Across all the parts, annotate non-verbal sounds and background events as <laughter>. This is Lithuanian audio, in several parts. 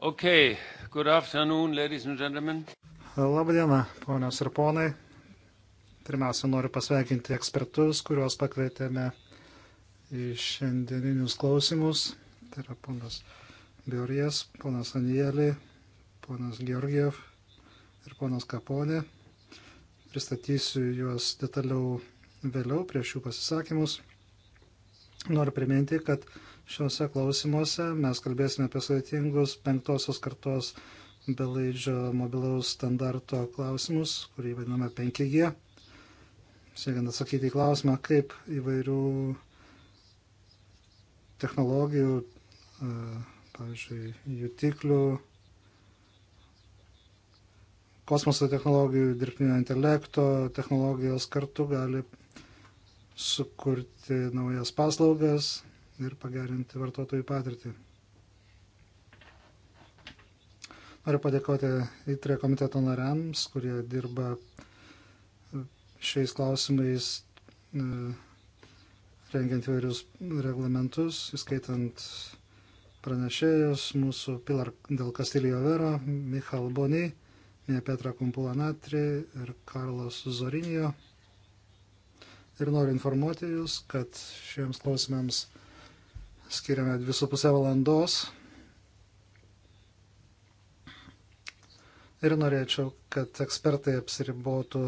Okay. Good afternoon, ladies and gentlemen. Labadiena, ponios ir ponai. Pirmiausia, noriu pasveikinti ekspertus, kuriuos pakvietėme į šiandieninius klausimus. Tai yra ponas Biorijas, ponas Anielį, ponas Georgiev ir ponas Kaponė. Pristatysiu juos detaliau vėliau prieš jų pasisakymus. Noriu priminti, kad šiuose klausimuose mes kalbėsime apie sudėtingus penktosios kartos belaidžio mobilaus standarto klausimus, kurį vadiname 5G. Siekiant atsakyti į klausimą, kaip įvairių technologijų, e, pavyzdžiui, jutiklių, kosmoso technologijų, dirbtinio intelekto technologijos kartu gali sukurti naujas paslaugas ir pagerinti vartotojų patirtį. Noriu padėkoti įtrė komiteto nariams, kurie dirba šiais klausimais e, rengiant įvairius reglamentus, įskaitant pranešėjus mūsų Pilar del Castillo Vero, Michal Boni, Mie Petra Kumpulanatri ir Karlos Zorinio ir noriu informuoti Jūs, kad šiems klausimams skiriame 2,5 valandos. Ir norėčiau, kad ekspertai apsiribotų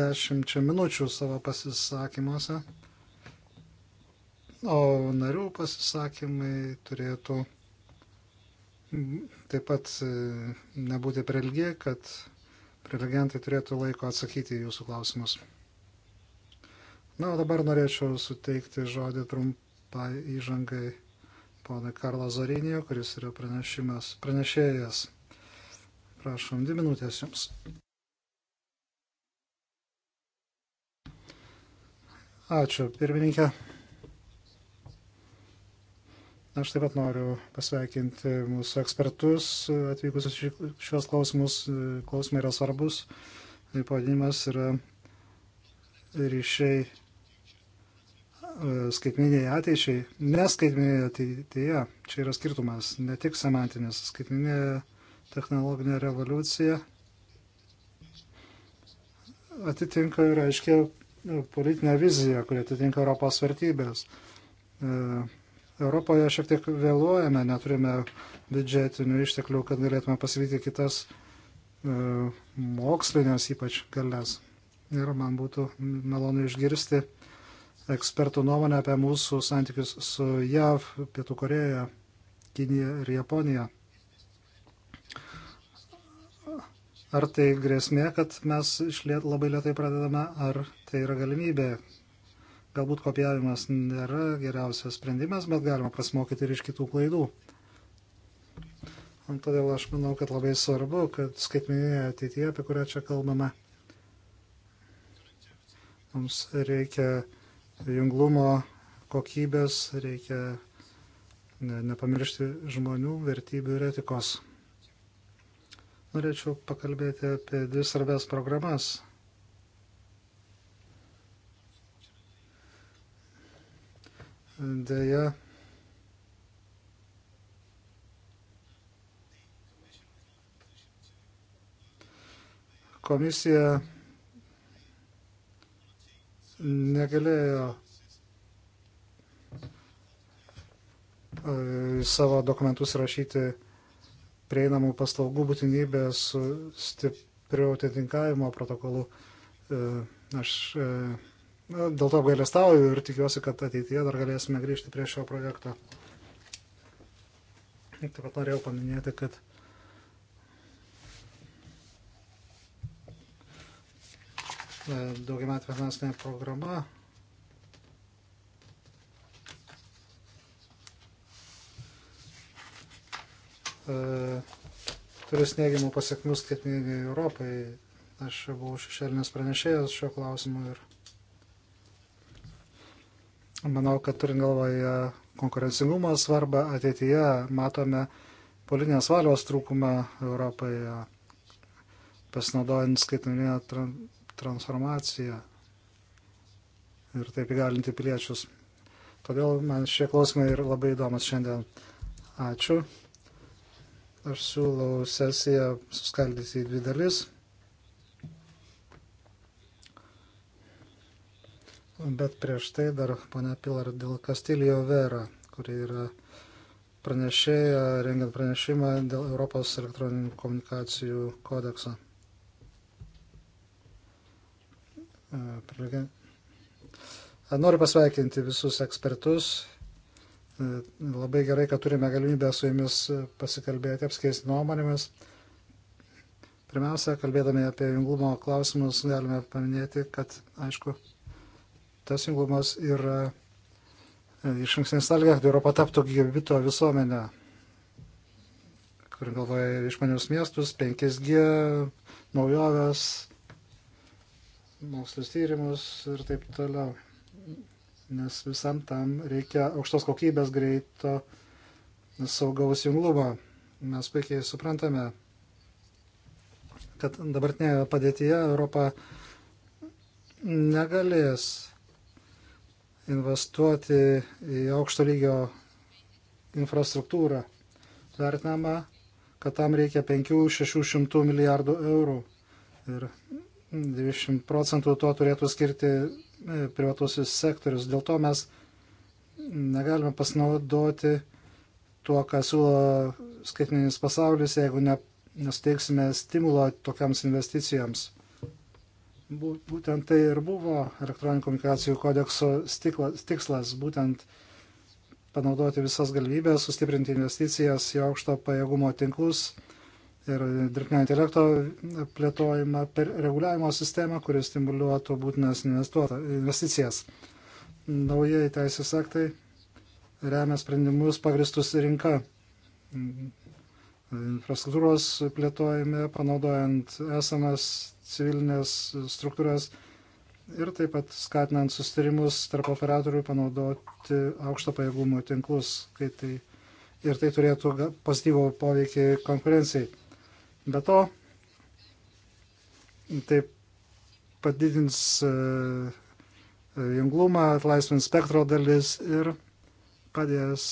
10 minučių savo pasisakymuose, o narių pasisakymai turėtų taip pat e, nebūti per ilgi, kad prelegentai turėtų laiko atsakyti į jūsų klausimus. Na, o dabar norėčiau suteikti žodį trumpai įžangai ponui Karlo Zorinijo, kuris yra pranešėjas. Prašom, dvi minutės jums. Ačiū, pirmininkė. Aš taip pat noriu pasveikinti mūsų ekspertus atvykusius šios klausimus. Klausimai yra svarbus. Pavadinimas yra ryšiai skaitminiai ateičiai, neskaitminiai ateityje, čia yra skirtumas, ne tik semantinis, skaitminė technologinė revoliucija atitinka ir aiškiai politinę viziją, kuri atitinka Europos vertybės. E, Europoje šiek tiek vėluojame, neturime biudžetinių išteklių, kad galėtume pasivyti kitas e, mokslinės ypač galės. Ir man būtų malonu išgirsti uh, ekspertų nuomonę apie mūsų santykius su JAV, Pietų Koreja, Kinija ir Japonija. Ar tai grėsmė, kad mes išliet, labai lietai pradedame, ar tai yra galimybė? Galbūt kopijavimas nėra geriausias sprendimas, bet galima pasimokyti ir iš kitų klaidų. Todėl aš manau, kad labai svarbu, kad skaitmeninėje ateityje, apie kurią čia kalbame, mums reikia junglumo kokybės, reikia nepamiršti žmonių, vertybių ir etikos. Norėčiau pakalbėti apie dvi svarbės programas. Deja, komisija negalėjo į e, savo dokumentus rašyti prieinamų paslaugų būtinybę su stipriu atitinkavimo protokolu. E, aš e, dėl to gailestauju ir tikiuosi, kad ateityje dar galėsime grįžti prie šio projekto. Taip pat norėjau paminėti, kad E, daugiametė finansinė programa e, turės neigiamų pasiekmių skaitminiai Europai. Aš buvau šešėlinės pranešėjas šio klausimu ir manau, kad turint galvoje konkurencingumo svarbą ateityje, matome politinės valios trūkumą Europoje, pasinaudojant skaitmeninę transformaciją ir taip įgalinti piliečius. Todėl man šie klausimai yra labai įdomus šiandien. Ačiū. Aš siūlau sesiją suskaldyti į dvi dalis. Bet prieš tai dar ponia Pilar dėl Kastilijo Vera, kuri yra pranešėja, rengiant pranešimą dėl Europos elektroninių komunikacijų kodekso. Noriu pasveikinti visus ekspertus. Labai gerai, kad turime galimybę su jumis pasikalbėti, apskeisti nuomonėmis. Pirmiausia, kalbėdami apie junglumo klausimus, galime paminėti, kad, aišku, tas junglumas yra e, iš ankstinės sąlyga, kad Europa taptų gigabito visuomenę, kur galvoja išmanius miestus, 5G, naujoves, mokslus tyrimus ir taip toliau. Nes visam tam reikia aukštos kokybės greito saugaus junglumo. Mes puikiai suprantame, kad dabartinėje padėtyje Europa negalės investuoti į aukšto lygio infrastruktūrą. Vertinama, kad tam reikia 5-600 milijardų eurų. Ir 20 procentų to turėtų skirti e, privatusis sektorius. Dėl to mes negalime pasinaudoti tuo, ką siūlo skaitmeninis pasaulis, jeigu ne, nesteiksime stimulo tokiams investicijoms. Būtent tai ir buvo elektroninių komunikacijų kodekso stiklas, tikslas, būtent panaudoti visas galimybės, sustiprinti investicijas į aukšto pajėgumo tinklus, ir dirbtinio intelekto plėtojimą per reguliavimo sistemą, kuris stimuliuotų būtinas investicijas. Naujai teisės aktai remia sprendimus pagristus rinka infrastruktūros plėtojime, panaudojant esamas civilinės struktūras ir taip pat skatinant sustarimus tarp operatorių panaudoti aukšto pajėgumo tinklus, kai tai ir tai turėtų pozityvų poveikį konkurencijai. Be to, taip padidins e, e, junglumą, atlaisvins spektro dalis ir padės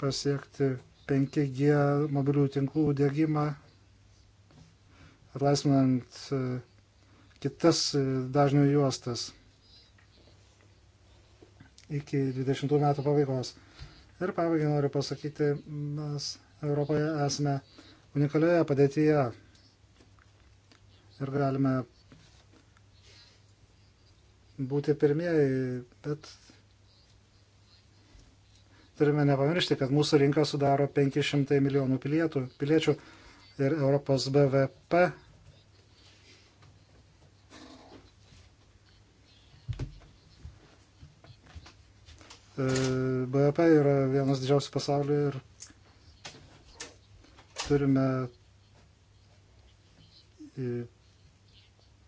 pasiekti 5G mobilių tinklų dėgymą, atlaisvinant e, kitas dažnių juostas iki 20 metų pabaigos. Ir pabaigai noriu pasakyti, mes Europoje esame unikalioje padėtyje ir galime būti pirmieji, bet turime nepamiršti, kad mūsų rinka sudaro 500 milijonų pilietų, piliečių ir Europos BVP e, BVP yra vienas didžiausių pasaulyje ir turime e,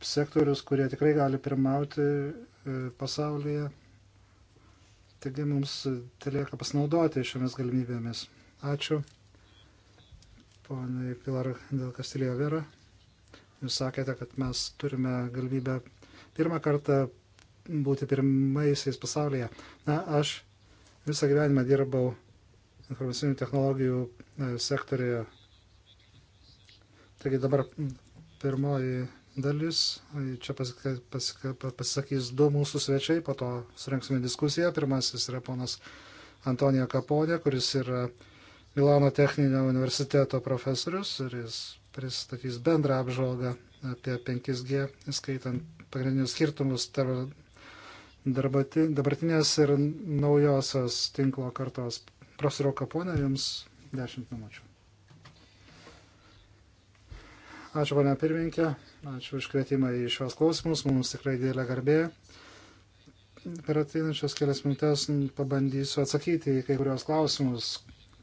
sektorius, kurie tikrai gali pirmauti e, pasaulyje. Taigi mums telieka pasinaudoti šiomis galimybėmis. Ačiū. Pone Pilar dėl Kastilio Vera. Jūs sakėte, kad mes turime galimybę pirmą kartą būti pirmaisiais pasaulyje. Na, aš visą gyvenimą dirbau informacinių technologijų e, sektorijoje Taigi dabar mm, pirmoji dalis. E, čia pasisakys du mūsų svečiai, po to surinksime diskusiją. Pirmasis yra ponas Antonija Kaponė, kuris yra Milano techninio universiteto profesorius ir jis pristatys bendrą apžvalgą apie 5G, skaitant pagrindinius skirtumus tarp dabartinės ir naujosios tinklo kartos. Profesoriau Kaponė, jums 10 minučių. Ačiū, ponia pirmininkė. Ačiū už kvietimą į šios klausimus. Mums tikrai didelė garbė. Per ateinančias kelias minutės pabandysiu atsakyti į kai kurios klausimus,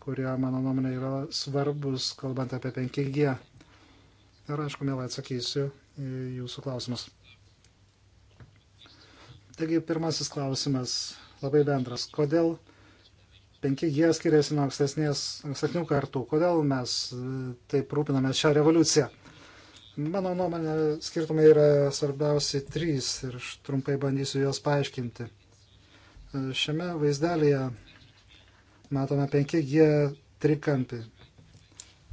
kurie, mano nuomonė, yra svarbus, kalbant apie 5G. Ir, aišku, mielai atsakysiu į jūsų klausimus. Taigi, pirmasis klausimas labai bendras. Kodėl 5G skiriasi nuo ankstesnių kartų? Kodėl mes taip rūpinamės šią revoliuciją? Mano nuomonė, skirtumai yra svarbiausi trys ir aš trumpai bandysiu juos paaiškinti. E, šiame vaizdelėje matome 5G trikampį.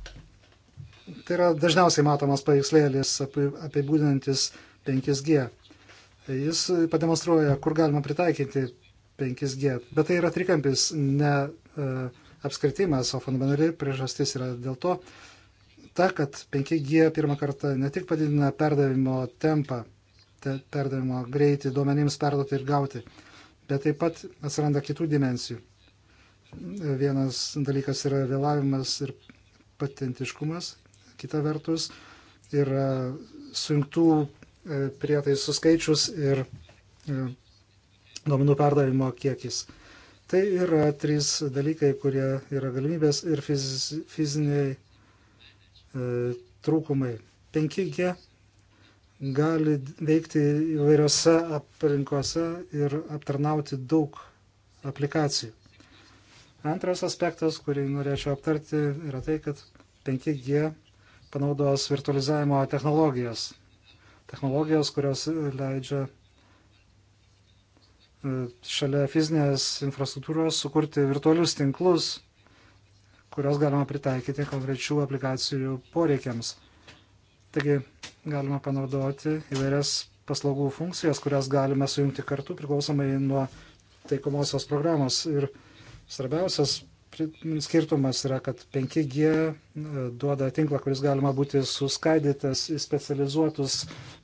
Tai yra dažniausiai matomas paveikslėlis apibūdinantis 5G. Jis pademonstruoja, kur galima pritaikyti 5G. Bet tai yra trikampis, ne e, apskritimas, o fundamentali priežastis yra dėl to, e, ta, kad 5G pirmą kartą ne tik padidina perdavimo tempą, te, perdavimo greitį duomenims perduoti ir gauti, bet taip pat atsiranda kitų dimensijų. Vienas dalykas yra vėlavimas ir patentiškumas, kita vertus yra sujungtų e, prietaisų skaičius ir e, duomenų perdavimo kiekis. Tai yra trys dalykai, kurie yra galimybės ir fiz, fiziniai E, trūkumai. 5G gali veikti įvairiose aplinkose ir aptarnauti daug aplikacijų. Antras aspektas, kurį norėčiau aptarti, yra tai, kad 5G panaudos virtualizavimo technologijas. Technologijos, kurios leidžia e, šalia fizinės infrastruktūros sukurti virtualius tinklus kurios galima pritaikyti konkrečių aplikacijų poreikiams. Taigi galima panaudoti įvairias paslaugų funkcijas, kurias galime sujungti kartu priklausomai nuo taikomosios programos. Ir svarbiausias skirtumas yra, kad 5G e, duoda tinklą, kuris galima būti suskaidytas į specializuotus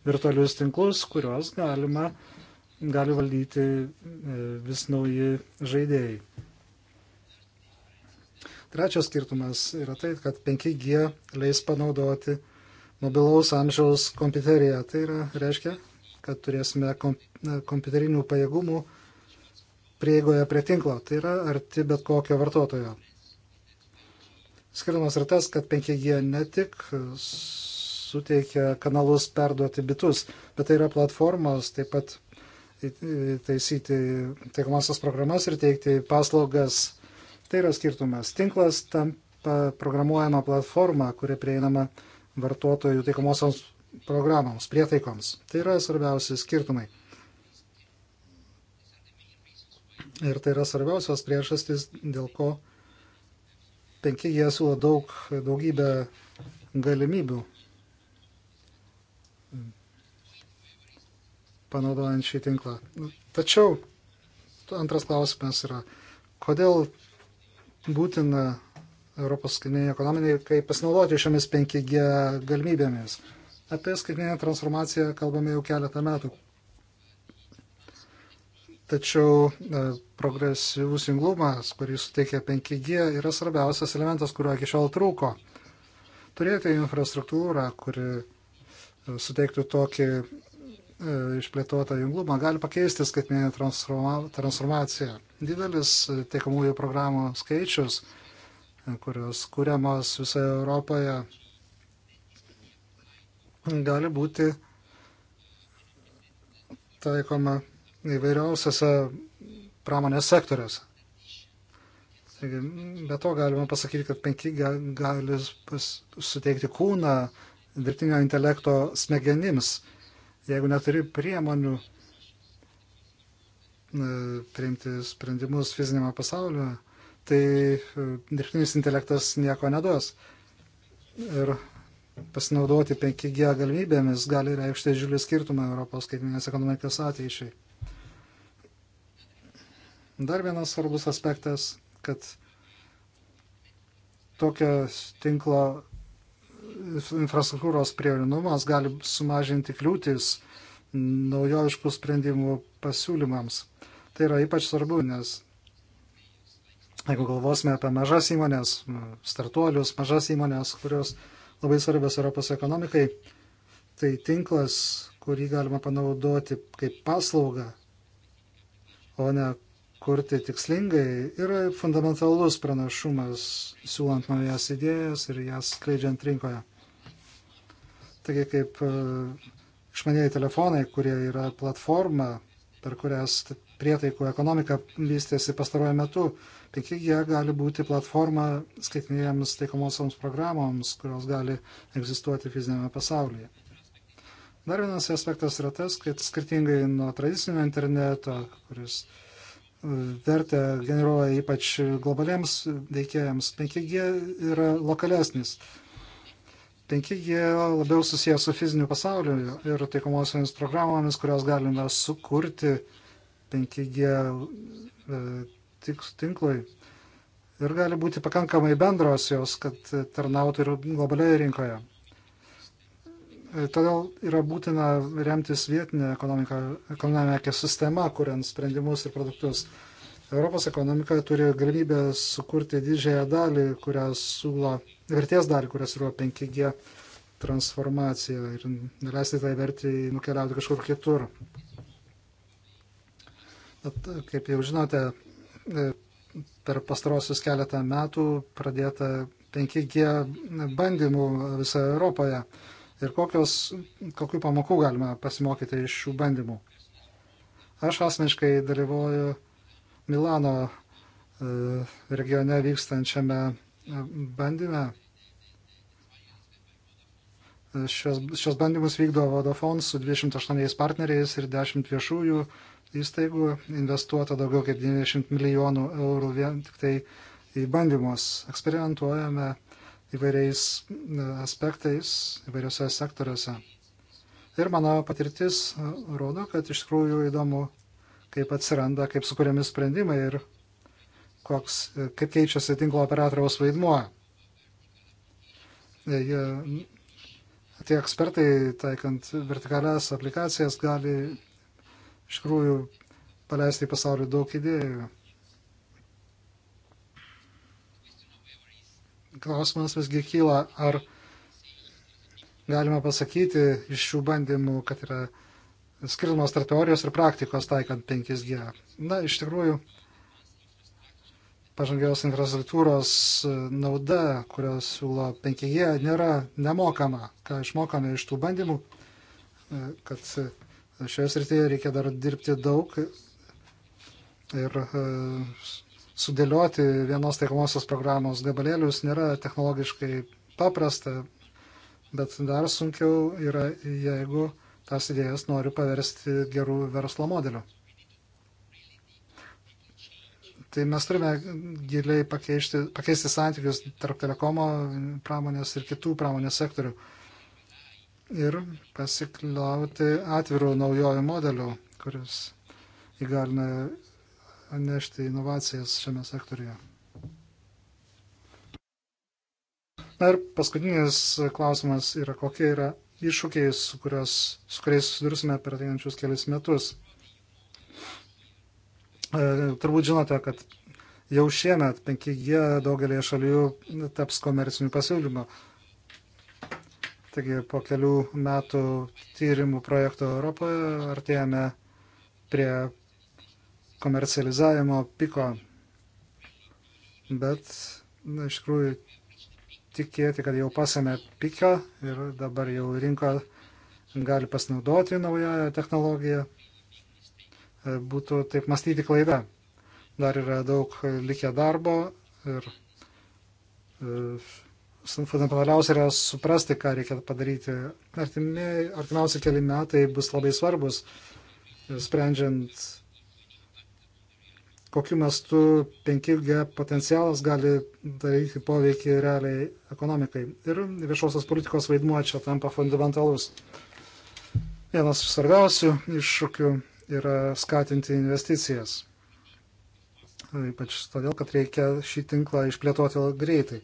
virtualius tinklus, kuriuos galima gali valdyti e, vis nauji žaidėjai. Trečias skirtumas yra tai, kad 5G leis panaudoti mobilaus amžiaus kompiuteriją. Tai yra, reiškia, kad turėsime kompiuterinių pajėgumų prieigoje prie tinklo. Tai yra arti bet kokio vartotojo. Skirtumas yra tas, kad 5G ne tik suteikia kanalus perduoti bitus, bet tai yra platformos taip pat taisyti taikomasias programas ir teikti paslaugas Tai yra skirtumas. Tinklas tampa programuojama platforma, kuri prieinama vartotojų taikomosioms programoms, prietaikoms. Tai yra svarbiausi skirtumai. Ir tai yra svarbiausios priežastys, dėl ko 5G siūlo daug, daugybę galimybių panaudojant šį tinklą. Tačiau antras klausimas yra, kodėl būtina Europos skaitmeniniai ekonominiai, kaip pasinaudoti šiomis 5G galimybėmis. Apie skaitmeninę transformaciją kalbame jau keletą metų. Tačiau e, progresyvus junglumas, kurį suteikia 5G, yra svarbiausias elementas, kurio iki šiol trūko. Turėti infrastruktūrą, kuri e, suteiktų tokį e, išplėtotą junglumą, gali pakeisti skaitmeninę transforma transformaciją didelis e, tiekamųjų programų skaičius, e, kurios kūriamos visoje Europoje, gali būti taikoma įvairiausiose pramonės sektoriuose. Taigi, be to galima pasakyti, kad 5G gali pas, suteikti kūną dirbtinio intelekto smegenims. Jeigu neturi priemonių E, priimti sprendimus fizinėme pasaulyje, tai e, dirbtinis intelektas nieko neduos. Ir pasinaudoti 5G galimybėmis gali reikšti didžiulį skirtumą Europos skaitminės ekonomikos ateičiai. Dar vienas svarbus aspektas, kad tokio tinklo infrastruktūros priorinumas gali sumažinti kliūtis naujoviškų sprendimų pasiūlymams. Tai yra ypač svarbu, nes jeigu galvosime apie mažas įmonės, startuolius, mažas įmonės, kurios labai svarbios Europos ekonomikai, tai tinklas, kurį galima panaudoti kaip paslaugą, o ne kurti tikslingai, yra fundamentalus pranašumas siūlant naujas idėjas ir jas skleidžiant rinkoje. Taigi, kaip išmanieji telefonai, kurie yra platforma, per kurias prietaikų ekonomika vystėsi pastaruoju metu. 5G tai gali būti platforma skaitinėjams taikomosioms programoms, kurios gali egzistuoti fizinėme pasaulyje. Dar vienas aspektas yra tas, kad skirtingai nuo tradicinio interneto, kuris e, vertę generuoja ypač globaliems veikėjams, 5G tai yra lokalesnis. 5G labiau susijęs su fiziniu pasauliu ir taikomosiomis programomis, kurios galime sukurti 5G e, tinklui. Ir gali būti pakankamai bendros jos, kad tarnautų ir globalioje rinkoje. E, todėl yra būtina remtis vietinė ekonominė sistema, kuriant sprendimus ir produktus. Europos ekonomika turi galimybę sukurti didžiąją dalį, kurią siūlo su vertės dalį, kurias yra 5G transformacija ir neleisti tai vertį nukeliauti kažkur kitur. Bet, kaip jau žinote, e, per pastarosius keletą metų pradėta 5G bandymų visoje Europoje. Ir kokios, kokių pamokų galima pasimokyti iš šių bandymų. Aš asmeniškai dalyvoju Milano e, regione vykstančiame bandyme Šios, šios bandymus vykdo Vodafone su 28 partneriais ir 10 viešųjų įstaigų investuota daugiau kaip 90 milijonų eurų vien tik tai į bandymus. Eksperimentuojame įvairiais e, aspektais, įvairiose sektoriuose. Ir mano patirtis e, rodo, kad iš tikrųjų įdomu, kaip atsiranda, kaip sukūrėmi sprendimai ir koks, e, kaip keičiasi tinklo operatoriaus vaidmuo. E, jie, tie ekspertai, taikant vertikalias aplikacijas, gali iš tikrųjų paleisti į pasaulį daug idėjų. Klausimas visgi kyla, ar galima pasakyti iš šių bandymų, kad yra skirtumos tarp teorijos ir praktikos taikant 5G. Na, iš tikrųjų, pažangios infrastruktūros e, nauda, kurios siūlo 5G, nėra nemokama. Ką išmokame iš tų bandymų, e, kad e, šioje srityje reikia dar dirbti daug ir sudėlioti vienos taikomosios programos gabalėlius nėra technologiškai paprasta, bet dar sunkiau yra, jeigu tas idėjas nori paversti gerų verslo modelių. Tai mes turime giliai pakeisti, pakeisti santykius tarp telekomo pramonės ir kitų pramonės sektorių ir pasikliauti atvirų naujojo modelių, kuris įgalina nešti inovacijas šiame sektoriuje. Na ir paskutinis klausimas yra, kokie yra iššūkiai, su, kurios, su kuriais susidursime per ateinančius kelias metus. E, turbūt žinote, kad jau šiemet 5G daugelėje šalių taps komercinių pasiūlymų. Taigi po kelių metų tyrimų projekto Europoje artėjame prie komercializavimo piko. Bet na, iš tikrųjų tikėti, kad jau pasame piką ir dabar jau rinka gali pasinaudoti naują technologiją. E, būtų taip mąstyti klaida. Dar yra daug likę darbo ir e, fundamentaliausia yra suprasti, ką reikia padaryti. Artimiausi keli metai bus labai svarbus, sprendžiant, kokiu mastu 5G potencialas gali daryti poveikį realiai ekonomikai. Ir viešosios politikos vaidmuo čia tampa fundamentalus. Vienas iš svarbiausių iššūkių yra skatinti investicijas. Ypač todėl, kad reikia šį tinklą išplėtoti greitai.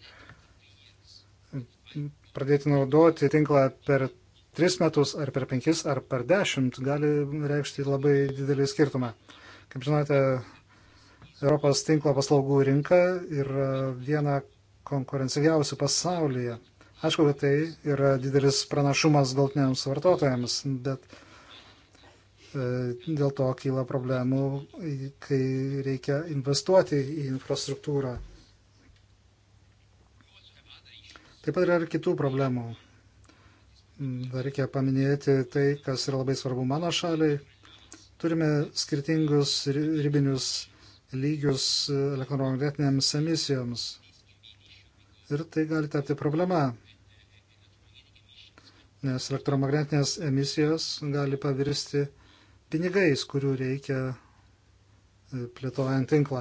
Pradėti naudoti tinklą per 3 metus ar per 5 ar per 10 gali reikšti labai didelį skirtumą. Kaip žinote, Europos tinklo paslaugų rinka yra viena konkurencingiausių pasaulyje. Aišku, kad tai yra didelis pranašumas galtiniams vartotojams, bet E, dėl to kyla problemų, kai reikia investuoti į infrastruktūrą. Taip pat yra ir kitų problemų. Mm, dar reikia paminėti tai, kas yra labai svarbu mano šaliai. Turime skirtingus ribinius lygius elektromagnetinėms emisijoms. Ir tai gali tapti problema, nes elektromagnetinės emisijos gali pavirsti uh, pinigais, kurių reikia e, plėtojant tinklą.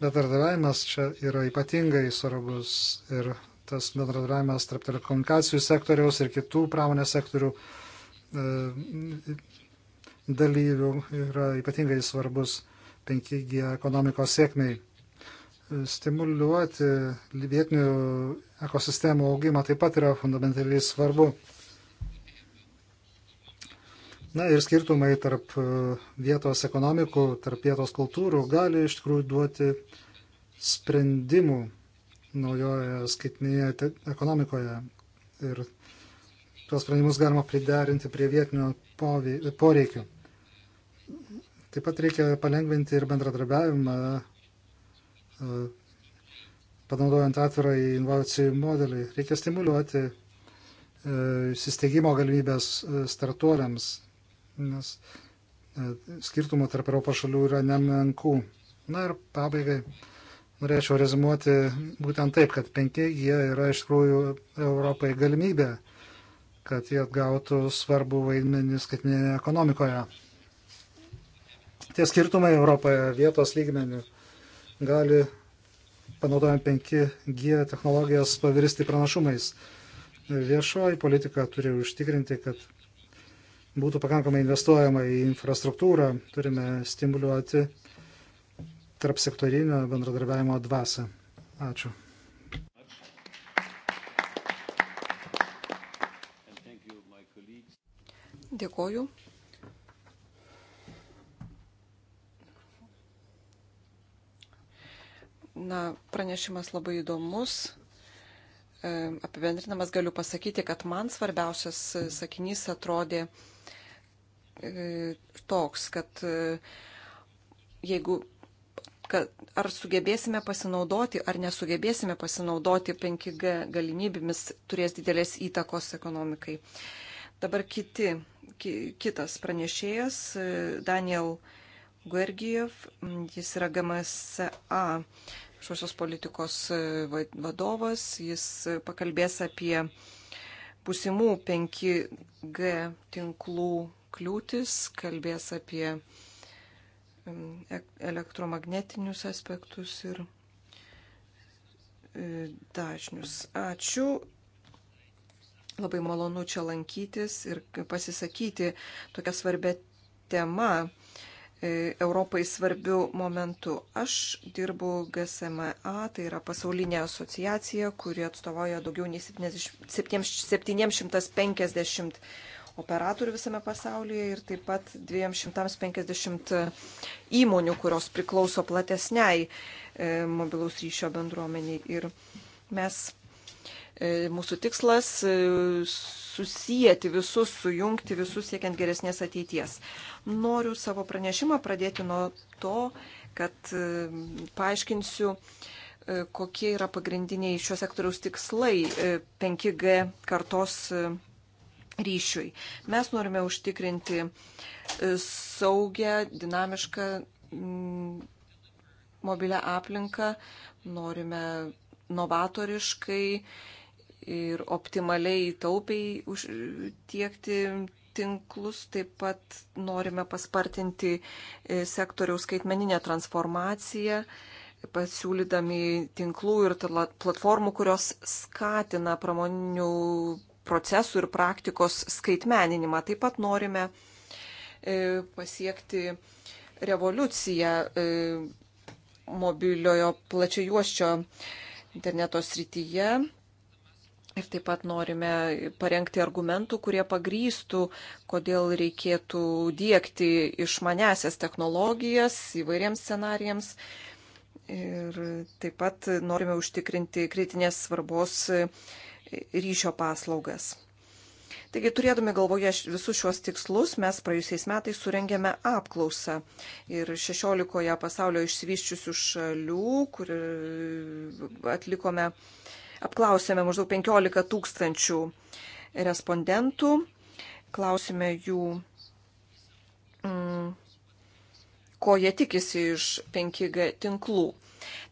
Bendradarbiavimas čia yra ypatingai svarbus ir tas bendradarbiavimas tarp telekomunikacijų sektoriaus ir kitų pramonės sektorių e, dalyvių yra ypatingai svarbus 5G ekonomikos sėkmiai. E, stimuliuoti vietinių ekosistemų augimą taip pat yra fundamentaliai svarbu. Na ir skirtumai tarp e, vietos ekonomikų, tarp vietos kultūrų gali iš tikrųjų duoti sprendimų naujoje skaitinėje ekonomikoje. Ir tuos sprendimus galima priderinti prie vietinių poreikių. Taip pat reikia palengventi ir bendradarbiavimą, e, panaudojant atvirą inovacijų modelį. Reikia stimuliuoti e, įsisteigimo galimybės startuoliams, nes e, skirtumų tarp Europos šalių yra nemenkų. Na ir pabaigai norėčiau rezumuoti būtent taip, kad 5G yra iš tikrųjų Europai galimybė, kad jie atgautų svarbų vaidmenį skaitinėje ekonomikoje. Tie skirtumai Europoje vietos lygmenių gali panaudojant 5G technologijas pavirsti pranašumais. Viešoji politika turi užtikrinti, kad būtų pakankamai investuojama į infrastruktūrą, turime stimuliuoti tarp sektorinio bendradarbiavimo dvasę. Ačiū. Dėkoju. Na, pranešimas labai įdomus. E, apibendrinamas galiu pasakyti, kad man svarbiausias sakinys atrodė, E, toks, kad e, jeigu kad ar sugebėsime pasinaudoti, ar nesugebėsime pasinaudoti 5G galimybėmis, turės didelės įtakos ekonomikai. Dabar kiti, ki, kitas pranešėjas, e, Daniel Guergijev, jis yra GMSA šiosios politikos vadovas, jis pakalbės apie būsimų 5G tinklų kliūtis, kalbės apie um, e-, elektromagnetinius aspektus ir e, dažnius. Ačiū. Labai malonu čia lankytis ir pasisakyti tokią svarbę temą e, Europai svarbių momentų. Aš dirbu GSMA, tai yra pasaulinė asociacija, kuri atstovauja daugiau nei 750 operatorių visame pasaulyje ir taip pat 250 įmonių, kurios priklauso platesniai e, mobilaus ryšio bendruomeniai. Ir mes, e, mūsų tikslas e, susijęti visus, sujungti visus siekiant geresnės ateities. Noriu savo pranešimą pradėti nuo to, kad paaiškinsiu, kokie yra pagrindiniai šio sektoriaus tikslai 5G kartos ryšiui. Mes norime užtikrinti e, saugę, dinamišką mobilę aplinką, norime novatoriškai ir optimaliai taupiai tiekti tinklus, taip pat norime paspartinti e, sektoriaus skaitmeninę transformaciją, pasiūlydami tinklų ir platformų, kurios skatina pramoninių procesų ir praktikos skaitmeninimą. Taip pat norime e, pasiekti revoliuciją e, mobiliojo plačiajuoščio interneto srityje. Ir taip pat norime parengti argumentų, kurie pagrystų, kodėl reikėtų dėkti išmanesias technologijas įvairiems scenarijams. Ir taip pat norime užtikrinti kritinės svarbos ryšio paslaugas. Taigi, turėdami galvoje visus šiuos tikslus, mes praėjusiais metais surengėme apklausą ir 16 pasaulio išsivyščiusių šalių, kur e, atlikome, apklausėme maždaug 15 tūkstančių respondentų, klausėme jų, mm, ko jie tikisi iš 5G tinklų.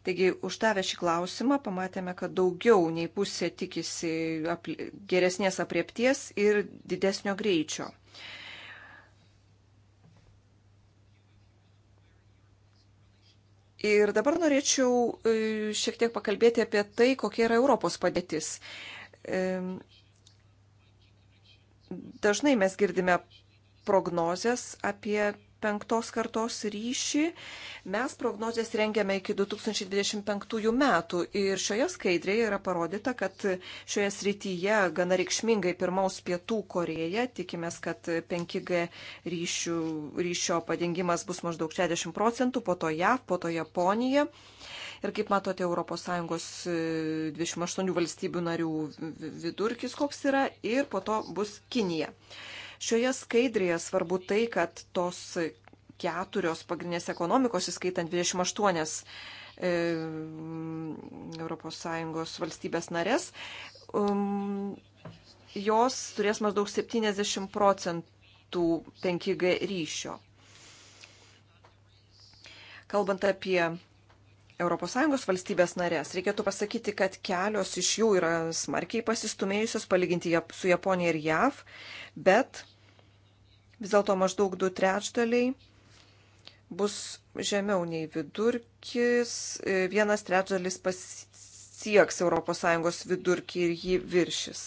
Taigi, uždavę šį klausimą, pamatėme, kad daugiau nei pusė tikisi apli geresnės apriepties ir didesnio greičio. Ir dabar norėčiau e, šiek tiek pakalbėti apie tai, kokia yra Europos padėtis. E, dažnai mes girdime prognozes apie penktos kartos ryšį. Mes prognozijas rengiame iki 2025 metų ir šioje skaidrėje yra parodyta, kad šioje srityje gana reikšmingai pirmaus pietų Koreja. Tikimės, kad 5G ryšių, ryšio padengimas bus maždaug 60 procentų, po to JAV, po to Japonija. Ir kaip matote, ES 28 e, valstybių narių vidurkis koks yra ir po to bus Kinija. Šioje skaidrėje svarbu tai, kad tos keturios pagrindinės ekonomikos, įskaitant 28 ES valstybės narės, um, jos turės maždaug 70 procentų 5G ryšio. Kalbant apie ES valstybės narės, reikėtų pasakyti, kad kelios iš jų yra smarkiai pasistumėjusios palyginti su Japonija ir JAV, bet vis dėlto maždaug du trečdaliai bus žemiau nei vidurkis, e, vienas trečdalis pasieks ES vidurkį ir jį viršis.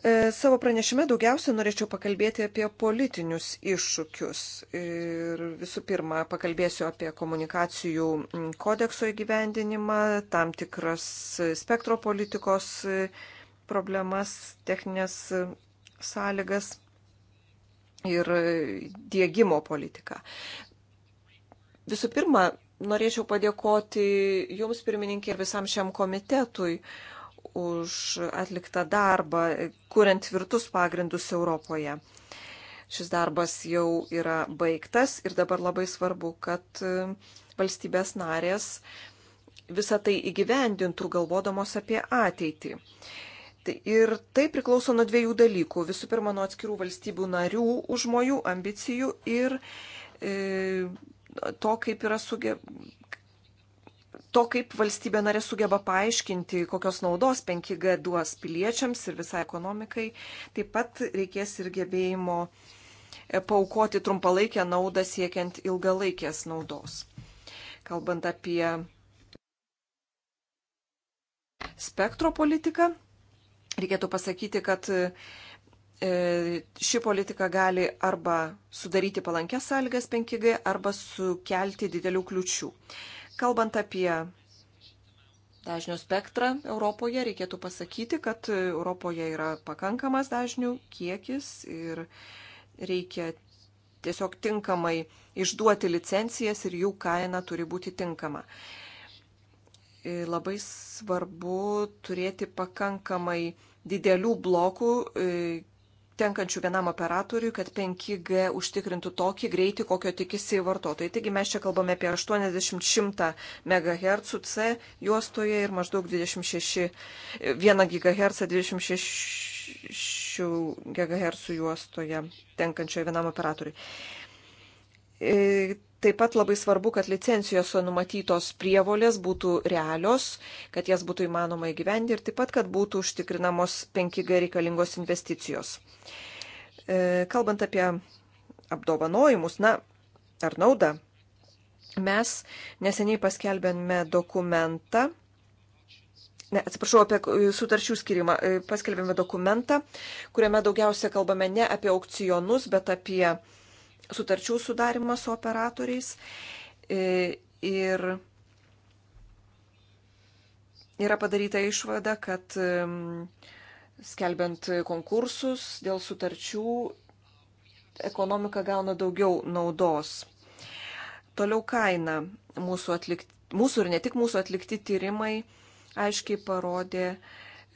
E, savo pranešime daugiausia norėčiau pakalbėti apie politinius iššūkius. Ir visų pirma, pakalbėsiu apie komunikacijų kodekso įgyvendinimą, tam tikras spektro politikos e, problemas, techninės e, sąlygas ir dėgymo politiką. Visų pirma, norėčiau padėkoti Jums, pirmininkė, ir visam šiam komitetui už atliktą darbą, kuriant tvirtus pagrindus Europoje. Šis darbas jau yra baigtas ir dabar labai svarbu, kad e, valstybės narės visą tai įgyvendintų galvodamos apie ateitį. Tai ir tai priklauso nuo dviejų dalykų. Visų pirma, nuo atskirų valstybių narių užmojų, ambicijų ir e, to, kaip yra suge, to, kaip valstybė narė sugeba paaiškinti, kokios naudos 5G duos piliečiams ir visai ekonomikai, taip pat reikės ir gebėjimo e, paukoti trumpalaikę naudą siekiant ilgalaikės naudos. Kalbant apie spektro politiką, reikėtų pasakyti, kad e, ši politika gali arba sudaryti palankės sąlygas 5G, arba sukelti didelių kliučių. Kalbant apie dažnių spektrą Europoje, reikėtų pasakyti, kad Europoje yra pakankamas dažnių kiekis ir reikia tiesiog tinkamai išduoti licencijas ir jų kaina turi būti tinkama. E, labai svarbu turėti pakankamai didelių blokų e, tenkančių vienam operatoriui, kad 5G užtikrintų tokį greitį, kokio tikisi vartotojai. Taigi mes čia kalbame apie 80-100 MHz C juostoje ir maždaug 26, 1 GHz 26 GHz juostoje tenkančioje vienam operatoriui e, Taip pat labai svarbu, kad licencijose numatytos prievolės būtų realios, kad jas būtų įmanoma įgyvendinti ir taip pat, kad būtų užtikrinamos 5G reikalingos investicijos. E, kalbant apie apdovanojimus, na, ar naudą, mes neseniai paskelbėme dokumentą, ne, atsiprašau, apie sutarčių skirimą, e, paskelbėme dokumentą, kuriame daugiausia kalbame ne apie aukcionus, bet apie uh, sutarčių sudarimo su operatoriais e, ir yra padaryta išvada, kad skelbiant konkursus dėl sutarčių ekonomika gauna daugiau naudos. Toliau kaina mūsų, atlikti, mūsų ir ne tik mūsų atlikti tyrimai aiškiai parodė,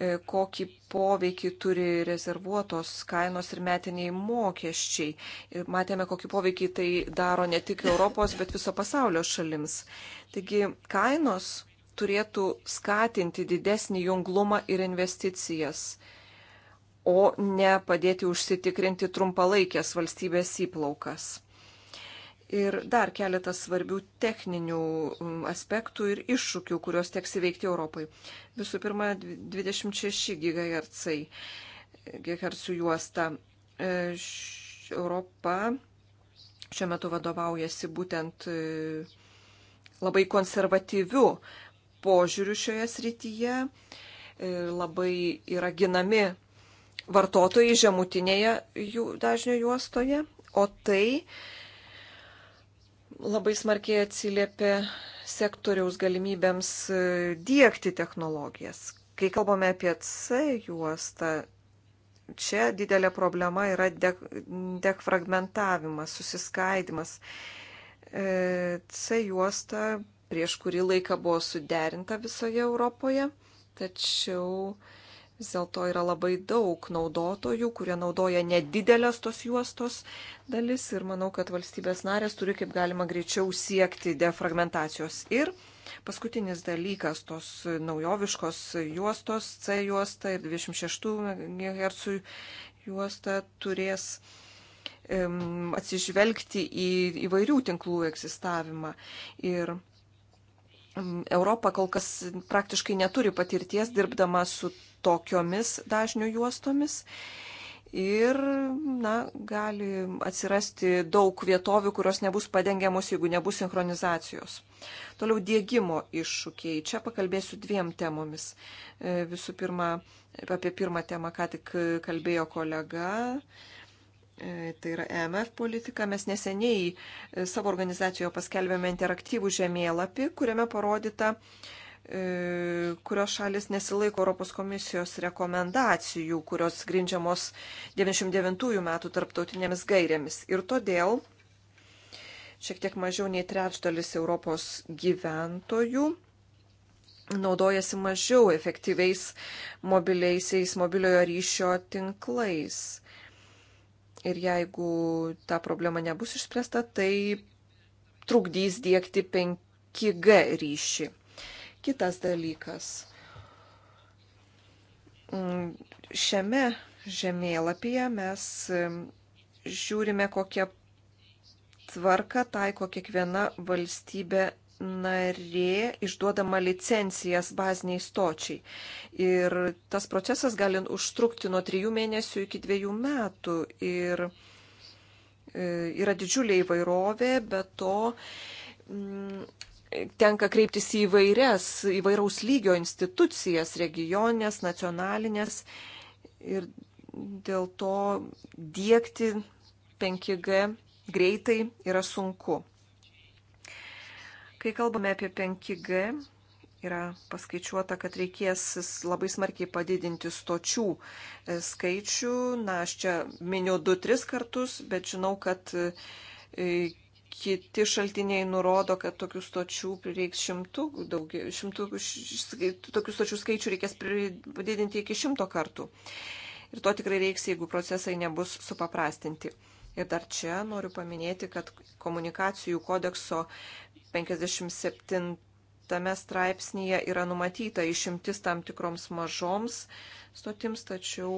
E, kokį poveikį turi rezervuotos kainos ir metiniai mokesčiai. Ir e, matėme, kokį poveikį tai daro ne tik Europos, bet viso pasaulio šalims. Taigi kainos turėtų skatinti didesnį junglumą ir investicijas, o ne padėti užsitikrinti trumpalaikės valstybės įplaukas ir dar keletas svarbių techninių mm, aspektų ir iššūkių, kuriuos teks įveikti Europai. Visų pirma, 26 GHz, GHz juosta. E, Europa šiuo metu vadovaujasi būtent e, labai konservatyviu požiūriu šioje srityje. E, labai yra ginami vartotojai žemutinėje jų dažnio juostoje, o tai labai smarkiai atsiliepia sektoriaus galimybėms e, dėkti technologijas. Kai kalbame apie C juostą, čia didelė problema yra defragmentavimas, susiskaidimas. E, C juosta prieš kurį laiką buvo suderinta visoje Europoje, tačiau Vis dėlto yra labai daug naudotojų, kurie naudoja nedidelės tos juostos dalis ir manau, kad valstybės narės turi kaip galima greičiau siekti defragmentacijos. Ir paskutinis dalykas tos naujoviškos juostos, C juosta ir 26 GHz juosta turės um, atsižvelgti į įvairių tinklų egzistavimą. Ir Europa kol kas praktiškai neturi patirties dirbdama su tokiomis dažnių juostomis. Ir, na, gali atsirasti daug vietovių, kurios nebus padengiamos, jeigu nebus sinchronizacijos. Toliau dėgymo iššūkiai. Čia pakalbėsiu dviem temomis. E, visų pirma, apie pirmą temą ką tik kalbėjo kolega e, tai yra EMF politika, mes neseniai savo organizacijoje paskelbėme interaktyvų žemėlapį, kuriame parodyta, E, kurios šalis nesilaiko Europos komisijos rekomendacijų, kurios grindžiamos 99 metų tarptautinėmis gairėmis. Ir todėl šiek tiek mažiau nei trečdalis Europos gyventojų naudojasi mažiau efektyviais mobiliaisiais mobiliojo ryšio tinklais. Ir jeigu ta problema nebus išspręsta, tai trukdys dėkti 5G ryšį. Kitas dalykas. Mm, šiame žemėlapyje mes mm, žiūrime, kokią tvarką taiko kiekviena valstybė narė išduodama licencijas baziniai stočiai. Ir tas procesas gali užtrukti nuo trijų mėnesių iki dviejų metų. Ir e, yra didžiulė įvairovė, bet to mm, tenka kreiptis į vairias, įvairaus lygio institucijas, regioninės, nacionalinės ir dėl to dėkti 5G greitai yra sunku. Kai kalbame apie 5G, yra paskaičiuota, kad reikės labai smarkiai padidinti stočių e, skaičių. Na, aš čia miniu 2-3 kartus, bet žinau, kad e, Kiti šaltiniai nurodo, kad tokių stočių prireiks šimtų, daugiau, šimtų, tokių stočių skaičių reikės prididinti iki šimto kartų. Ir to tikrai reiks, jeigu procesai nebus supaprastinti. Ir dar čia noriu paminėti, kad komunikacijų kodekso 57 tame straipsnėje yra numatyta išimtis tam tikroms mažoms stotims, tačiau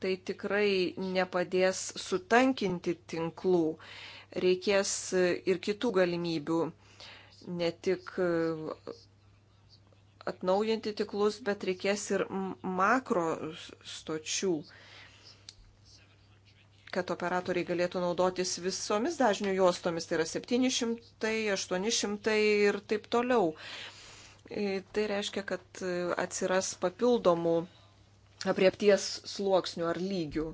tai tikrai nepadės sutankinti tinklų reikės ir kitų galimybių, ne tik uh, atnaujinti tiklus, bet reikės ir makro stočių, kad operatoriai galėtų naudotis visomis dažnių juostomis, tai yra 700, 800 ir taip toliau. E, tai reiškia, kad uh, atsiras papildomų apriepties sluoksnių ar lygių.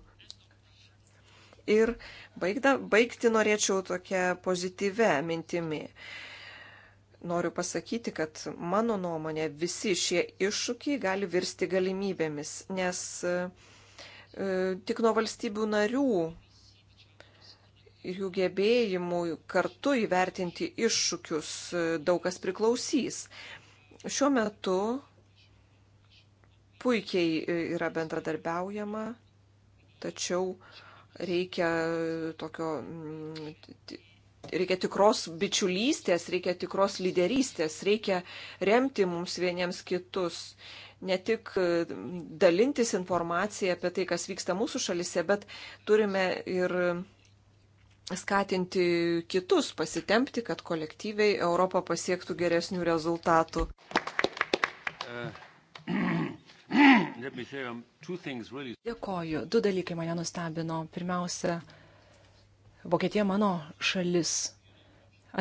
Ir baigda, baigti norėčiau tokią pozityvę mintimį. Noriu pasakyti, kad mano nuomonė visi šie iššūkiai gali virsti galimybėmis, nes e, tik nuo valstybių narių ir jų gebėjimų kartu įvertinti iššūkius e, daug kas priklausys. Šiuo metu puikiai e, yra bendradarbiaujama, tačiau reikia tokio, mm, reikia tikros bičiulystės, reikia tikros lyderystės, reikia remti mums vieniems kitus. Ne tik mm, dalintis informaciją apie tai, kas vyksta mūsų šalise, bet turime ir skatinti kitus pasitempti, kad kolektyviai Europą pasiektų geresnių rezultatų. Uh. Um, Dėkoju. Du dalykai mane nustebino. Pirmiausia, Vokietija mano šalis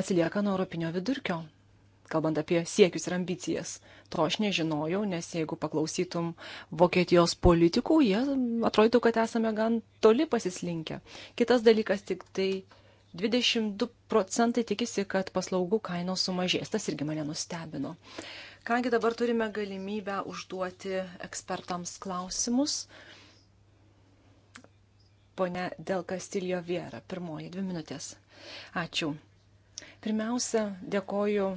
atsilieka nuo europinio vidurkio, kalbant apie siekius ir ambicijas. To aš nežinojau, nes jeigu paklausytum Vokietijos politikų, jie atrodytų, kad esame gan toli pasislinkę. Kitas dalykas tik tai 22 procentai tikisi, kad paslaugų kainos sumažės. Tas irgi mane nustebino. Uh, Kągi dabar turime galimybę užduoti ekspertams klausimus. Pone Del Castillo Viera, pirmoji dvi minutės. Ačiū. Pirmiausia, dėkoju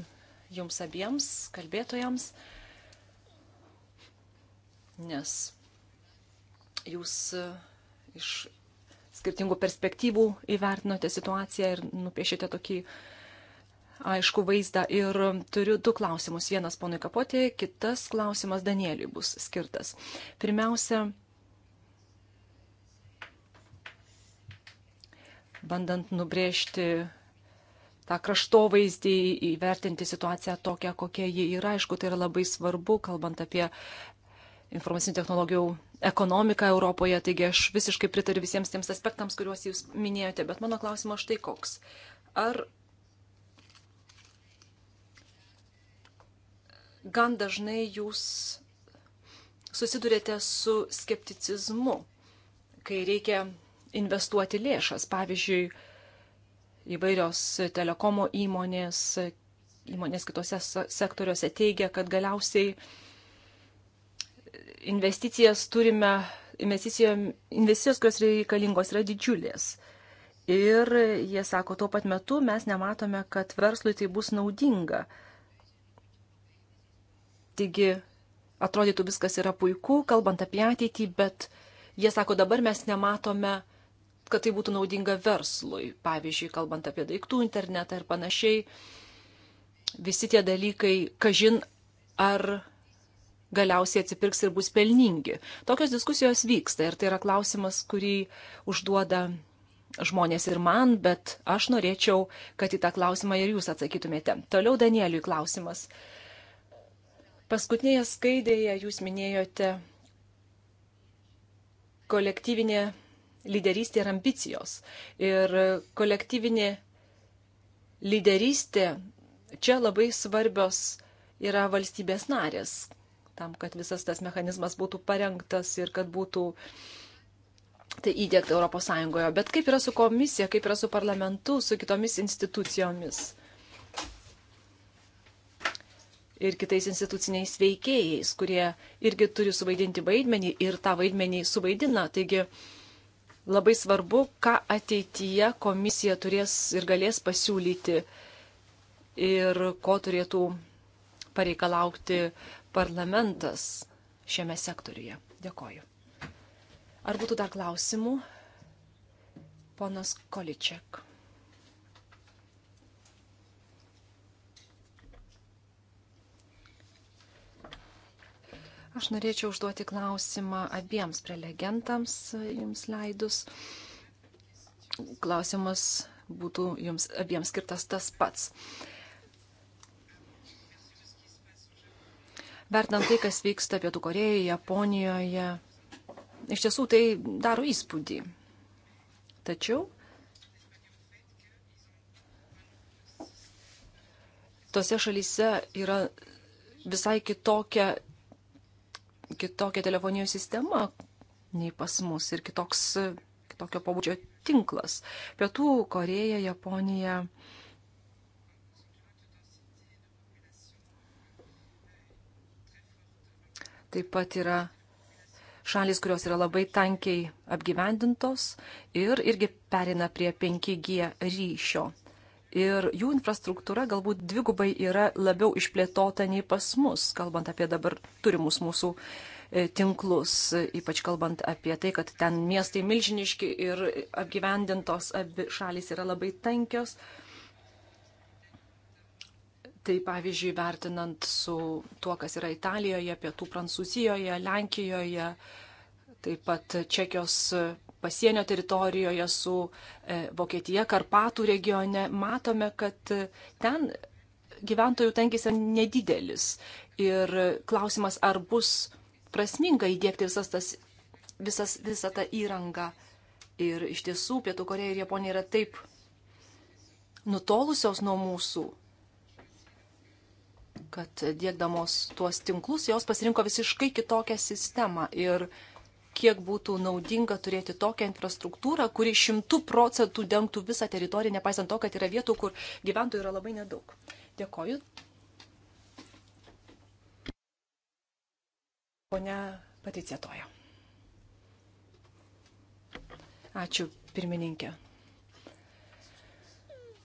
Jums abiems kalbėtojams, nes Jūs iš skirtingų perspektyvų įvertinote situaciją ir nupiešėte tokį uh, aišku vaizdą ir turiu du klausimus. Vienas ponui Kapotė, kitas klausimas Danieliui bus skirtas. Pirmiausia, bandant nubrėžti tą kraštovaizdį, įvertinti situaciją tokią, kokia ji yra, aišku, tai yra labai svarbu, kalbant apie informacinių technologijų ekonomiką Europoje, taigi aš visiškai pritariu visiems tiems aspektams, kuriuos jūs minėjote, bet mano klausimas štai koks. Ar gan dažnai jūs susidurėte su skepticizmu, kai reikia investuoti lėšas. Pavyzdžiui, įvairios telekomo įmonės, įmonės kitose sektoriuose teigia, kad galiausiai investicijas turime, investicijos, kurios reikalingos, yra didžiulės. Ir jie sako, tuo pat metu mes nematome, kad verslui tai bus naudinga. Taigi, atrodytų viskas yra puiku, kalbant apie ateitį, bet jie sako, dabar mes nematome, kad tai būtų naudinga verslui. Pavyzdžiui, kalbant apie daiktų internetą ir panašiai, visi tie dalykai, kažin ar galiausiai atsipirks ir bus pelningi. Tokios diskusijos vyksta ir tai yra klausimas, kurį užduoda žmonės ir man, bet aš norėčiau, kad į tą klausimą ir jūs atsakytumėte. Toliau Danieliui klausimas. Uh, Paskutinėje skaidėje jūs minėjote kolektyvinė lyderystė ir ambicijos. Ir kolektyvinė lyderystė čia labai svarbios yra valstybės narės, tam, kad visas tas mechanizmas būtų parengtas ir kad būtų tai įdėkta ES. Bet kaip yra su komisija, kaip yra su parlamentu, su kitomis institucijomis? ir kitais instituciniais veikėjais, kurie irgi turi suvaidinti vaidmenį ir tą vaidmenį suvaidina. Taigi labai svarbu, ką ateityje komisija turės ir galės pasiūlyti ir ko turėtų pareikalauti parlamentas šiame sektoriuje. Dėkoju. Ar būtų dar klausimų? Ponas Količiak. Aš norėčiau užduoti klausimą abiems prelegentams e, jums leidus. Klausimas būtų jums abiems skirtas tas pats. Vertinant tai, kas vyksta Pietų Korejoje, Japonijoje, iš tiesų tai daro įspūdį. Tačiau tose šalyse yra visai kitokia kitokia telefonijos sistema nei pas mus ir kitoks, kitokio pabudžio tinklas. Pietų Koreja, Japonija. Taip pat yra šalis, kurios yra labai tankiai apgyvendintos ir irgi perina prie 5G ryšio ir jų infrastruktūra galbūt dvigubai yra labiau išplėtota nei pas mus, kalbant apie dabar turimus mūsų e, tinklus, ypač kalbant apie tai, kad ten miestai milžiniški ir apgyvendintos abi šalis yra labai tankios. Tai pavyzdžiui, vertinant su tuo, kas yra Italijoje, pietų Prancūzijoje, Lenkijoje, taip pat Čekijos pasienio teritorijoje su e, Vokietija, Karpatų regione, matome, kad e, ten gyventojų tankis yra nedidelis. Ir klausimas, ar bus prasminga įdėkti visas tas, visas, visą tą įrangą. Ir iš tiesų, Pietų Koreja ir Japonija yra taip nutolusios nuo mūsų, kad dėkdamos tuos tinklus, jos pasirinko visiškai kitokią sistemą. Ir uh, kiek būtų naudinga turėti tokią infrastruktūrą, kuri šimtų procentų dengtų visą teritoriją, nepaisant to, kad yra vietų, kur gyventojų yra labai nedaug. Dėkoju. Pone Patricietoja. Ačiū, pirmininkė.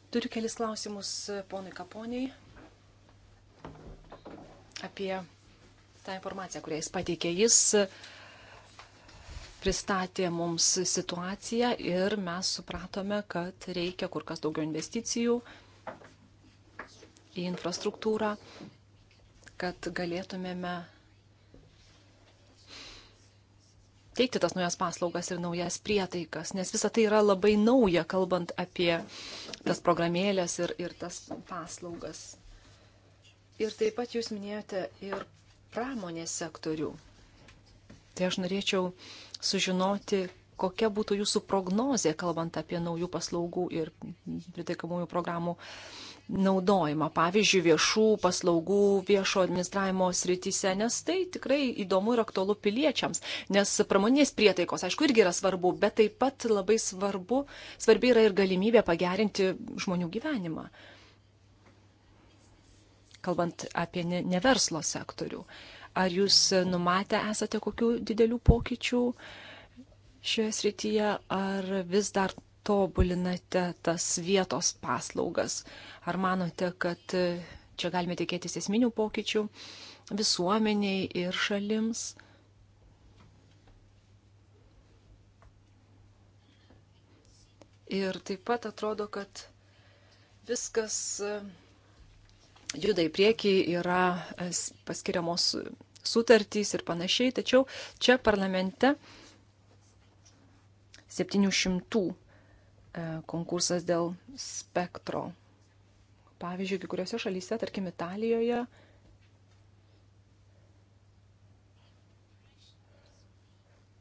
Turiu kelis klausimus ponui Kaponiai apie tą informaciją, kurią jis pateikė. Jis pristatė mums situaciją ir mes supratome, kad reikia kur kas daugiau investicijų į infrastruktūrą, kad galėtumėme teikti tas naujas paslaugas ir naujas prietaikas, nes visa tai yra labai nauja, kalbant apie tas programėlės ir, ir tas paslaugas. Ir taip pat jūs minėjote ir pramonės sektorių. Tai aš norėčiau sužinoti, kokia būtų jūsų prognozė, kalbant apie naujų paslaugų ir pritaikomųjų programų naudojimą, pavyzdžiui, viešų paslaugų, viešo administravimo srityse, nes tai tikrai įdomu ir aktualu piliečiams, nes pramoninės prietaikos, aišku, irgi yra svarbu, bet taip pat labai svarbu, svarbi yra ir galimybė pagerinti žmonių gyvenimą, kalbant apie ne, ne verslo sektorių. Uh, Ar jūs numatę esate kokių didelių pokyčių šioje srityje, ar vis dar tobulinate tas vietos paslaugas? Ar manote, kad čia galime tikėtis esminių pokyčių visuomeniai ir šalims? Ir taip pat atrodo, kad viskas juda į priekį, yra paskiriamos sutartys ir panašiai, tačiau čia parlamente 700 e, konkursas dėl spektro. Pavyzdžiui, kai kuriuose šalyse, tarkim Italijoje,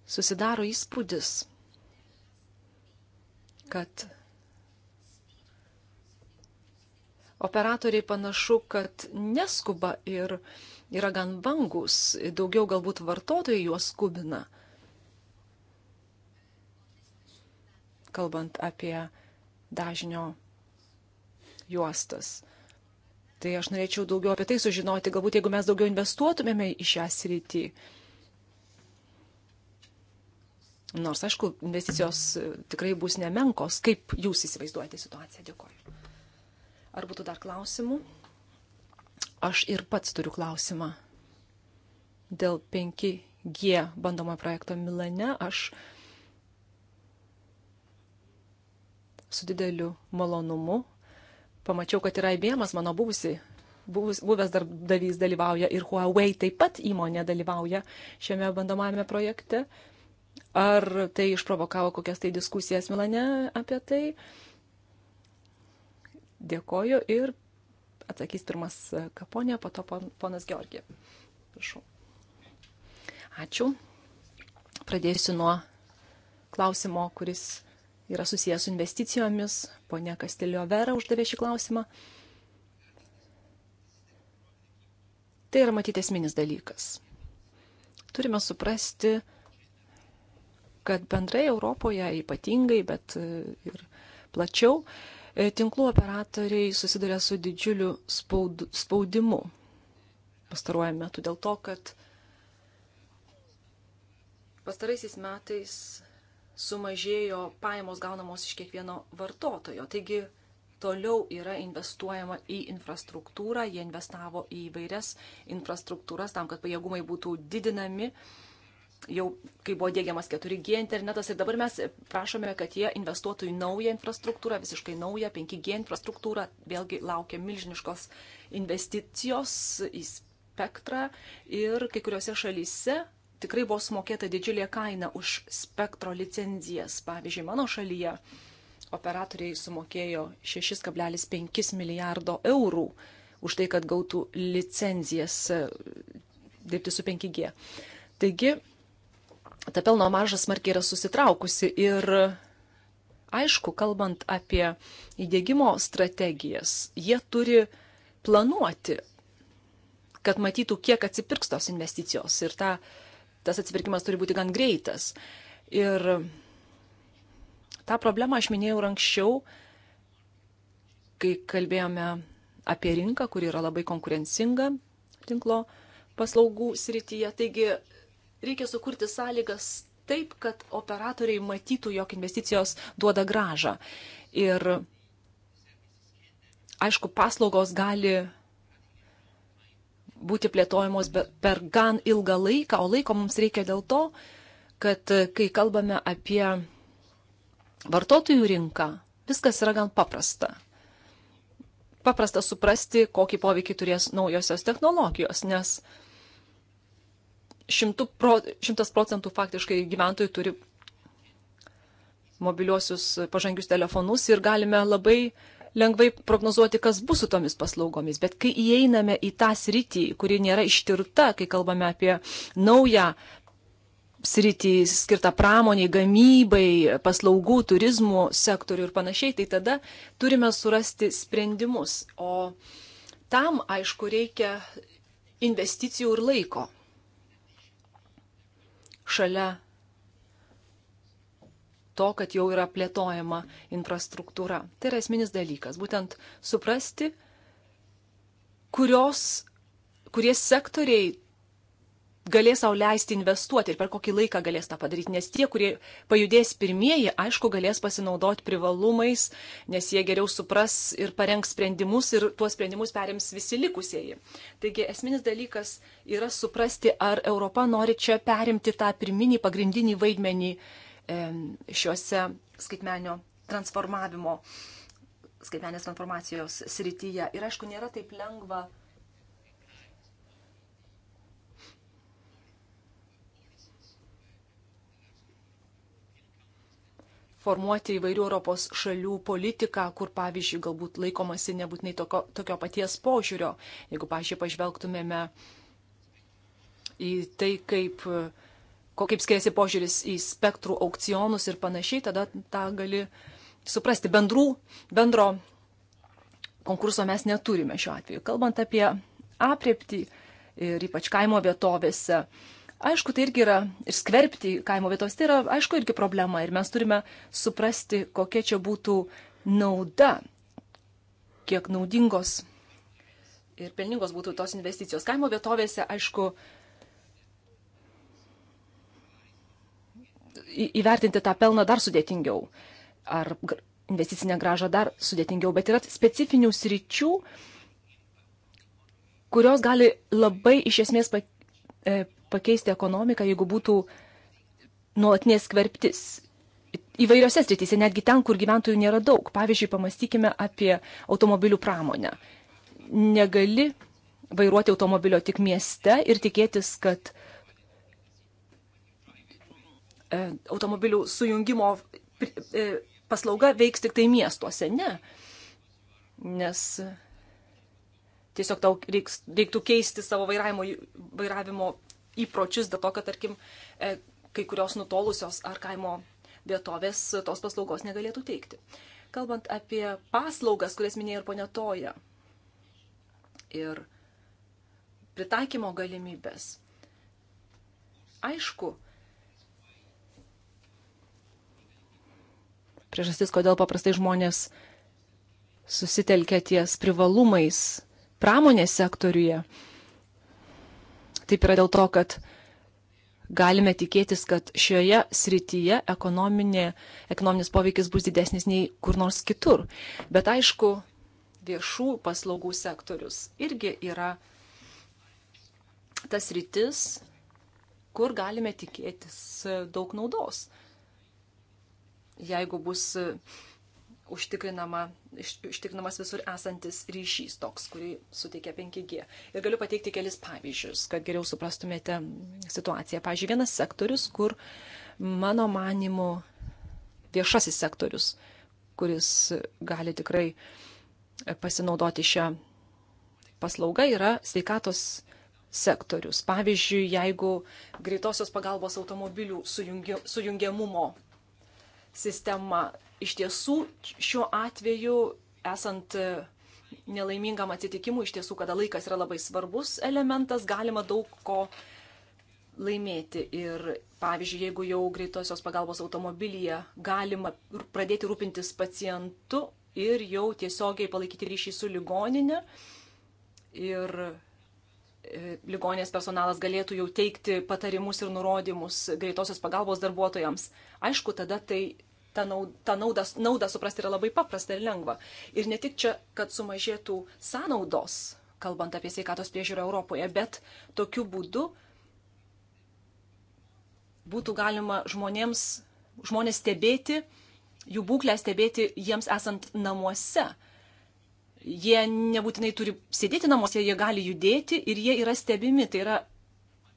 susidaro įspūdis, kad operatoriai panašu, kad neskuba ir uh, yra gan vangus, daugiau galbūt vartotojai juos skubina. Kalbant apie dažnio juostas. Tai aš norėčiau daugiau apie tai sužinoti, galbūt jeigu mes daugiau investuotumėme į šią sritį. Nors, aišku, investicijos tikrai bus nemenkos. Kaip jūs įsivaizduojate situaciją? Dėkoju. Ar būtų dar klausimų? Aš ir pats turiu klausimą dėl 5G bandomo projekto Milane. Aš su dideliu malonumu pamačiau, kad yra įbėmas mano buvusi. Buvus, buvęs darbdavys dalyvauja ir Huawei taip pat įmonė dalyvauja šiame bandomajame projekte. Ar tai išprovokavo kokias tai diskusijas Milane apie tai? Dėkoju ir atsakys pirmas Kaponė, po to ponas Georgija. Prašau. Ačiū. Pradėsiu nuo klausimo, kuris yra susijęs su investicijomis. Pone Kastilio Vera uždavė šį klausimą. Tai yra matyti esminis dalykas. Turime suprasti, kad bendrai Europoje ypatingai, bet ir plačiau, E, tinklų operatoriai susiduria su didžiuliu spaudimu pastaruoju metu dėl to, kad pastaraisiais metais sumažėjo pajamos gaunamos iš kiekvieno vartotojo. Taigi toliau yra investuojama į infrastruktūrą, jie investavo į vairias infrastruktūras tam, kad pajėgumai būtų didinami, jau kai buvo dėgiamas 4G internetas ir dabar mes prašome, kad jie investuotų į naują infrastruktūrą, visiškai naują 5G infrastruktūrą. Vėlgi laukia milžiniškos investicijos į spektrą ir kai kuriuose šalyse tikrai buvo sumokėta didžiulė kaina už spektro licenzijas. Pavyzdžiui, mano šalyje operatoriai sumokėjo 6,5 milijardo eurų už tai, kad gautų licenzijas e, dirbti su 5G. Taigi, ta pelno marža smarkiai yra susitraukusi ir aišku, kalbant apie įdėgymo strategijas, jie turi planuoti, kad matytų, kiek atsipirks tos investicijos ir ta, tas atsipirkimas turi būti gan greitas. Ir tą problemą aš minėjau ir anksčiau, kai kalbėjome apie rinką, kuri yra labai konkurencinga tinklo paslaugų srityje. Taigi reikia sukurti sąlygas taip, kad operatoriai matytų, jog investicijos duoda gražą. Ir aišku, paslaugos gali būti plėtojamos per gan ilgą laiką, o laiko mums reikia dėl to, kad e, kai kalbame apie vartotojų rinką, viskas yra gan paprasta. Paprasta suprasti, kokį poveikį turės naujosios technologijos, nes 100 procentų faktiškai gyventojų turi mobiliuosius pažangius telefonus ir galime labai lengvai prognozuoti, kas bus su tomis paslaugomis. Bet kai įeiname į tą sritį, kuri nėra ištirta, kai kalbame apie naują sritį skirtą pramoniai, gamybai, paslaugų, turizmų sektorių ir panašiai, tai tada turime surasti sprendimus. O tam, aišku, reikia investicijų ir laiko šalia to, kad jau yra plėtojama infrastruktūra. Tai yra esminis dalykas. Būtent suprasti, kurios, kurie sektoriai galės sau leisti investuoti ir per kokį laiką galės tą padaryti, nes tie, kurie pajudės pirmieji, aišku, galės pasinaudoti privalumais, nes jie geriau supras ir parengs sprendimus ir tuos sprendimus perims visi likusieji. Taigi esminis dalykas yra suprasti, ar Europa nori čia perimti tą pirminį pagrindinį vaidmenį šiuose skaitmenio transformavimo, skaitmenės transformacijos srityje. Ir aišku, nėra taip lengva formuoti įvairių Europos šalių politiką, kur, pavyzdžiui, galbūt laikomasi nebūtinai tokio, tokio paties požiūrio. Jeigu, pavyzdžiui, pažvelgtumėme į tai, kaip, ko, kaip skiriasi požiūris į spektrų aukcionus ir panašiai, tada tą gali suprasti. Bendrų, bendro konkurso mes neturime šiuo atveju. Kalbant apie apriepti ir ypač kaimo vietovėse, uh, Aišku, tai irgi yra ir skverbti kaimo vietos, tai yra, aišku, irgi problema ir mes turime suprasti, kokia čia būtų nauda, kiek naudingos ir pelningos būtų tos investicijos. Kaimo vietovėse, aišku, įvertinti tą pelną dar sudėtingiau, ar investicinę gražą dar sudėtingiau, bet yra specifinių sričių, kurios gali labai iš esmės e, pakeisti ekonomiką, jeigu būtų nuolatinės skverbtis įvairiose srityse, netgi ten, kur gyventojų nėra daug. Pavyzdžiui, pamastykime apie automobilių pramonę. Negali vairuoti automobilio tik mieste ir tikėtis, kad e, automobilių sujungimo e, paslauga veiks tik tai miestuose. Ne. Nes tiesiog tau reiks, reiktų keisti savo vairavimo, vairavimo įpročius dėl to, kad, tarkim, e, kai kurios nutolusios ar kaimo vietovės tos paslaugos negalėtų teikti. Kalbant apie paslaugas, kurias minėjo ir ponetoja, ir pritaikymo galimybės. Aišku, priežastis, kodėl paprastai žmonės susitelkia ties privalumais pramonės sektoriuje, Taip yra dėl to, kad galime tikėtis, kad šioje srityje ekonominis poveikis bus didesnis nei kur nors kitur. Bet aišku, viešų paslaugų sektorius irgi yra tas rytis, kur galime tikėtis daug naudos. Jeigu bus užtikrinama, užtikrinamas visur esantis ryšys toks, kurį suteikia 5G. Ir galiu pateikti kelis pavyzdžius, kad geriau suprastumėte situaciją. Pavyzdžiui, vienas sektorius, kur mano manimu viešasis sektorius, kuris gali tikrai pasinaudoti šią paslaugą, yra sveikatos sektorius. Pavyzdžiui, jeigu greitosios pagalbos automobilių sujungi, sujungiamumo sistema iš tiesų šiuo atveju esant e, nelaimingam atsitikimui, iš tiesų, kada laikas yra labai svarbus elementas, galima daug ko laimėti. Ir pavyzdžiui, jeigu jau greitosios pagalbos automobilyje galima pradėti rūpintis pacientu ir jau tiesiogiai palaikyti ryšį su ligoninė ir e, ligonės personalas galėtų jau teikti patarimus ir nurodymus greitosios pagalbos darbuotojams. Aišku, tada tai tą naudą, naudą suprasti yra labai paprasta ir lengva. Ir ne tik čia, kad sumažėtų sąnaudos, kalbant apie sveikatos priežiūrą Europoje, bet tokiu būdu būtų galima žmonėms, žmonės stebėti, jų būklę stebėti jiems esant namuose. Jie nebūtinai turi sėdėti namuose, jie gali judėti ir jie yra stebimi. Tai yra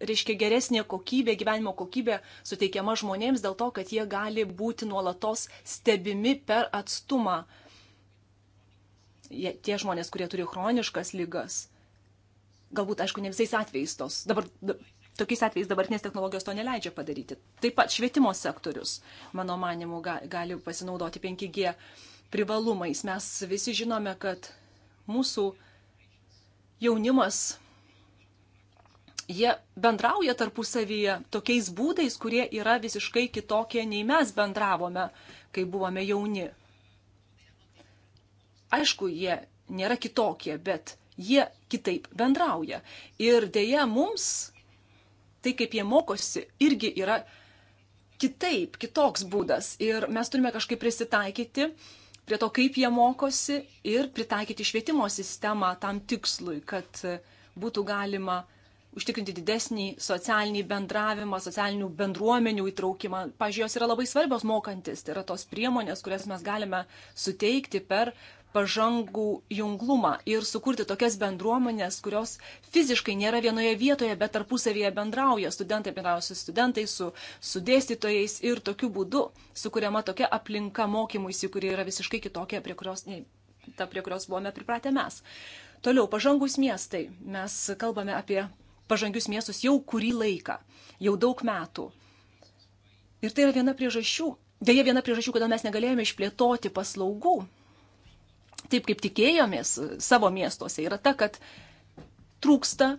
reiškia geresnė kokybė, gyvenimo kokybė suteikiama žmonėms dėl to, kad jie gali būti nuolatos stebimi per atstumą. Jie, tie žmonės, kurie turi chroniškas lygas. Galbūt, aišku, ne visais atvejais tos. Dabar tokiais atvejais dabartinės technologijos to neleidžia padaryti. Taip pat švietimo sektorius, mano manimu, gali pasinaudoti 5G privalumais. Mes visi žinome, kad mūsų jaunimas jie bendrauja tarpusavyje tokiais būdais, kurie yra visiškai kitokie nei mes bendravome, kai buvome jauni. Aišku, jie nėra kitokie, bet jie kitaip bendrauja. Ir dėja mums, tai kaip jie mokosi, irgi yra kitaip, kitoks būdas. Ir mes turime kažkaip prisitaikyti prie to, kaip jie mokosi ir pritaikyti švietimo sistemą tam tikslui, kad būtų galima uh, užtikrinti didesnį socialinį bendravimą, socialinių bendruomenių įtraukimą. Pavyzdžiui, jos yra labai svarbios mokantis, tai yra tos priemonės, kurias mes galime suteikti per pažangų junglumą ir sukurti tokias bendruomenės, kurios fiziškai nėra vienoje vietoje, bet tarpusavėje bendrauja. Studentai bendrauja su studentais, su, su dėstytojais ir tokiu būdu sukuriama tokia aplinka mokymuisi, kuri yra visiškai kitokia, prie kurios, ne, ta, prie kurios buvome pripratę mes. Toliau, pažangus miestai. Mes kalbame apie pažangius miestus jau kurį laiką, jau daug metų. Ir tai yra viena priežasčių, dėja viena priežasčių, kodėl mes negalėjome išplėtoti paslaugų, taip kaip tikėjomės savo miestuose, yra ta, kad trūksta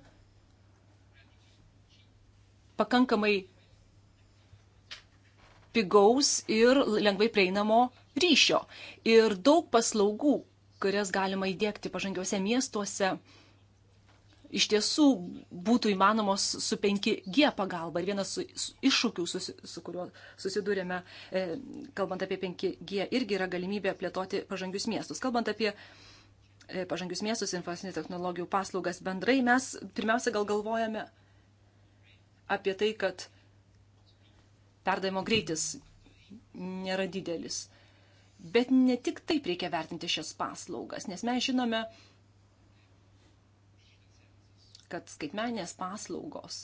pakankamai pigaus ir lengvai prieinamo ryšio. Ir daug paslaugų, kurias galima įdėkti pažangiuose miestuose, iš tiesų būtų įmanomos su 5G pagalba. Ir vienas su, su iššūkių, su, su kuriuo susidūrėme, e, kalbant apie 5G, irgi yra galimybė plėtoti pažangius miestus. Kalbant apie e, pažangius miestus, informacinių technologijų paslaugas bendrai, mes pirmiausia gal galvojame apie tai, kad perdavimo greitis nėra didelis. Bet ne tik taip reikia vertinti šias paslaugas, nes mes žinome, kad skaitmenės paslaugos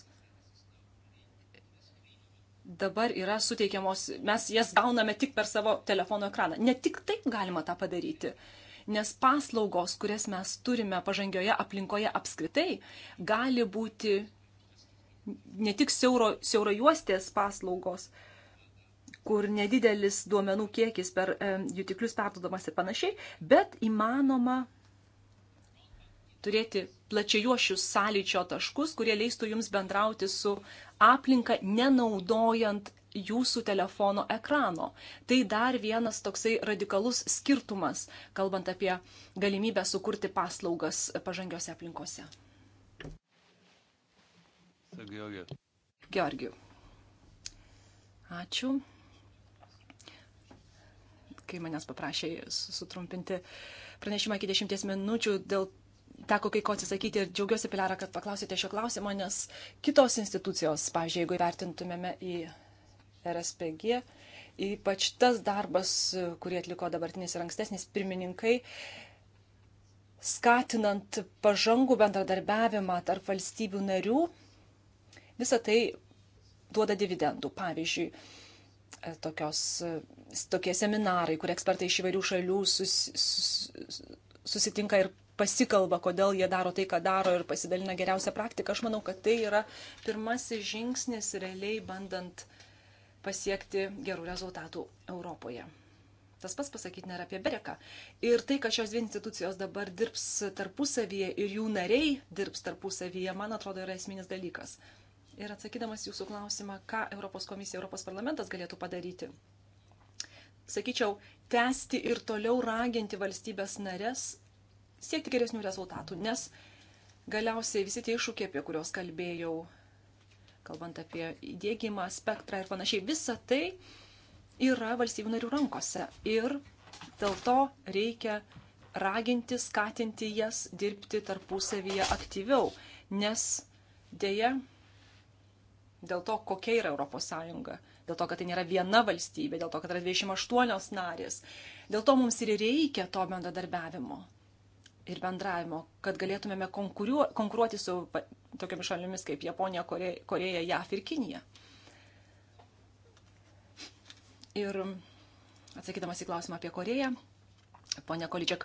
dabar yra suteikiamos, mes jas gauname tik per savo telefono ekraną. Ne tik taip galima tą padaryti, nes paslaugos, kurias mes turime pažangioje aplinkoje apskritai, gali būti ne tik siauro, siauro juostės paslaugos, kur nedidelis duomenų kiekis per e, jutiklius perdodamas ir panašiai, bet įmanoma turėti plačiajuošius sąlyčio taškus, kurie leistų jums bendrauti su aplinka, nenaudojant jūsų telefono ekrano. Tai dar vienas toksai radikalus skirtumas, kalbant apie galimybę sukurti paslaugas pažangiose aplinkose. Georgiu. Ačiū. Kai manęs paprašė sutrumpinti pranešimą iki dešimties minučių dėl teko kai ko atsisakyti ir džiaugiuosi, Pilara, kad paklausėte šio klausimo, nes kitos institucijos, pavyzdžiui, jeigu įvertintumėme į RSPG, ypač tas darbas, kurį atliko dabartinis ir ankstesnis pirmininkai, skatinant pažangų bendradarbiavimą tarp valstybių narių, visa tai duoda dividendų. Pavyzdžiui, tokios, tokie seminarai, kur ekspertai iš įvairių šalių sus, sus, susitinka ir pasikalba, kodėl jie daro tai, ką daro ir pasidalina geriausią praktiką. Aš manau, kad tai yra pirmasis žingsnis realiai bandant pasiekti gerų rezultatų Europoje. Tas pats pasakyti nėra apie Bereką. Ir tai, kad šios dvi institucijos dabar dirbs tarpusavyje ir jų nariai dirbs tarpusavyje, man atrodo, yra esminis dalykas. Ir atsakydamas jūsų klausimą, ką Europos komisija, Europos parlamentas galėtų padaryti, sakyčiau, tęsti ir toliau raginti valstybės narės siekti geresnių rezultatų, nes galiausiai visi tie iššūkiai, apie kuriuos kalbėjau, kalbant apie įdėgymą, spektrą ir panašiai, visa tai yra valstybių narių rankose ir dėl to reikia raginti, skatinti jas dirbti tarpusavyje aktyviau, nes dėja dėl to, kokia yra ES, dėl to, kad tai nėra viena valstybė, dėl to, kad yra 28 narės. Dėl to mums ir reikia to bendradarbiavimo ir bendravimo, kad galėtumėme konkuruoti su tokiamis šalimis kaip Japonija, Koreja, Koreja JAF ir Kinija. Ir atsakydamas į klausimą apie Koreją, Pone Količiak,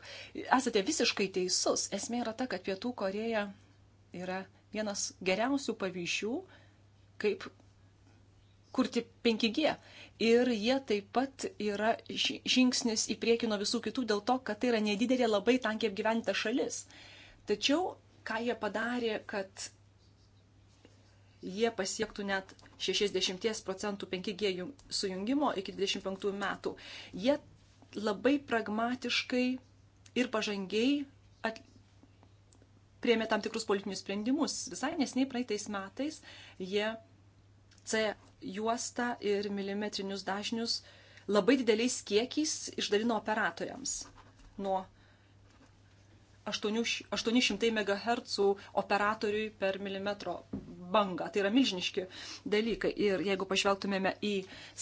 esate visiškai teisus. Esmė yra ta, kad Pietų Koreja yra vienas geriausių pavyzdžių, kaip kurti 5G. Ir jie taip pat yra žingsnis į priekį nuo visų kitų dėl to, kad tai yra nedidelė labai tankiai apgyventa šalis. Tačiau, ką jie padarė, kad jie pasiektų net 60 procentų 5G sujungimo iki 25 metų, jie labai pragmatiškai ir pažangiai at... priemė tam tikrus politinius sprendimus. Visai nesiniai praeitais metais jie C juostą ir milimetrinius dažnius labai dideliais kiekiais išdalino operatoriams nuo 800 MHz operatoriui per milimetro bangą. Tai yra milžiniški dalykai. Ir jeigu pažvelgtumėme į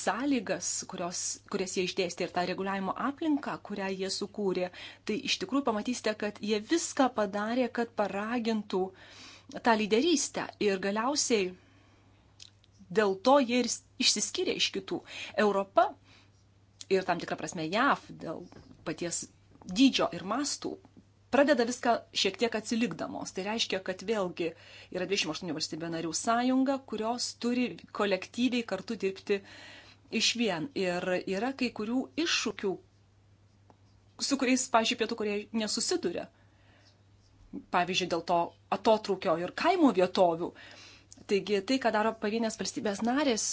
sąlygas, kurios, kurias jie išdėstė ir tą reguliavimo aplinką, kurią jie sukūrė, tai iš tikrųjų pamatysite, kad jie viską padarė, kad paragintų tą lyderystę. Ir galiausiai dėl to jie ir išsiskyrė iš kitų. Europa ir tam tikrą prasme JAV dėl paties dydžio ir mastų pradeda viską šiek tiek atsilikdamos. Tai reiškia, kad vėlgi yra 28 valstybė narių sąjunga, kurios turi kolektyviai kartu dirbti iš vien. Ir yra kai kurių iššūkių, su kuriais, pažiūrėjau, pietų kurie nesusiduria. Pavyzdžiui, dėl to atotrukio ir kaimo vietovių. Uh, Taigi tai, ką daro pavienės valstybės narės,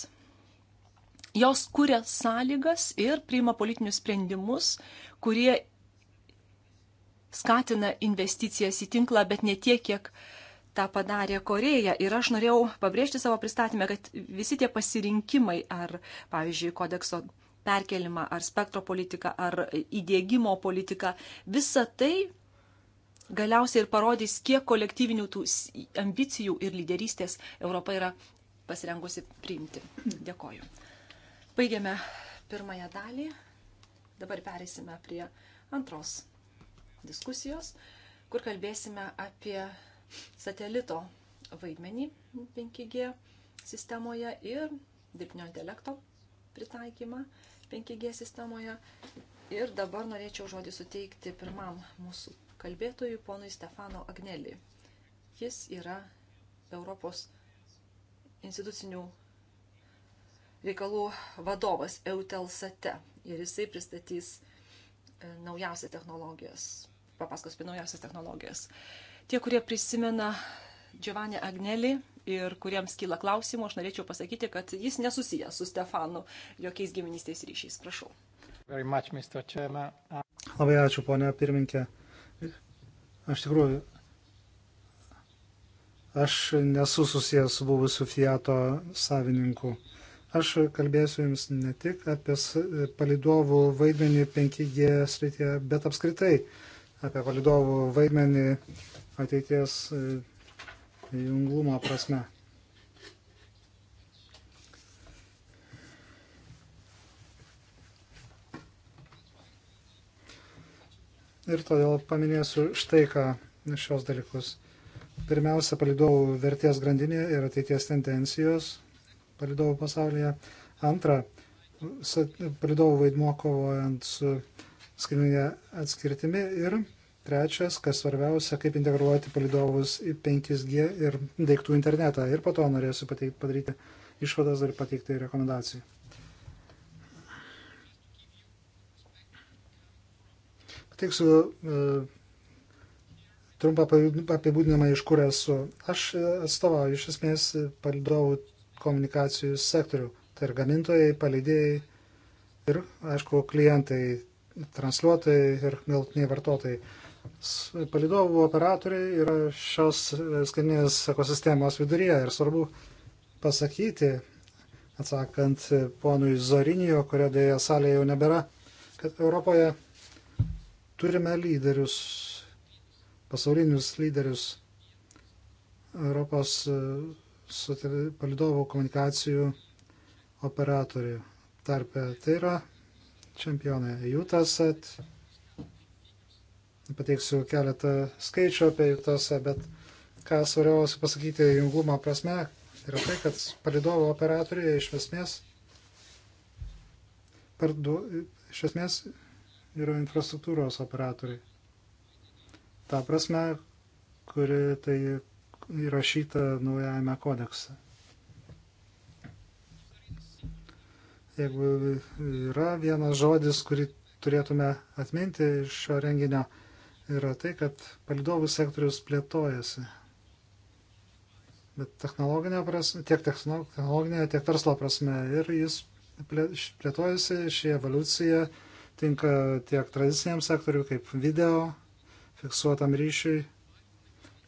jos kuria sąlygas ir priima politinius sprendimus, kurie skatina investicijas į tinklą, bet ne tiek, kiek tą padarė Koreja. Ir aš norėjau pabrėžti savo pristatymę, kad visi tie pasirinkimai ar, pavyzdžiui, kodekso perkelimą, ar spektro politiką, ar įdėgymo politiką, visa tai galiausiai ir parodys, kiek kolektyvinių tų ambicijų ir lyderystės Europa yra pasirengusi priimti. Dėkoju. Baigiame pirmąją dalį. Dabar perėsime prie antros diskusijos, kur kalbėsime apie satelito vaidmenį 5G sistemoje ir dirbtinio intelekto pritaikymą 5G sistemoje. Ir dabar norėčiau žodį suteikti pirmam mūsų kalbėtojui, ponui Stefano Agnelį. Jis yra Europos institucinių reikalų vadovas Eutelsate ir jisai pristatys e, naujausias technologijas, papasakos apie naujausias technologijas. Tie, kurie prisimena Giovanni Agnelį ir kuriems kyla klausimų, aš norėčiau pasakyti, kad jis nesusijęs su Stefanu jokiais giminystės ryšiais. Prašau. Much, Labai ačiū, ponia pirminkė. Aš tikrųjų, aš nesu susijęs su buvusiu Fiato savininku. Aš kalbėsiu Jums ne tik apie palidovų vaidmenį 5G srityje, bet apskritai apie palidovų vaidmenį ateities e, junglumo prasme. ir todėl paminėsiu štai ką šios dalykus. Pirmiausia, palidovų vertės grandinė ir ateities tendencijos palidovų pasaulyje. Antra, palidovų vaidmuo kovojant su skaitmeninė atskirtimi. Ir trečias, kas svarbiausia, kaip integruoti palidovus į 5G ir daiktų internetą. Ir po to norėsiu pateikti, padaryti išvadas ir pateikti rekomendacijų. Pateiksiu e, trumpą apibūdinimą, iš kur esu. Aš atstovauju iš esmės palidovų komunikacijų sektorių. Tai ir gamintojai, palidėjai ir, aišku, klientai, transliuotojai ir galtiniai vartotojai. Palidovų operatoriai yra šios e, skaitinės ekosistemos viduryje ir svarbu pasakyti, atsakant e, ponui Zorinijo, kurio dėja salėje jau nebėra, kad Europoje Turime lyderius, pasaulinius lyderius Europos e, palidovų komunikacijų operatorių tarpe. Tai yra čempionai. Jutasat. Pateiksiu keletą skaičių apie Jutasą, bet ką svarbiausia pasakyti junglumo prasme, yra tai, kad palidovo operatoriai iš esmės, pardu, iš esmės yra infrastruktūros operatoriai. Ta prasme, kuri tai įrašyta naujajame kodekse. Jeigu yra vienas žodis, kurį turėtume atminti iš šio renginio, yra tai, kad palidovų sektorius plėtojasi. Bet technologinė prasme, tiek technologinė, tiek verslo prasme. Ir jis plėtojasi, ši evoliucija tinka tiek tradiciniam sektoriu, kaip video, fiksuotam ryšiui,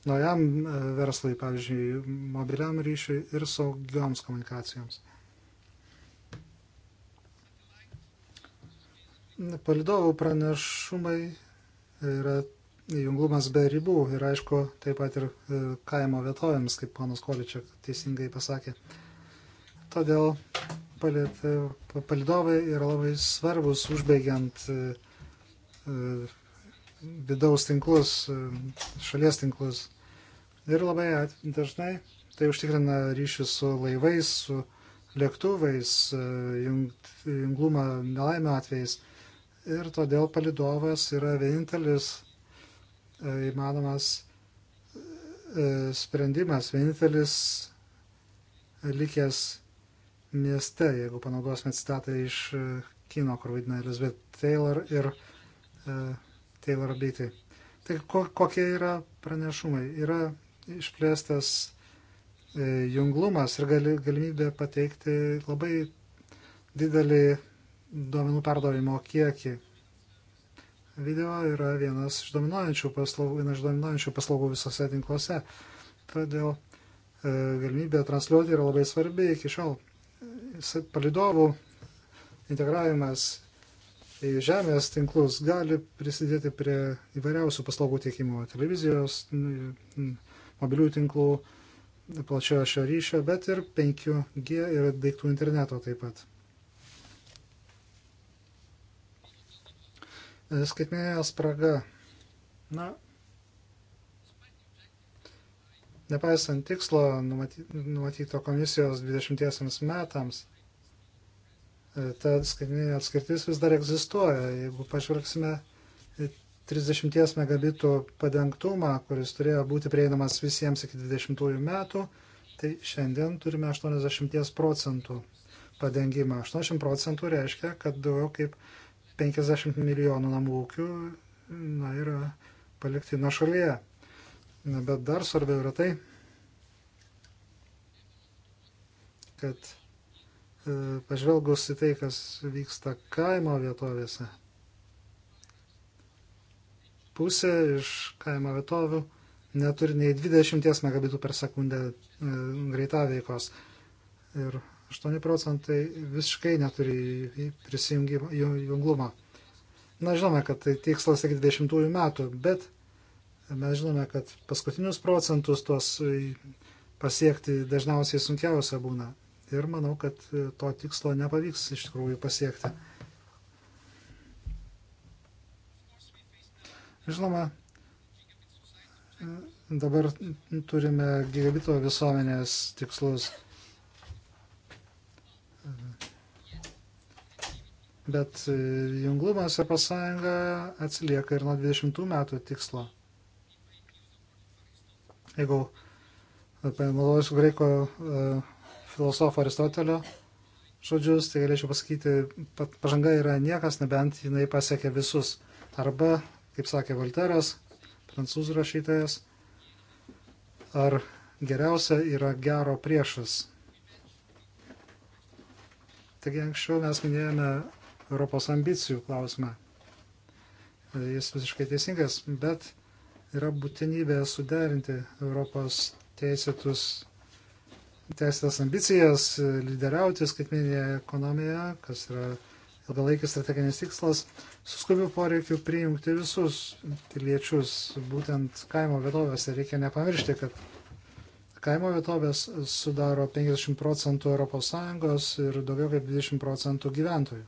naujam e, verslui, pavyzdžiui, mobiliam ryšiui ir saugioms komunikacijoms. Palidovų pranešumai yra junglumas be ribų ir aišku, taip pat ir e, kaimo vietovėms, kaip panas Količiak teisingai pasakė. Todėl palėtė, palidovai yra labai svarbus užbaigiant e, e, vidaus tinklus, e, šalies tinklus. Ir labai dažnai tai užtikrina ryšį su laivais, su lėktuvais, junglumą nelaimio atvejais. Ir todėl palidovas yra vienintelis įmanomas sprendimas, vienintelis likęs mieste, jeigu panaudosime citatą iš e, kino, kur vaidina Elizabeth Taylor ir uh, Taylor Beatty. Tai ko, kokie yra pranešumai? Yra išplėstas uh, junglumas ir gali, galimybė pateikti labai didelį duomenų perdavimo kiekį. Video yra vienas iš dominuojančių paslaugų, viena iš dominuojančių paslaugų visose tinkluose. Todėl e, galimybė transliuoti yra labai svarbi iki šiol palidovų integravimas į žemės tinklus gali prisidėti prie įvairiausių paslaugų teikimo - televizijos, mobilių tinklų, plačiojo šio ryšio, bet ir 5G ir daiktų interneto taip pat. E, skaitmeninė spraga. Na, Nepaisant tikslo numatyto komisijos 20 metams, e, ta skaitminė atskirtis vis dar egzistuoja. Jeigu pažvelgsime 30 megabitų padengtumą, kuris turėjo būti prieinamas visiems iki 20 metų, tai šiandien turime 80 procentų padengimą. 80 procentų reiškia, kad daugiau kaip 50 milijonų namų ūkių na, yra palikti nuo šalyje. Bet dar svarbiau yra tai, kad e, pažvelgus į tai, kas vyksta kaimo vietovėse, pusė iš kaimo vietovių neturi nei 20 megabitų per sekundę e, greitaveikos ir 8 procentai visiškai neturi prisijungimo junglumą. Na, žinome, kad tai tikslas iki 20 metų, bet Mes žinome, kad paskutinius procentus tuos pasiekti dažniausiai sunkiausia būna. Ir manau, kad e, to tikslo nepavyks iš tikrųjų pasiekti. Žinoma, e, dabar turime gigabito visuomenės tikslus. E, bet junglumas ir pasąjunga atsilieka ir nuo 20 metų tikslo jeigu panaudosiu greiko e, filosofo Aristotelio žodžius, tai galėčiau pasakyti, pažanga yra niekas, nebent jinai pasiekia visus. Arba, kaip sakė Volteras, prancūzų rašytojas, ar geriausia yra gero priešas. Taigi anksčiau mes minėjome Europos ambicijų klausimą. E, jis visiškai teisingas, bet yra būtinybė suderinti Europos teisėtus teisėtas ambicijas, lyderiauti skaitmeninėje ekonomijoje, kas yra ilgalaikis strateginis tikslas, suskubiu poreikiu prijungti visus piliečius, būtent kaimo vietovėse. Reikia nepamiršti, kad kaimo vietovės sudaro 50 procentų ES ir daugiau kaip 20 procentų gyventojų.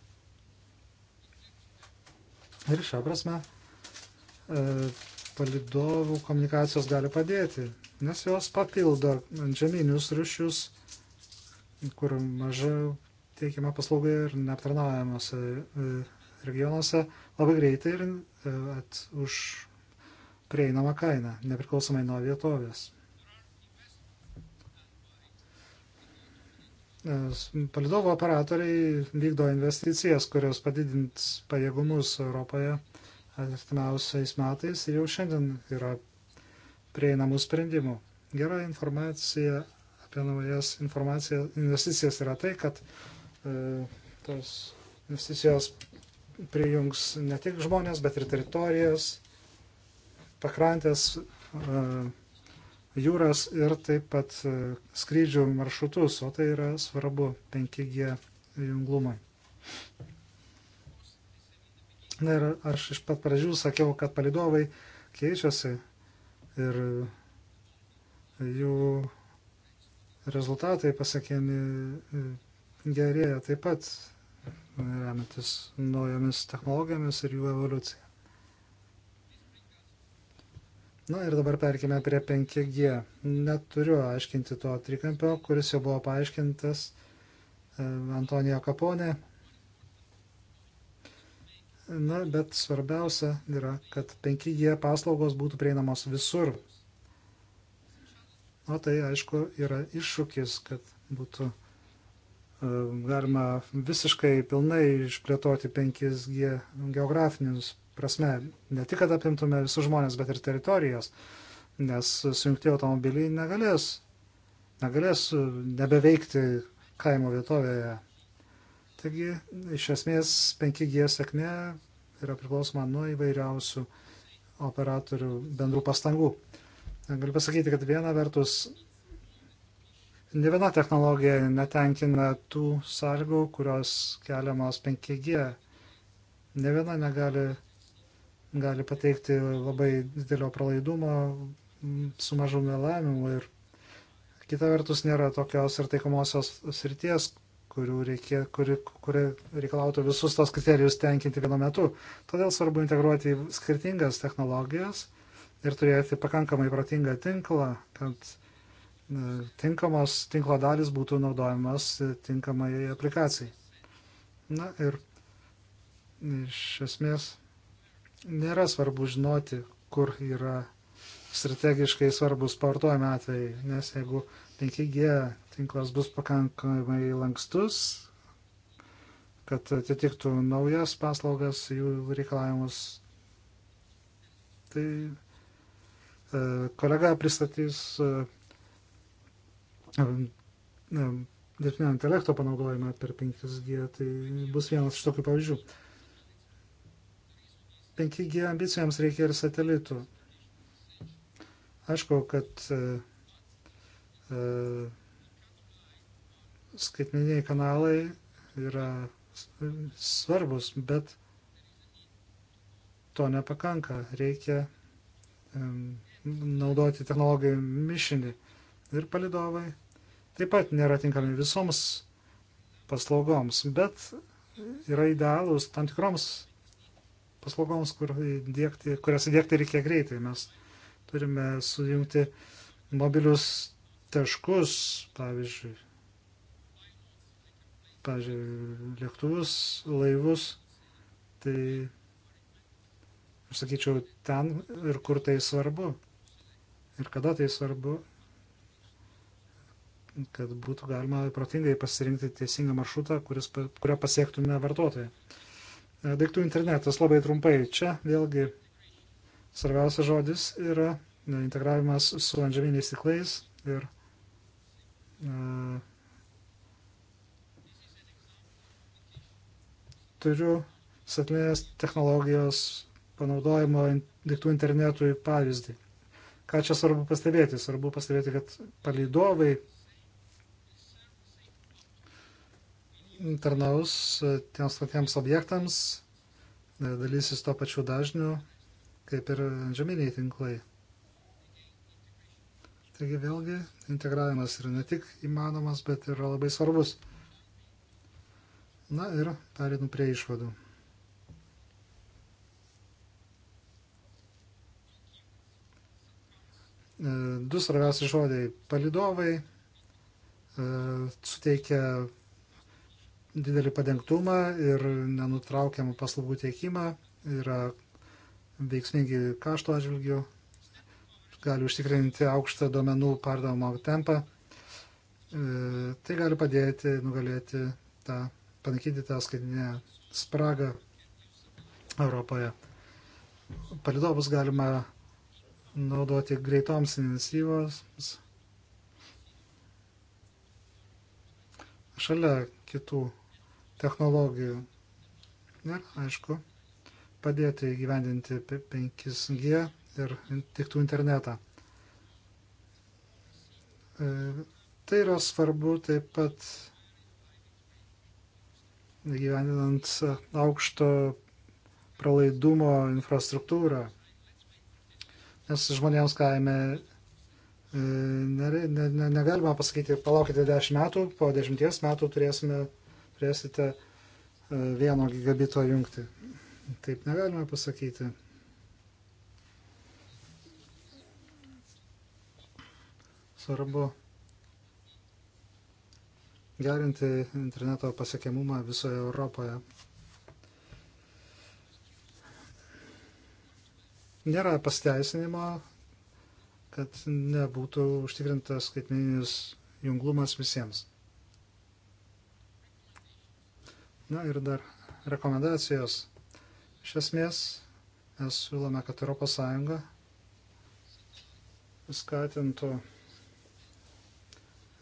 Ir šią prasme e, palidovų komunikacijos gali padėti, nes jos papildo žemynius ryšius, kur mažai teikiama paslauga ir neaptarnaujamuose e, regionuose labai greitai ir e, at, už prieinamą kainą, nepriklausomai nuo vietovės. E, Palidovo operatoriai vykdo investicijas, kurios padidins pajėgumus Europoje atimiausiais metais ir jau šiandien yra prieinamų sprendimų. Gera informacija apie naujas investicijas yra tai, kad e, tos investicijos prijungs ne tik žmonės, bet ir teritorijas, pakrantės, e, jūras ir taip pat e, skrydžių maršrutus, o tai yra svarbu 5G junglumai. Na ir aš iš pat pradžių sakiau, kad palidovai keičiasi ir jų rezultatai pasiekiami e, gerėja taip pat e, remiantis naujomis technologijomis ir jų evoliucija. Na ir dabar perkime prie 5G. Neturiu aiškinti to trikampio, kuris jau buvo paaiškintas e, Antonijo Kaponė Na, bet svarbiausia yra, kad 5G paslaugos būtų prieinamos visur. O tai, aišku, yra iššūkis, kad būtų e, galima visiškai pilnai išplėtoti 5G geografinius prasme. Ne tik, kad apimtume visus žmonės, bet ir teritorijas, nes sujungti automobiliai negalės, negalės nebeveikti kaimo vietovėje Taigi, iš esmės, 5G sėkmė yra priklausoma nuo įvairiausių operatorių bendrų pastangų. Galiu pasakyti, kad viena vertus, ne viena technologija netenkina tų sąlygų, kurios keliamos 5G. Ne viena negali gali pateikti labai didelio pralaidumo su mažu melavimu ir kita vertus nėra tokios ir taikomosios srities, reikia, kuri, kuri reikalautų visus tos kriterijus tenkinti vienu metu. Todėl svarbu integruoti skirtingas technologijas ir turėti pakankamai protingą tinklą, kad e, tinkamos tinklo dalis būtų naudojamas tinkamai aplikacijai. Na ir iš esmės nėra svarbu žinoti, kur yra strategiškai svarbus pavartojami atvejai, nes jeigu 5G tinklas bus pakankamai lankstus, kad atitiktų naujas paslaugas, jų reikalavimus. Tai e, kolega pristatys e, e, dirbtinio intelekto panaudojimą per 5G, tai bus vienas iš tokių pavyzdžių. 5G ambicijoms reikia ir satelitų. Aišku, kad e, e, skaitmeniniai kanalai yra svarbus, bet to nepakanka. Reikia naudoti technologijų mišinį ir palidovai. Taip pat nėra tinkami visoms paslaugoms, bet yra idealūs tam tikroms paslaugoms, kur įdėkti, kurias įdėkti reikia greitai. Mes turime sujungti mobilius taškus, pavyzdžiui, pavyzdžiui, lėktuvus, laivus, tai aš sakyčiau, ten ir kur tai svarbu ir kada tai svarbu, kad būtų galima protingai pasirinkti teisingą maršrutą, kuris, kurio pasiektume vartotojai. E, daiktų internetas labai trumpai. Čia vėlgi svarbiausias žodis yra e, integravimas su antžeminiais tiklais ir uh, Turiu satelinės technologijos panaudojimo daiktų internetui pavyzdį. Ką čia svarbu pastebėti? Svarbu pastebėti, kad palydovai tarnaus tiems patiems objektams, dalysis to pačiu dažniu, kaip ir žeminiai tinklai. Taigi vėlgi integravimas yra ne tik įmanomas, bet yra labai svarbus. Na ir perinu prie išvadų. E, du svarbiausi žodžiai - palidovai e, suteikia didelį padengtumą ir nenutraukiamą paslaugų teikimą, yra veiksmingi kašto atžvilgių, gali užtikrinti aukštą duomenų perdavimo tempą. E, tai gali padėti nugalėti tą panaikinti tą skaitinę spragą Europoje. Palidovus galima naudoti greitoms iniciatyvoms šalia kitų technologijų. Ir, aišku, padėti įgyvendinti 5G ir tiktų internetą. E, tai yra svarbu taip pat gyveninant aukšto pralaidumo infrastruktūrą. Nes žmonėms kaime e, ne, ne, ne, negalima pasakyti, palaukite 10 metų, po 10 metų turėsime, turėsite e, vieno gigabito jungti. Taip negalima pasakyti. Svarbu gerinti interneto pasiekiamumą visoje Europoje. Nėra pasteisinimo, kad nebūtų užtikrintas skaitmeninis junglumas visiems. Na ir dar rekomendacijos. Iš esmės, mes siūlome, kad ES skatintų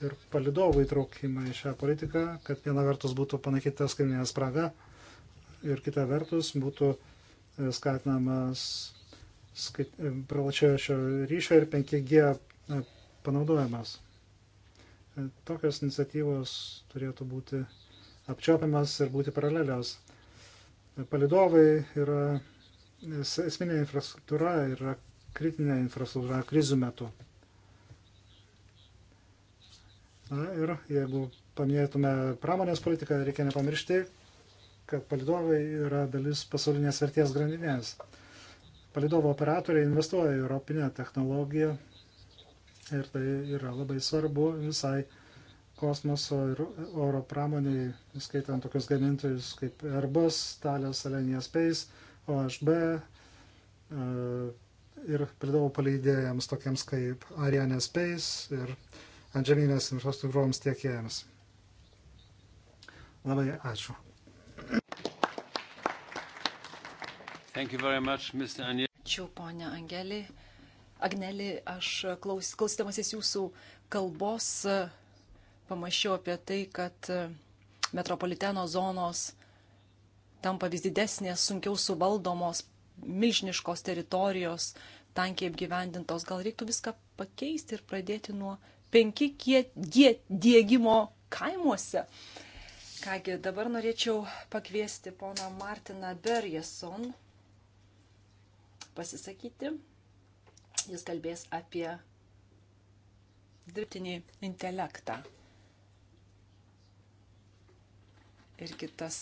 ir palidovų įtraukimą į šią politiką, kad viena vertus būtų panaikyta skaitmeninė spraga ir kita vertus būtų e, skatinamas skait, e, pralačiojo šio ryšio ir 5G e, panaudojimas. Tokios iniciatyvos turėtų būti apčiopiamas ir būti paralelios. Palidovai yra esminė infrastruktūra, yra kritinė infrastruktūra krizių metu. Na ir jeigu paminėtume pramonės politiką, reikia nepamiršti, kad palidovai yra dalis pasaulinės vertės grandinės. Palidovo operatoriai investuoja į europinę technologiją ir tai yra labai svarbu visai kosmoso ir oro pramoniai, skaitant tokius gamintojus kaip Airbus, Thales, Alenia Space, OHB e, ir palidovo paleidėjams tokiems kaip Ariane Space ir antžeminės infrastruktūroms tiekėjams. Labai ačiū. Much, ačiū, ponia Angelė. Agnelį, aš klaus, klausydamasis jūsų kalbos pamačiau apie tai, kad e, metropoliteno zonos tampa vis didesnės, sunkiau suvaldomos, milžiniškos teritorijos, tankiai apgyvendintos. Gal reiktų viską pakeisti ir pradėti nuo 5G dėgymo kaimuose. Kągi, dabar norėčiau pakviesti poną Martiną Berjeson pasisakyti. Jis kalbės apie dirbtinį intelektą ir kitas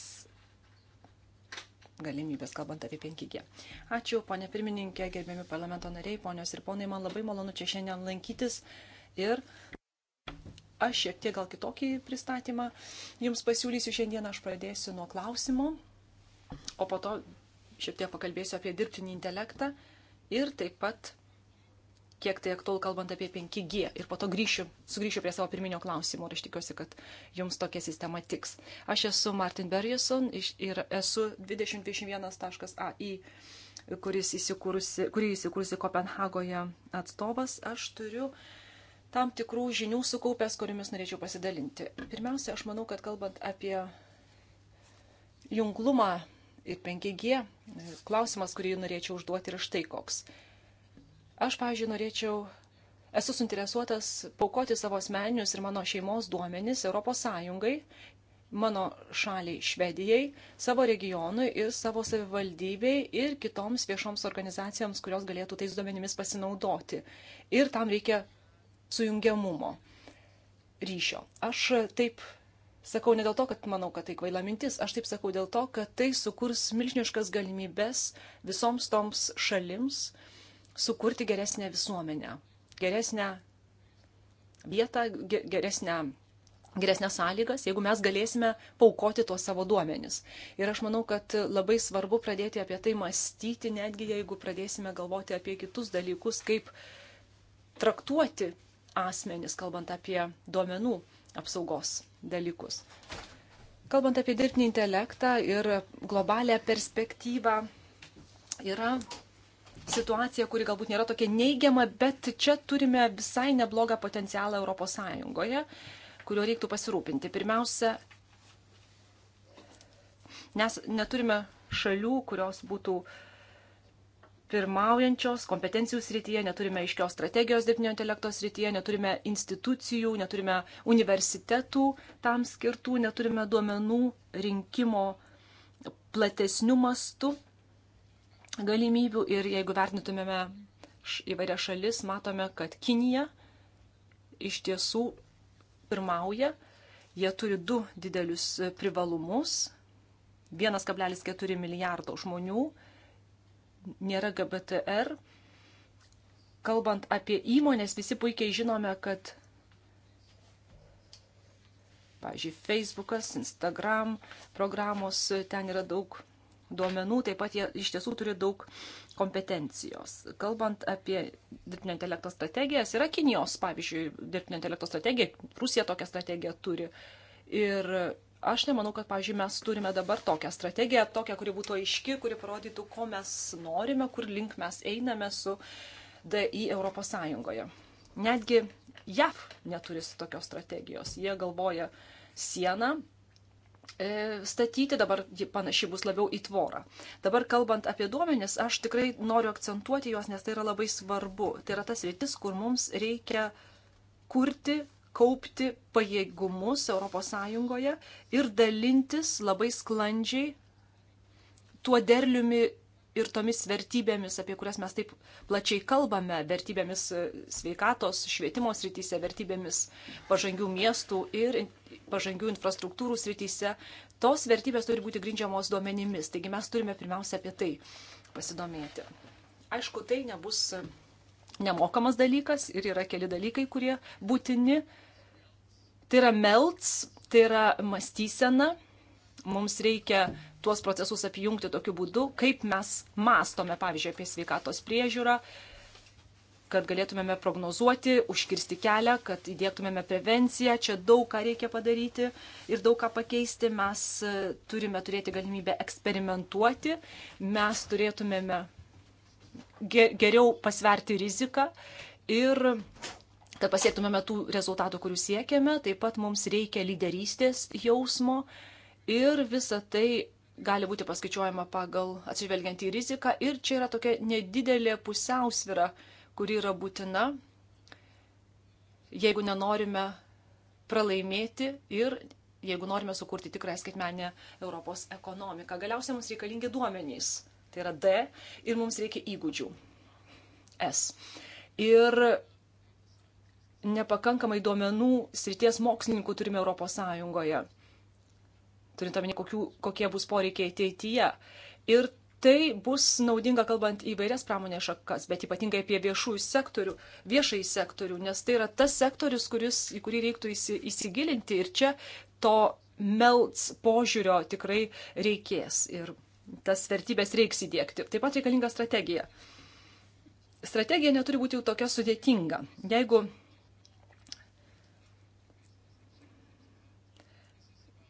galimybės, kalbant apie 5G. Ačiū, ponė pirmininkė, gerbiami parlamento nariai, ponios ir ponai, man labai malonu čia šiandien lankytis. Uh, ir aš šiek tiek gal kitokį pristatymą jums pasiūlysiu. Šiandien aš pradėsiu nuo klausimo, o po to šiek tiek pakalbėsiu apie dirbtinį intelektą ir taip pat kiek tai aktualu kalbant apie 5G ir po to grįšiu, sugrįšiu prie savo pirminio klausimo ir aš tikiuosi, kad jums tokia sistema tiks. Aš esu Martin Bergeson ir esu 2021.ai, kuris įsikūrusi, kurį įsikūrusi Kopenhagoje atstovas. Aš turiu tam tikrų žinių sukaupęs, kuriomis norėčiau pasidalinti. Pirmiausia, aš manau, kad kalbant apie junglumą ir 5G, e, klausimas, kurį norėčiau užduoti, yra štai koks. Aš, pavyzdžiui, norėčiau, esu suinteresuotas paukoti savo asmeninius ir mano šeimos duomenis ES, mano šaliai Švedijai, savo regionui ir savo savivaldybei ir kitoms viešoms organizacijoms, kurios galėtų tais duomenimis pasinaudoti. Ir tam reikia sujungiamumo ryšio. Aš taip sakau ne dėl to, kad manau, kad tai kvaila mintis, aš taip sakau dėl to, kad tai sukurs milžiniškas galimybės visoms toms šalims sukurti geresnę visuomenę, geresnę vietą, geresnę geresnės sąlygas, jeigu mes galėsime paukoti tuos savo duomenis. Ir aš manau, kad labai svarbu pradėti apie tai mąstyti, netgi jeigu pradėsime galvoti apie kitus dalykus, kaip traktuoti asmenis, kalbant apie duomenų apsaugos dalykus. Kalbant apie dirbtinį intelektą ir globalę perspektyvą, yra situacija, kuri galbūt nėra tokia neigiama, bet čia turime visai neblogą potencialą ES, kurio reiktų pasirūpinti. Pirmiausia, nes neturime šalių, kurios būtų uh, pirmaujančios kompetencijų srityje, neturime aiškios strategijos dirbtinio intelekto srityje, neturime institucijų, neturime universitetų tam skirtų, neturime duomenų rinkimo platesnių mastų galimybių ir jeigu vertintumėme įvairias šalis, matome, kad Kinija iš tiesų pirmauja, jie turi du didelius privalumus - 1,4 milijardo žmonių nėra GBTR. Kalbant apie įmonės, visi puikiai žinome, kad, pavyzdžiui, Facebookas, Instagram programos, ten yra daug duomenų, taip pat jie iš tiesų turi daug kompetencijos. Kalbant apie dirbtinio intelekto strategijas, yra Kinijos, pavyzdžiui, dirbtinio intelekto strategija, Rusija tokią strategiją turi. Ir aš nemanau, kad, pavyzdžiui, mes turime dabar tokią strategiją, tokią, kuri būtų aiški, kuri parodytų, ko mes norime, kur link mes einame su DI Europos Sąjungoje. Netgi JAV neturi tokios strategijos. Jie galvoja sieną e, statyti, dabar ji panaši bus labiau į tvorą. Dabar kalbant apie duomenis, aš tikrai noriu akcentuoti juos, nes tai yra labai svarbu. Tai yra tas rytis, kur mums reikia kurti kaupti pajėgumus ES ir dalintis labai sklandžiai tuo derliumi ir tomis vertybėmis, apie kurias mes taip plačiai kalbame, vertybėmis e, sveikatos, švietimo srityse, vertybėmis pažangių miestų ir pažangių infrastruktūrų srityse, tos vertybės turi būti grindžiamos duomenimis. Taigi mes turime pirmiausia apie tai pasidomėti. Aišku, tai nebus nemokamas dalykas ir yra keli dalykai, kurie būtini Tai yra melts, tai yra mąstysena. Mums reikia tuos procesus apjungti tokiu būdu, kaip mes mastome, pavyzdžiui, apie sveikatos priežiūrą, kad galėtumėme prognozuoti, užkirsti kelią, kad įdėktumėme prevenciją. Čia daug ką reikia padaryti ir daug ką pakeisti. Mes e, turime turėti galimybę eksperimentuoti, mes turėtumėme geriau pasverti riziką ir kad pasiektumėme tų rezultatų, kurių siekiame, taip pat mums reikia lyderystės jausmo ir visa tai gali būti paskaičiuojama pagal atsižvelgiant į riziką ir čia yra tokia nedidelė pusiausvira, kuri yra būtina, jeigu nenorime pralaimėti ir jeigu norime sukurti tikrąją skaitmenę Europos ekonomiką. Galiausiai mums reikalingi duomenys, tai yra D, ir mums reikia įgūdžių S. Ir nepakankamai duomenų srities mokslininkų turime Europos Sąjungoje, turint omeny, kokie bus poreikiai ateityje. Ir tai bus naudinga kalbant įvairias pramonės šakas, bet ypatingai apie viešųjų sektorių, viešai sektorių, nes tai yra tas sektorius, kuris, į kurį reiktų įsigilinti ir čia to melts požiūrio tikrai reikės ir tas vertybės reiks įdėkti. Taip pat reikalinga strategija. Strategija neturi būti jau tokia sudėtinga. Jeigu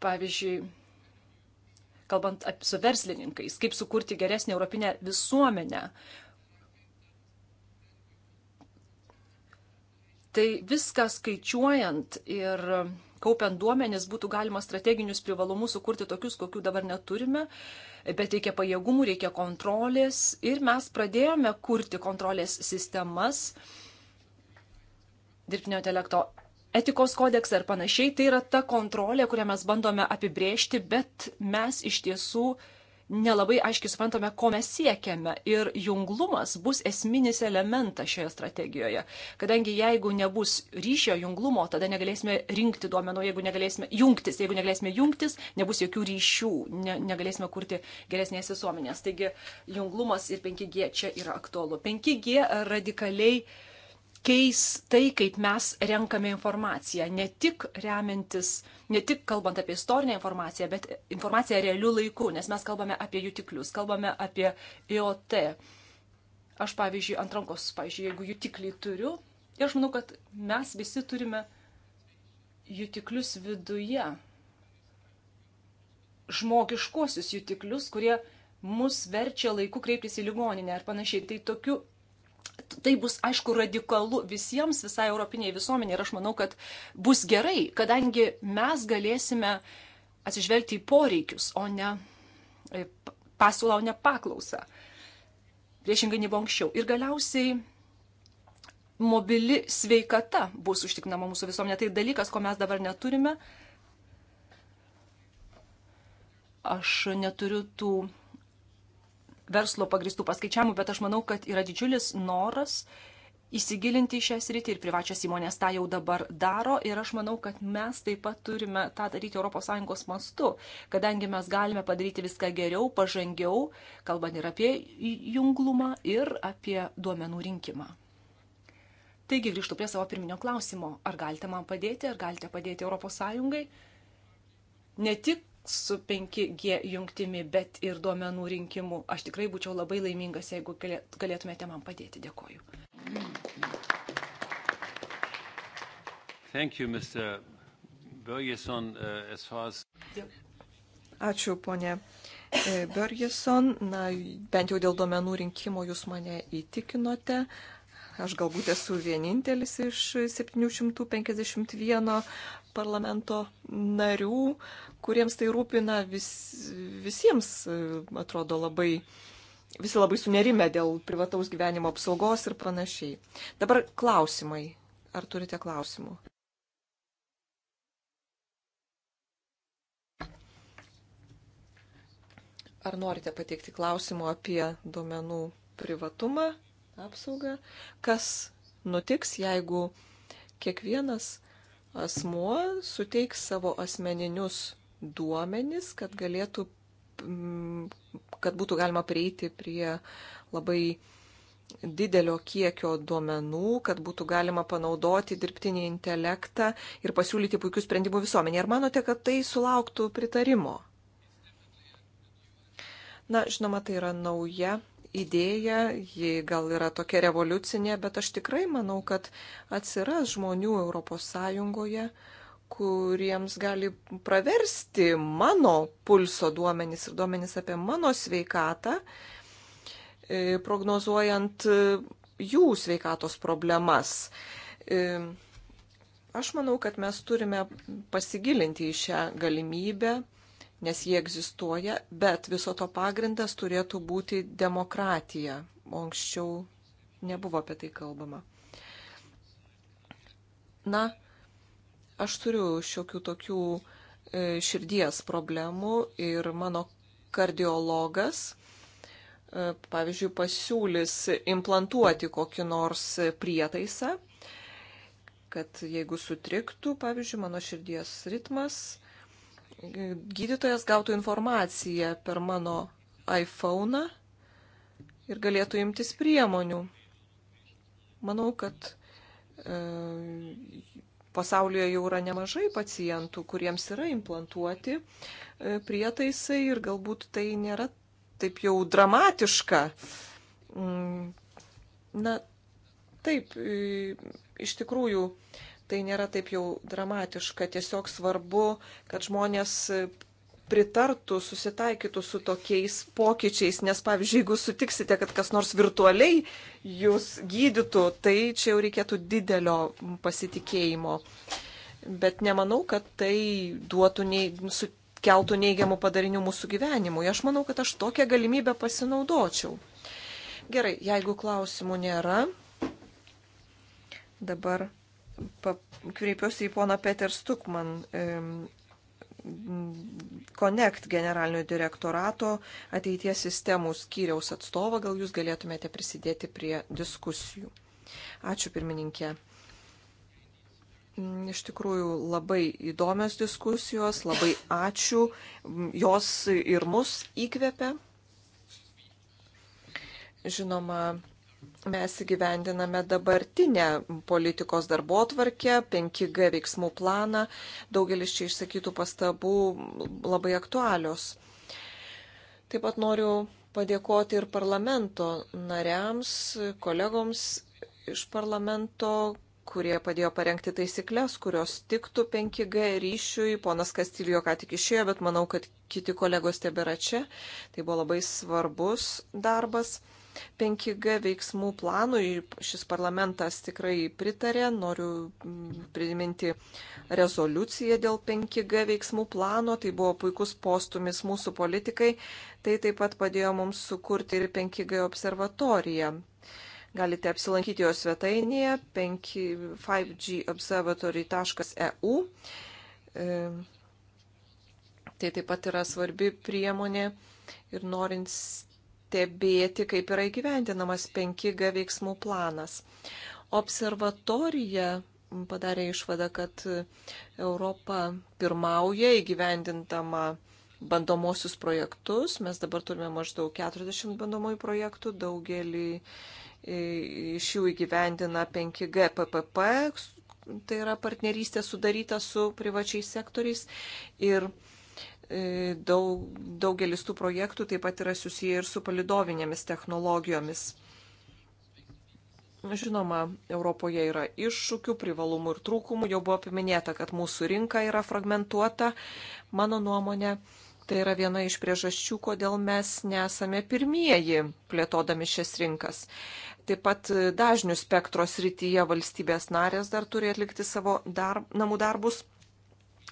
pavyzdžiui, kalbant su verslininkais, kaip sukurti geresnį europinę visuomenę. Tai viską skaičiuojant ir kaupiant duomenis būtų galima strateginius privalumus sukurti tokius, kokių dabar neturime, bet reikia pajėgumų, reikia kontrolės ir mes pradėjome kurti kontrolės sistemas dirbtinio intelekto etikos kodeksą ir panašiai, tai yra ta kontrolė, kurią mes bandome apibrėžti, bet mes iš tiesų nelabai aiškiai suprantame, ko mes siekiame. Ir junglumas bus esminis elementas šioje strategijoje. Kadangi jeigu nebus ryšio junglumo, tada negalėsime rinkti duomenų, jeigu negalėsime jungtis, jeigu negalėsime jungtis, nebus jokių ryšių, ne, negalėsime kurti geresnės visuomenės. Taigi junglumas ir 5G čia yra aktualu. 5G radikaliai uh, keis tai, kaip mes renkame informaciją, ne tik remiantis, ne tik kalbant apie istorinę informaciją, bet informaciją realių laikų, nes mes kalbame apie jutiklius, kalbame apie IOT. Aš, pavyzdžiui, ant rankos, pavyzdžiui, jeigu jutiklį turiu, ir tai aš manau, kad mes visi turime jutiklius viduje, žmogiškuosius jutiklius, kurie mus verčia laiku kreiptis į ligoninę ar panašiai. Tai tokiu tai bus, aišku, radikalu visiems, visai europiniai visuomeniai ir aš manau, kad bus gerai, kadangi mes galėsime atsižvelgti į poreikius, o ne e, pasiūlą, o ne paklausą. Priešingai nebuvo anksčiau. Ir galiausiai mobili sveikata bus užtikrinama mūsų visuomenė. Tai dalykas, ko mes dabar neturime. Aš neturiu tų verslo pagristų paskaičiavimų, bet aš manau, kad yra didžiulis noras įsigilinti į šią sritį ir privačios įmonės tą jau dabar daro ir aš manau, kad mes taip pat turime tą daryti ES mastu, kadangi mes galime padaryti viską geriau, pažangiau, kalbant ir apie junglumą, ir apie duomenų rinkimą. Taigi grįžtu prie savo pirminio klausimo, ar galite man padėti, ar galite padėti ES, ne tik su 5G jungtimi, bet ir duomenų rinkimu. Aš tikrai būčiau labai laimingas, jeigu galėtumėte man padėti. Dėkoju. Thank you, Mr. Bergeson, uh, as far as... Ačiū, ponė e, Bergeson. Na, bent jau dėl duomenų rinkimo jūs mane įtikinote. Aš galbūt esu vienintelis iš 751 parlamento narių, kuriems tai rūpina vis, visiems, e, atrodo, labai, visi labai sunerime dėl privataus gyvenimo apsaugos ir panašiai. Dabar klausimai. Ar turite klausimų? Ar norite pateikti klausimų apie duomenų privatumą, apsaugą? Kas nutiks, jeigu kiekvienas asmuo suteiks savo asmeninius duomenis, kad galėtų, mm, kad būtų galima prieiti prie labai didelio kiekio duomenų, kad būtų galima panaudoti dirbtinį intelektą ir pasiūlyti puikius sprendimų visuomenė. Ar manote, kad tai sulauktų pritarimo? Na, žinoma, tai yra nauja idėja, ji gal yra tokia revoliucinė, bet aš tikrai manau, kad atsiras žmonių ES, kuriems gali praversti mano pulso duomenys ir duomenys apie mano sveikatą, e, prognozuojant e, jų sveikatos problemas. E, aš manau, kad mes turime pasigilinti į šią galimybę nes jie egzistuoja, bet viso to pagrindas turėtų būti demokratija. O anksčiau nebuvo apie tai kalbama. Na, aš turiu šiokių tokių e, širdies problemų ir mano kardiologas, e, pavyzdžiui, pasiūlys implantuoti kokį nors prietaisą, kad jeigu sutriktų, pavyzdžiui, mano širdies ritmas, gydytojas gautų informaciją per mano iPhone ir galėtų imtis priemonių. Manau, kad e, pasaulyje jau yra nemažai pacientų, kuriems yra implantuoti e, prietaisai ir galbūt tai nėra taip jau dramatiška. Mm, na, taip, e, iš tikrųjų, e, tai nėra taip jau dramatiška. Tiesiog svarbu, kad žmonės pritartų, susitaikytų su tokiais pokyčiais, nes pavyzdžiui, jeigu sutiksite, kad kas nors virtualiai jūs gydytų, tai čia jau reikėtų didelio pasitikėjimo. Bet nemanau, kad tai duotų nei, sukeltų neigiamų padarinių mūsų gyvenimui. Aš manau, kad aš tokią galimybę pasinaudočiau. Gerai, jeigu klausimų nėra, dabar kreipiuosi į poną Peter Stukman, Connect generalinio direktorato ateities sistemų skyriaus atstovą, gal jūs galėtumėte prisidėti prie diskusijų. Ačiū pirmininkė. Mm, iš tikrųjų labai įdomios diskusijos, labai ačiū, mm, jos ir mus įkvepia. Žinoma, Mes įgyvendiname dabartinę politikos darbo atvarkę, 5G veiksmų planą. Daugelis čia išsakytų pastabų labai aktualios. Taip pat noriu padėkoti ir parlamento nariams, kolegoms iš parlamento, kurie padėjo parengti taisyklės, kurios tiktų 5G ryšiui. Ponas Kastilijo ką tik išėjo, bet manau, kad kiti kolegos tebėra čia. Tai buvo labai svarbus darbas. 5G veiksmų planui šis parlamentas tikrai pritarė. Noriu mm, priminti rezoliuciją dėl 5G veiksmų plano. Tai buvo puikus postumis mūsų politikai. Tai taip pat padėjo mums sukurti ir 5G observatoriją. Galite apsilankyti jo svetainėje 5gobservatory.eu. E, tai taip pat yra svarbi priemonė ir norint stebėti, kaip yra įgyvendinamas 5G veiksmų planas. Observatorija padarė išvadą, kad Europa pirmauja įgyvendintama bandomosius projektus. Mes dabar turime maždaug 40 bandomųjų projektų, daugelį e, iš jų įgyvendina 5G PPP, tai yra partnerystė sudaryta su privačiais sektoriais. Ir E, daug, daugelis tų projektų taip pat yra susiję ir su palidovinėmis technologijomis. Žinoma, Europoje yra iššūkių, privalumų ir trūkumų. Jau buvo paminėta, kad mūsų rinka yra fragmentuota. Mano nuomonė, tai yra viena iš priežasčių, kodėl mes nesame pirmieji plėtodami šias rinkas. Taip pat dažnių spektros rytyje valstybės narės dar turi atlikti savo dar, namų darbus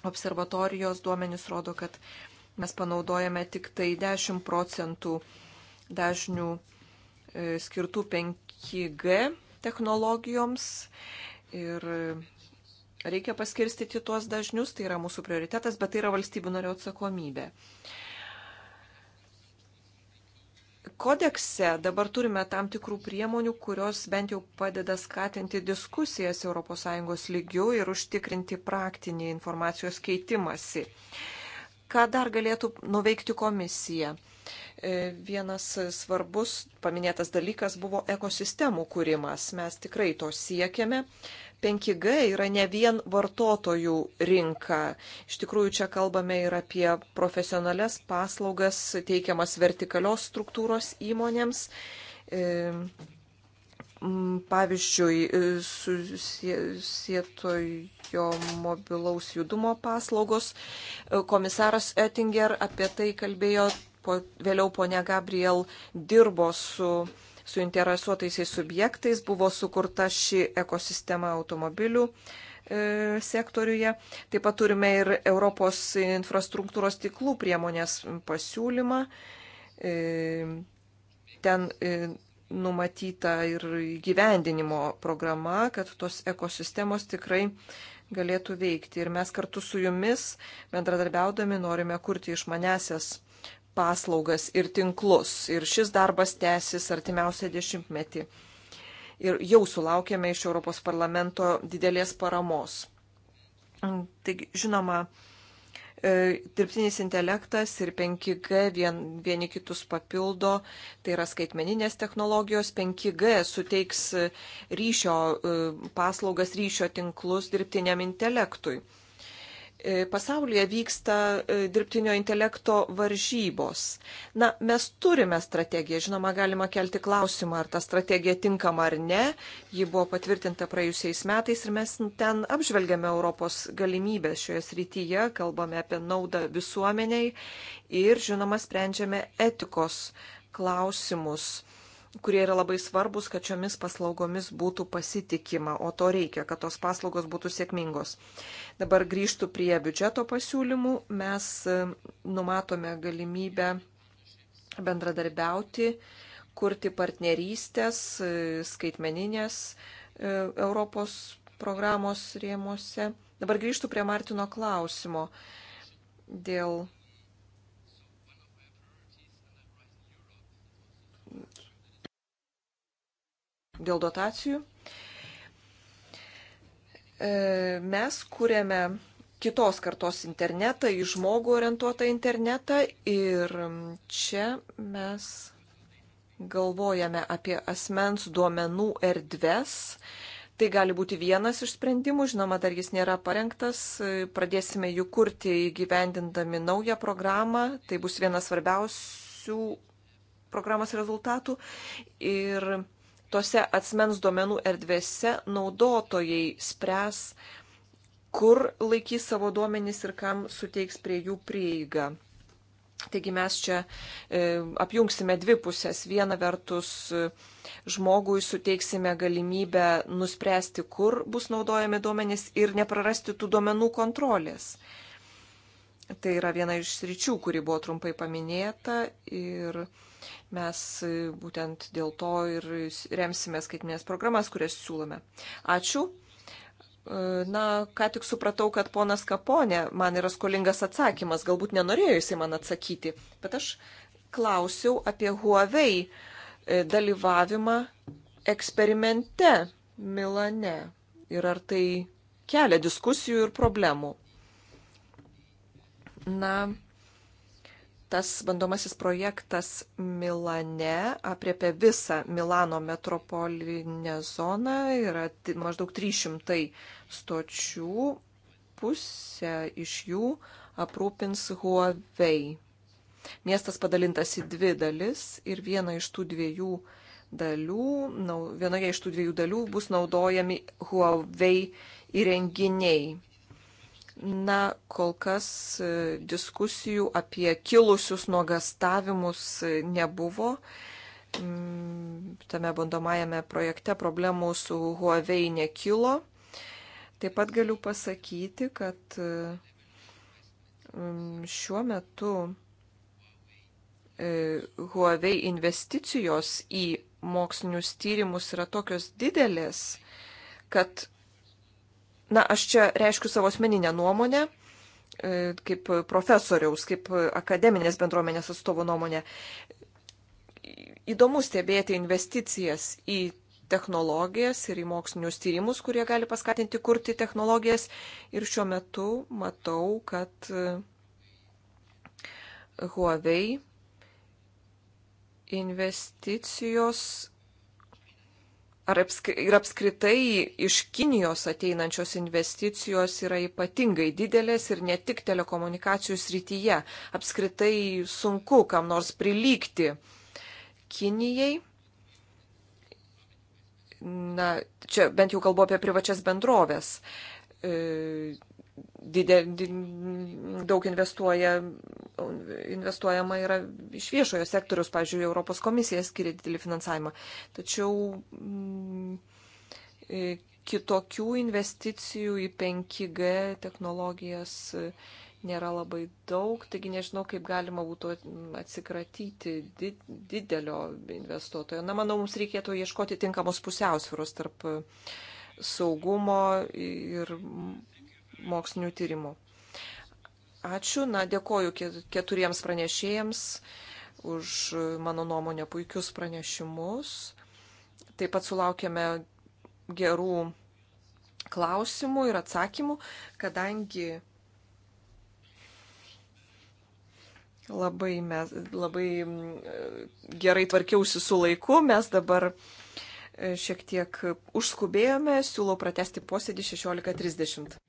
Observatorijos duomenys rodo, kad mes panaudojame tik tai 10 procentų dažnių e, skirtų 5G technologijoms ir e, reikia paskirstyti tuos dažnius, tai yra mūsų prioritetas, bet tai yra valstybių norėjo atsakomybė kodekse dabar turime tam tikrų priemonių, kurios bent jau padeda skatinti diskusijas ES lygių ir užtikrinti praktinį informacijos keitimąsi. Ką dar galėtų nuveikti komisija? E, vienas svarbus paminėtas dalykas buvo ekosistemų kūrimas. Mes tikrai to siekiame. 5G yra ne vien vartotojų rinka. Iš tikrųjų, čia kalbame ir apie profesionales paslaugas teikiamas vertikalios struktūros įmonėms. E, pavyzdžiui, e, susietojo mobilaus judumo paslaugos. Komisaras Ettinger apie tai kalbėjo po, vėliau ponia Gabriel dirbo su suinteresuotaisiais subjektais, buvo sukurta ši ekosistema automobilių e, sektoriuje. Taip pat turime ir Europos infrastruktūros tiklų priemonės pasiūlymą. E, ten e, numatyta ir gyvendinimo programa, kad tos ekosistemos tikrai galėtų veikti. Ir mes kartu su jumis, bendradarbiaudami, norime kurti išmanesias paslaugas ir tinklus. Ir šis darbas tęsis artimiausią dešimtmetį. Ir jau sulaukėme iš Europos parlamento didelės paramos. Taigi, žinoma, e, dirbtinis intelektas ir 5G vien, vieni kitus papildo, tai yra skaitmeninės technologijos, 5G suteiks ryšio e, paslaugas, ryšio tinklus dirbtiniam intelektui. E, pasaulyje vyksta e, dirbtinio intelekto varžybos. Na, mes turime strategiją, žinoma, galima kelti klausimą, ar ta strategija tinkama ar ne. Ji buvo patvirtinta praėjusiais metais ir mes ten apžvelgiame Europos galimybės šioje srityje, kalbame apie naudą visuomeniai ir, žinoma, sprendžiame etikos klausimus kurie yra labai svarbus, kad šiomis paslaugomis būtų pasitikima, o to reikia, kad tos paslaugos būtų sėkmingos. Dabar grįžtų prie biudžeto pasiūlymų. Mes e, numatome galimybę bendradarbiauti, kurti partnerystės e, skaitmeninės e, Europos programos rėmose. Dabar grįžtų prie Martino klausimo dėl dėl dotacijų. E, mes kūrėme kitos kartos internetą, į žmogų orientuotą internetą ir čia mes galvojame apie asmens duomenų erdves. Tai gali būti vienas iš sprendimų, žinoma, dar jis nėra parengtas, pradėsime jų kurti įgyvendindami naują programą, tai bus vienas svarbiausių programos rezultatų. Ir tose asmens duomenų erdvėse naudotojai spręs, kur laikys savo duomenys ir kam suteiks prie jų prieigą. Taigi mes čia e, apjungsime dvi pusės. Viena vertus e, žmogui suteiksime galimybę nuspręsti, kur bus naudojami duomenys ir neprarasti tų duomenų kontrolės. Tai yra viena iš sričių, kuri buvo trumpai paminėta ir e, Mes e, būtent dėl to ir remsime skaitinės programas, kurias siūlome. Ačiū. E, na, ką tik supratau, kad ponas Kaponė man yra skolingas atsakymas, galbūt nenorėjo jisai man atsakyti, bet aš klausiau apie Huawei e, dalyvavimą eksperimente Milane ir ar tai kelia diskusijų ir problemų. Na, tas bandomasis projektas Milane apriepia visą Milano metropolinę zoną, yra maždaug 300 stočių, pusę iš jų aprūpins Huawei. Miestas padalintas į dvi dalis ir viena iš tų dviejų dalių, vienoje iš tų dviejų dalių bus naudojami Huawei įrenginiai. Na, kol kas e, diskusijų apie kilusius nuogastavimus e, nebuvo. Mm, tame bandomajame projekte problemų su Huawei nekilo. Taip pat galiu pasakyti, kad e, mm, šiuo metu Huawei investicijos į mokslinius tyrimus yra tokios didelės, kad Na, aš čia reiškiu savo asmeninę nuomonę, e, kaip profesoriaus, kaip akademinės bendruomenės atstovų nuomonę. Įdomu stebėti investicijas į technologijas ir į mokslinius tyrimus, kurie gali paskatinti kurti technologijas. Ir šiuo metu matau, kad e, Huawei investicijos ar apskri, ir apskritai iš Kinijos ateinančios investicijos yra ypatingai didelės ir ne tik telekomunikacijų srityje. Apskritai sunku kam nors prilygti Kinijai. Na, čia bent jau kalbu apie privačias bendrovės. E, didė, did, daug investuoja, investuojama yra iš viešojo sektoriaus, pažiūrėjau, Europos komisija skiria didelį finansavimą. Tačiau mm, kitokių investicijų į 5G technologijas nėra labai daug, taigi nežinau, kaip galima būtų atsikratyti did, didelio investuotojo. Na, manau, mums reikėtų ieškoti tinkamos pusiausviros tarp saugumo ir mokslinių tyrimų. Ačiū, na dėkoju keturiems pranešėjams už mano nuomonę puikius pranešimus. Taip pat sulaukėme gerų klausimų ir atsakymų, kadangi labai, mes, labai mm, gerai tvarkiausi su laiku, mes dabar e, šiek tiek užskubėjome, siūlau pratesti posėdį 16.30.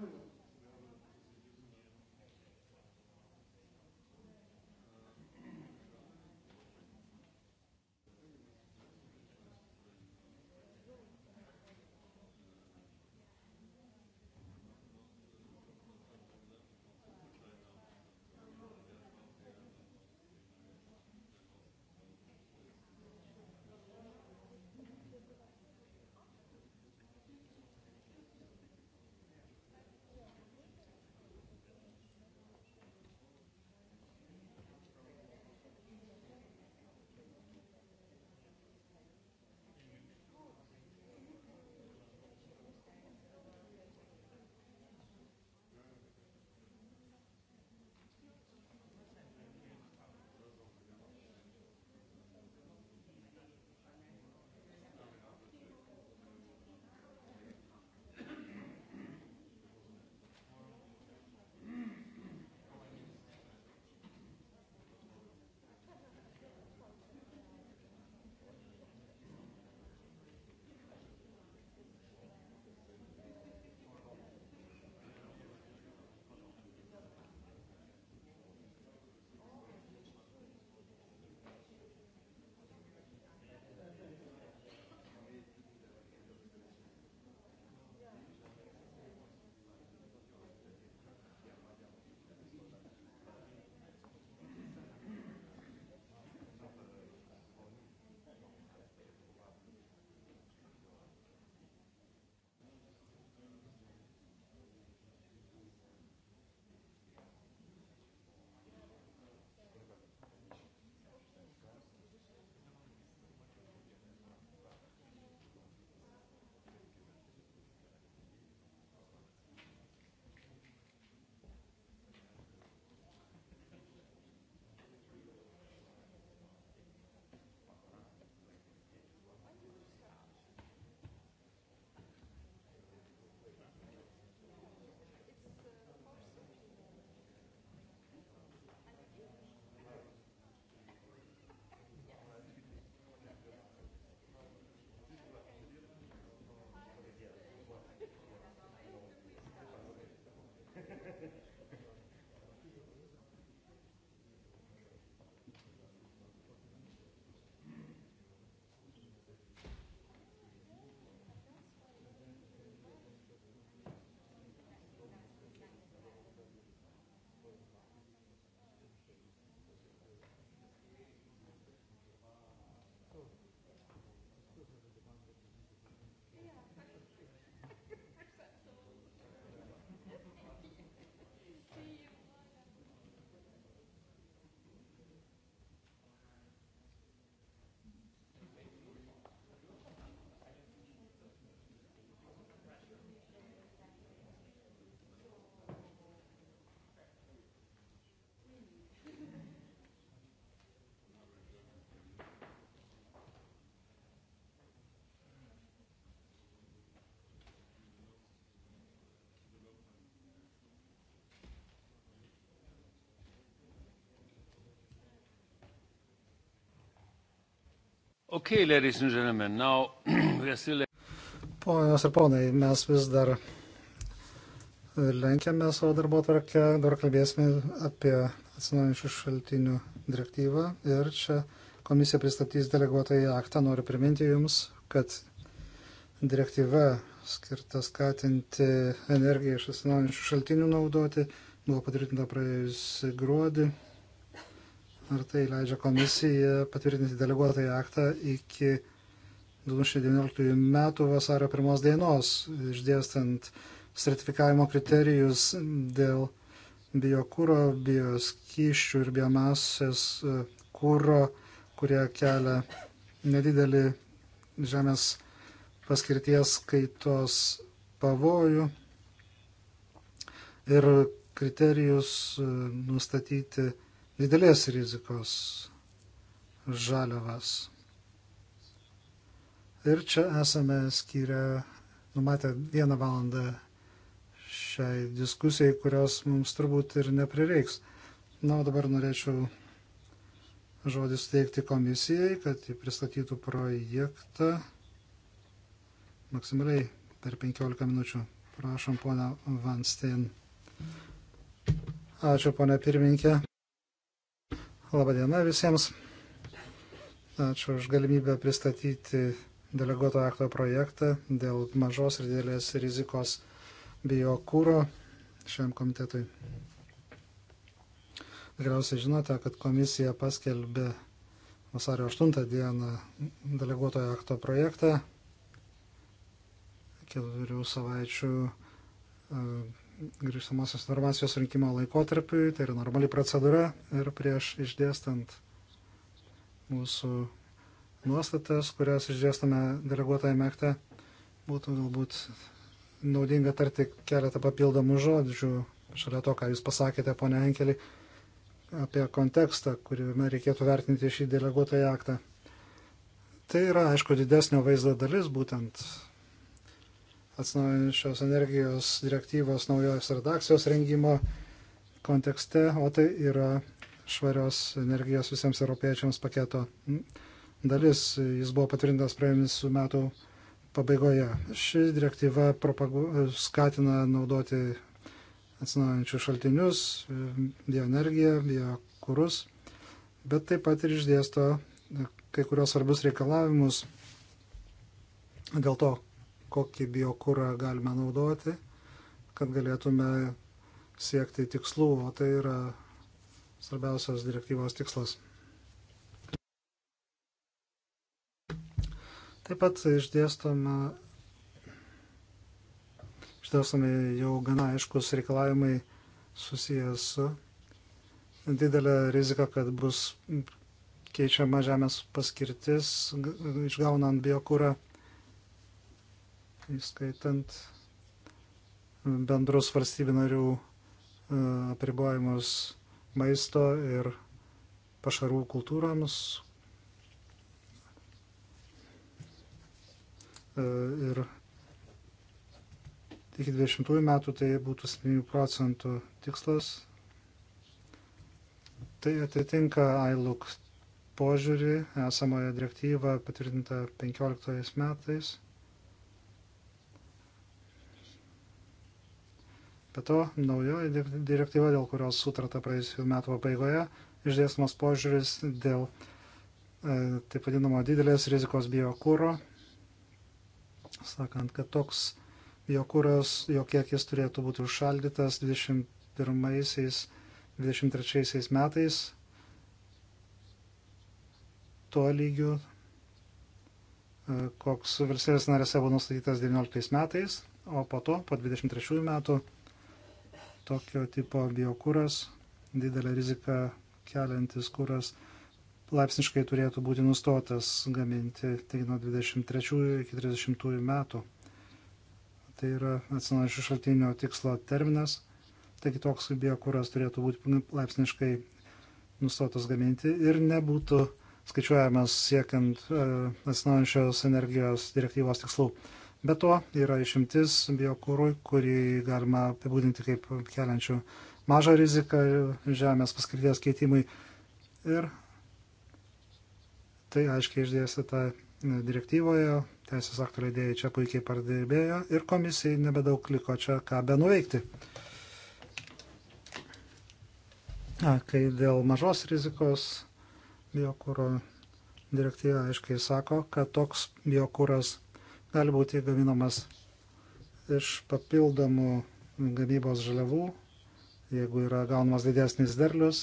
žmonių Okay, ladies and gentlemen, now <clears throat> we are still... Ponios ir ponai, mes vis dar lenkiame savo darbo tvarkę, dabar kalbėsime apie atsinaujančių šaltinių direktyvą ir čia komisija pristatys deleguotąjį aktą. Noriu priminti Jums, kad direktyva skirta skatinti energiją iš atsinaujančių šaltinių naudoti buvo patvirtinta praėjus gruodį ir tai leidžia komisija patvirtinti deleguotąjį aktą iki 2019 metų vasario pirmos dienos, išdėstant sertifikavimo kriterijus dėl biokūro, bioskyščių ir biomasės e, kūro, kurie kelia nedidelį žemės paskirties kaitos pavojų ir kriterijus e, nustatyti didelės rizikos žaliavas. Ir čia esame skyrę, numatę vieną valandą šiai diskusijai, kurios mums turbūt ir neprireiks. Na, o dabar norėčiau žodį suteikti komisijai, kad jį pristatytų projektą maksimaliai per 15 minučių. Prašom, ponia Vanstein. Ačiū, ponia pirminkė. Labadiena visiems. Ačiū už galimybę pristatyti deleguoto akto projektą dėl mažos ir didelės rizikos biokūro šiam komitetui. Tikriausiai žinote, kad komisija paskelbė vasario 8 dieną deleguotojo akto projektą keturių savaičių e, grįžtamosios informacijos rinkimo laikotarpiui, tai yra normali procedūra ir prieš išdėstant mūsų nuostatas, kurias išdėstame deleguotajame akte, būtų galbūt naudinga tarti keletą papildomų žodžių, šalia to, ką Jūs pasakėte, ponia Enkelį, apie kontekstą, kuriame reikėtų vertinti šį deleguotąją aktą. Tai yra, aišku, didesnio vaizdo dalis būtent atsinaujinančios energijos direktyvos naujos redakcijos rengimo kontekste, o tai yra švarios energijos visiems europiečiams paketo dalis. Jis buvo patvirtintas praėjusiu metu pabaigoje. Ši direktyva propagu, skatina naudoti atsinaujančius šaltinius, bioenergiją, biokurus, bet taip pat ir išdėsto kai kurios svarbus reikalavimus dėl to, kokį biokūrą galime naudoti, kad galėtume siekti tikslų, o tai yra svarbiausias direktyvos tikslas. Taip pat išdėstome, išdėstome jau gana aiškus reikalavimai susijęs su didelė rizika, kad bus keičiama žemės paskirtis, išgaunant biokūrą įskaitant bendrus valstybių narių e, apribojimus maisto ir pašarų kultūroms e, ir iki 20 metų tai būtų 7 procentų tikslas. Tai atitinka ILUK požiūrį, esamoje direktyva patvirtinta 15 metais. Be to, naujoji direktyva, dėl kurios sutarta praėjusiu metu pabaigoje, išdėstamas požiūris dėl e, taip vadinamo didelės rizikos biokūro, sakant, kad toks biokūras, jo kiekis turėtų būti užšaldytas 21-23 metais tuo lygiu, e, koks valstybės narėse buvo nustatytas 19 metais, o po to, po 23 metų, tokio tipo biokūras, didelę riziką keliantis kūras, laipsniškai turėtų būti nustotas gaminti tik nuo 23 iki 30 metų. Tai yra atsinaujančių šaltinio tikslo terminas. Taigi toks biokūras turėtų būti laipsniškai nustotas gaminti ir nebūtų skaičiuojamas siekiant uh, atsinaujančios energijos direktyvos tikslų. Uh, Be to yra išimtis biokūrui, kurį galima apibūdinti kaip keliančių mažą riziką žemės paskirties keitimui. Ir tai aiškiai išdėstyta direktyvoje, teisės aktų leidėjai čia puikiai pardėbėjo ir komisijai nebedaug liko čia ką be nuveikti. A, kai dėl mažos rizikos biokūro direktyva aiškiai sako, kad toks biokūras gali būti gaminamas iš papildomų gamybos žaliavų, jeigu yra gaunamas didesnis derlius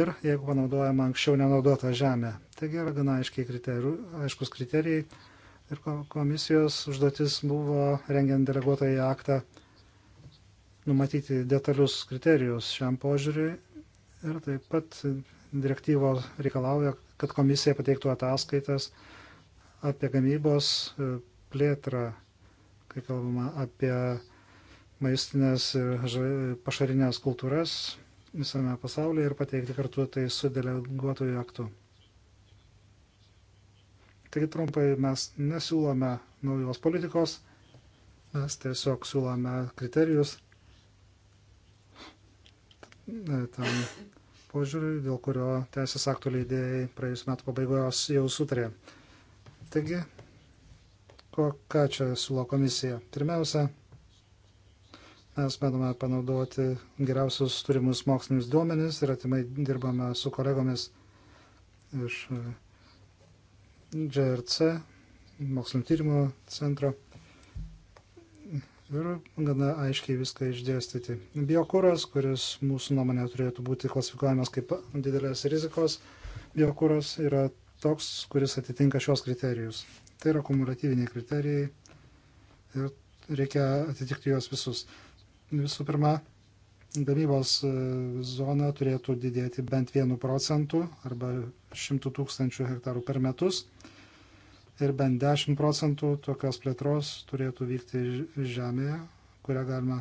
ir jeigu panaudojama anksčiau nenaudota žemė. Taigi yra gana kriterijų, aiškus kriterijai ir komisijos užduotis buvo, rengiant deleguotąjį aktą, numatyti detalius kriterijus šiam požiūriui ir taip pat direktyvo reikalauja, kad komisija pateiktų ataskaitas apie gamybos e, plėtrą, kai kalbama apie maistinės ir pašarinės kultūras visame pasaulyje ir pateikti kartu tai su deleguotojų aktu. Taigi trumpai mes nesiūlome naujos politikos, mes tiesiog siūlome kriterijus e, tam požiūriui, dėl kurio teisės aktų leidėjai praėjusiu metu pabaigoje jau sutarė. Taigi, ko, ką čia siūlo komisija? Pirmiausia, mes bandome panaudoti geriausius turimus mokslinius duomenis ir atimai dirbame su kolegomis iš GRC, e, mokslinio tyrimo centro ir gana aiškiai viską išdėstyti. Biokūras, kuris mūsų nuomonė turėtų būti klasifikuojamas kaip didelės rizikos, biokūras yra toks, kuris atitinka šios kriterijus. Tai yra kumuliatyviniai kriterijai ir reikia atitikti juos visus. Visų pirma, gamybos e, zona turėtų didėti bent 1 procentų arba 100 tūkstančių hektarų per metus ir bent 10 procentų tokios plėtros turėtų vykti žemėje, kurią galima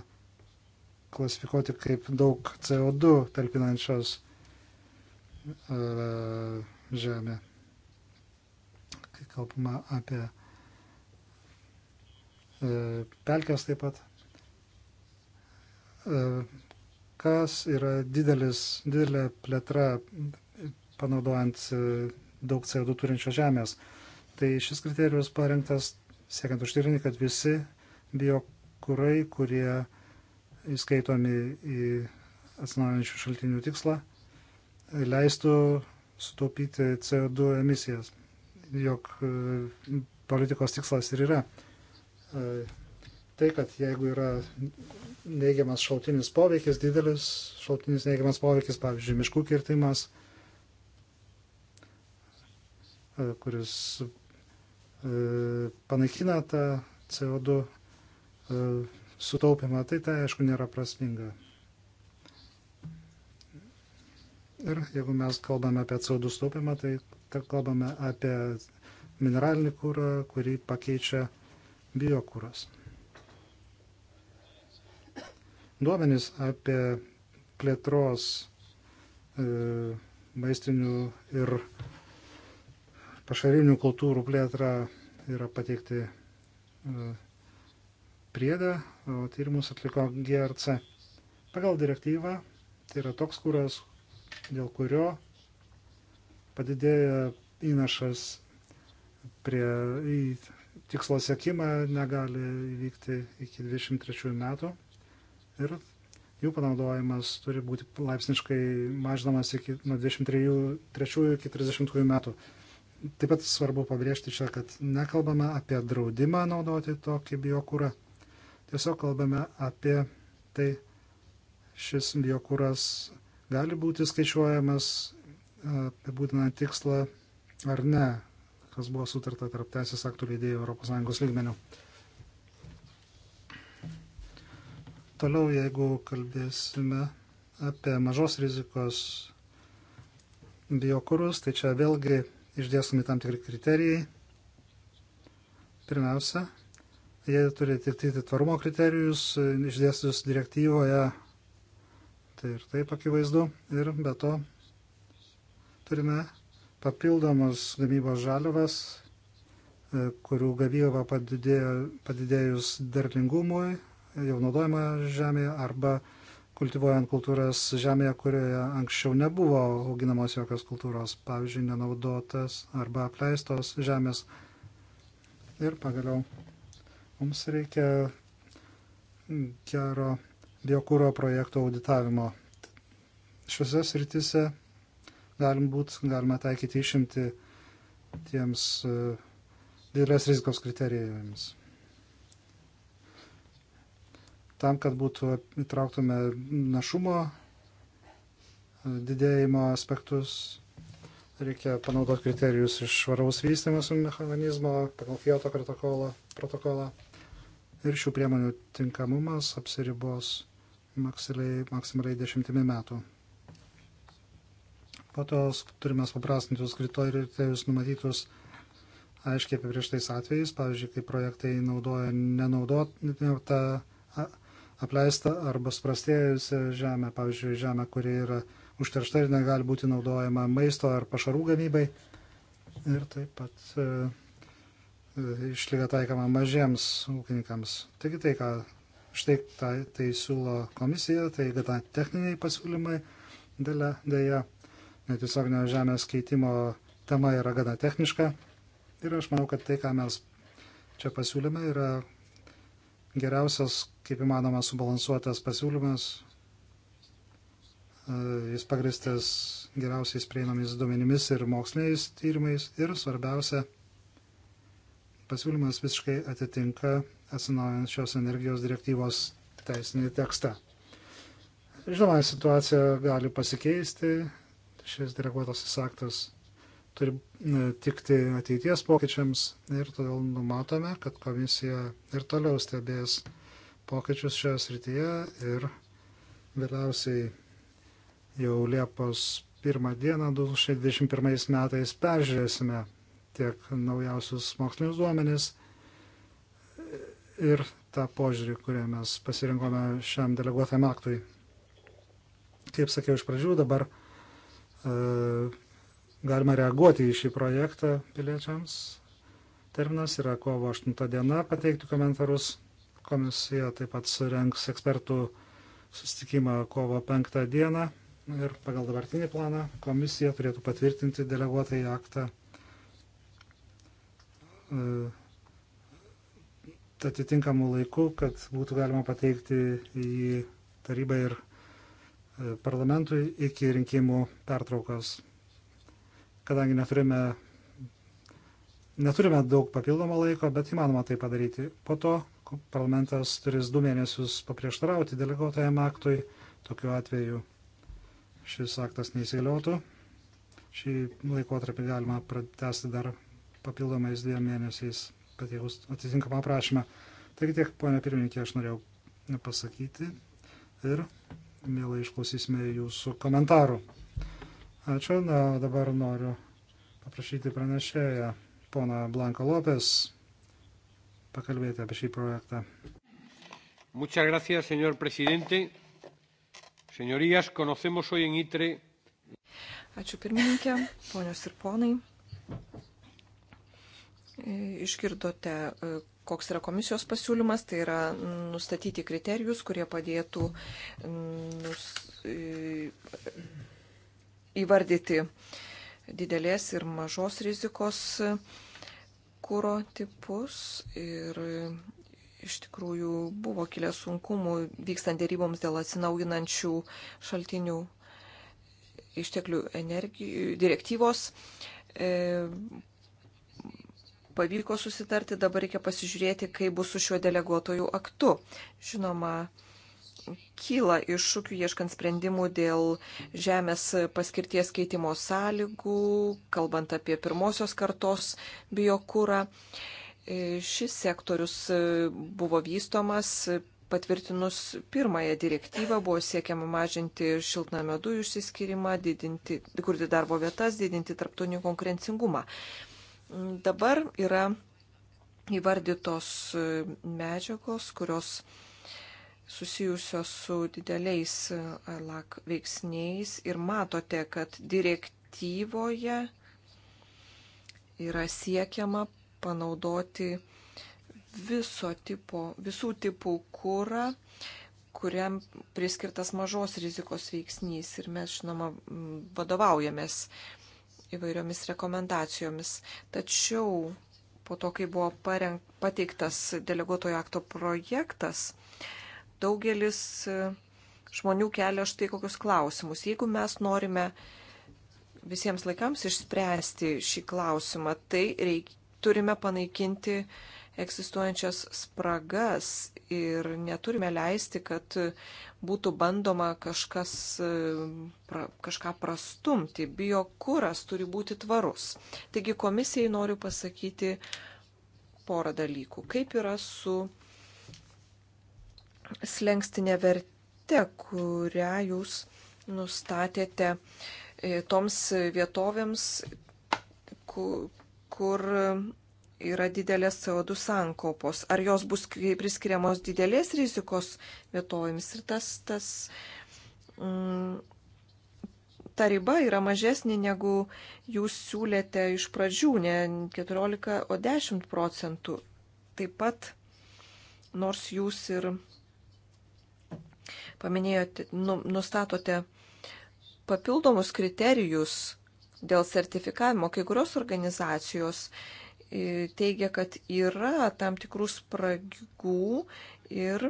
klasifikuoti kaip daug CO2 talpinančios e, žemė kai kalbama apie e, pelkės taip pat. E, kas yra didelis, didelė plėtra panaudojant e, daug CO2 turinčios žemės. Tai šis kriterijus parengtas siekiant užtikrinti, kad visi biokurai, kurie įskaitomi į atsinaujančių šaltinių tikslą, leistų sutaupyti CO2 emisijas jog e, politikos tikslas ir yra e, tai, kad jeigu yra neigiamas šaltinis poveikis, didelis šaltinis neigiamas poveikis, pavyzdžiui, miškų kirtimas, e, kuris panaikina tą CO2 sutaupimą, tai tai aišku nėra prasminga. Ir jeigu mes kalbame apie CO2 sutaupimą, tai kalbame apie mineralinį kūrą, kurį pakeičia biokūras. Duomenys apie plėtros e, maistinių ir pašarinių kultūrų plėtrą yra pateikti e, priedą, o tyrimus atliko GRC. Pagal direktyvą tai yra toks kūras, dėl kurio padidėja įnašas prie į tikslo sėkimą negali įvykti iki 23 metų ir jų panaudojimas turi būti laipsniškai mažinamas iki, nuo 23 iki 30 metų. Taip pat svarbu pabrėžti čia, kad nekalbame apie draudimą naudoti tokį biokūrą. Tiesiog kalbame apie tai, šis biokūras gali būti skaičiuojamas apibūdina tikslą ar ne, kas buvo sutarta tarp teisės aktų leidėjų ES lygmenių. Toliau, jeigu kalbėsime apie mažos rizikos biokurus, tai čia vėlgi išdėstomi tam tikri kriterijai. Pirmiausia, jie turi atitikti tvarumo kriterijus, išdėstus direktyvoje, tai ir taip akivaizdu, ir be to Turime papildomus gamybos žaliavas, e, kurių gavyba padidėjo, padidėjus derlingumui, jau naudojama žemėje arba kultivuojant kultūras žemėje, kurioje anksčiau nebuvo auginamos jokios kultūros, pavyzdžiui, nenaudotas arba apleistos žemės. Ir pagaliau mums reikia gero biokūro projekto auditavimo. Šiuose srityse galim būt, galima taikyti išimti tiems e, didelės rizikos kriterijams. Tam, kad būtų įtrauktume našumo e, didėjimo aspektus, reikia panaudoti kriterijus iš švaraus vystymosi mechanizmo, pagal Kyoto protokolą, protokolą. Ir šių priemonių tinkamumas apsiribos maksimaliai dešimtimi metų. Po to turime suprastintus kriterijus numatytus aiškiai apibrieštais atvejais, pavyzdžiui, kai projektai naudoja nenaudotą apleistą arba suprastėjusią žemę, pavyzdžiui, žemę, kuri yra užteršta ir negali būti naudojama maisto ar pašarų gamybai. Ir taip pat e, e išlyga taikama mažiems ūkininkams. Taigi tai, ką štai tai, tai siūlo komisija, tai yra techniniai pasiūlymai dėja netiesioginio žemės keitimo tema yra gana techniška. Ir aš manau, kad tai, ką mes čia pasiūlėme, yra geriausias, kaip įmanoma, subalansuotas pasiūlymas. E, jis pagristas geriausiais prieinamis duomenimis ir moksliniais tyrimais. Ir svarbiausia, pasiūlymas visiškai atitinka atsinaujančios energijos direktyvos teisinį tekstą. Žinoma, situacija gali pasikeisti šis deleguotasis aktas turi e, tikti ateities pokyčiams ir todėl numatome, kad komisija ir toliau stebės pokyčius šioje srityje ir vėliausiai jau Liepos 1 dieną 2021 metais peržiūrėsime tiek naujausius mokslinius duomenis ir tą požiūrį, kurį mes pasirinkome šiam deleguotam aktui. Kaip sakiau iš pradžių, dabar E, galima reaguoti į šį projektą piliečiams. Terminas yra kovo 8 diena pateikti komentarus. Komisija taip pat surenks ekspertų susitikimą kovo 5 dieną ir pagal dabartinį planą komisija turėtų patvirtinti deleguotą į aktą. E, Atitinkamų laikų, kad būtų galima pateikti į tarybą ir parlamentui iki rinkimų pertraukos. Kadangi neturime, neturime daug papildomo laiko, bet įmanoma tai padaryti. Po to parlamentas turės du mėnesius paprieštarauti deleguotajam aktui. Tokiu atveju šis aktas neįsigaliotų. Šį laikotarpį galima pratesti dar papildomais dviem mėnesiais pateikus atitinkamą prašymą. Taigi tiek, ponia pirmininkė, aš norėjau pasakyti ir mielai išklausysime jūsų komentarų. Ačiū, na, dabar noriu paprašyti pranešėją, pona Blanka Lopes, pakalbėti apie šį projektą. Muchas gracias, señor presidente. Señorías, conocemos hoy en ITRE. Ačiū pirmininkė, ponios ir ponai. E, išgirdote e, koks yra komisijos pasiūlymas, tai yra nustatyti kriterijus, kurie padėtų mm, nus, įvardyti didelės ir mažos rizikos kūro tipus. Ir iš tikrųjų buvo kilę sunkumų vykstant dėryboms dėl atsinaujinančių šaltinių išteklių energijų direktyvos e, pavyko susitarti, dabar reikia pasižiūrėti, kaip bus su šiuo deleguotojų aktu. Žinoma, kyla iššūkių ieškant sprendimų dėl žemės paskirties keitimo sąlygų, kalbant apie pirmosios kartos biokūrą. Šis sektorius buvo vystomas patvirtinus pirmąją direktyvą, buvo siekiama mažinti šiltnamio dujų išsiskirimą, didinti, kurti darbo vietas, didinti tarptautinį konkurencingumą. Dabar yra įvardytos medžiagos, kurios susijusios su dideliais e, lak veiksniais ir matote, kad direktyvoje yra siekiama panaudoti viso tipo, visų tipų kūrą, kuriam priskirtas mažos rizikos veiksnys. Ir mes, žinoma, vadovaujamės įvairiomis rekomendacijomis. Tačiau po to, kai buvo parenk, pateiktas deleguotojo akto projektas, daugelis e, žmonių kelia štai kokius klausimus. Jeigu mes norime visiems laikams išspręsti šį klausimą, tai reik, turime panaikinti uh, egzistuojančias spragas ir neturime leisti, kad būtų bandoma kažkas, e, pra, kažką prastumti. Biokūras turi būti tvarus. Taigi komisijai noriu pasakyti porą dalykų. Kaip yra su slengstinė vertė, kurią jūs nustatėte e, toms vietovėms, kur yra didelės CO2 sankopos. Ar jos bus priskiriamos didelės rizikos vietovėms ir tas, tas, mm, ta riba yra mažesnė negu jūs siūlėte iš pradžių, ne 14, o 10 procentų. Taip pat, nors jūs ir paminėjote, nu, nustatote papildomus kriterijus dėl sertifikavimo, kai kurios organizacijos E, teigia, kad yra tam tikrų spragų ir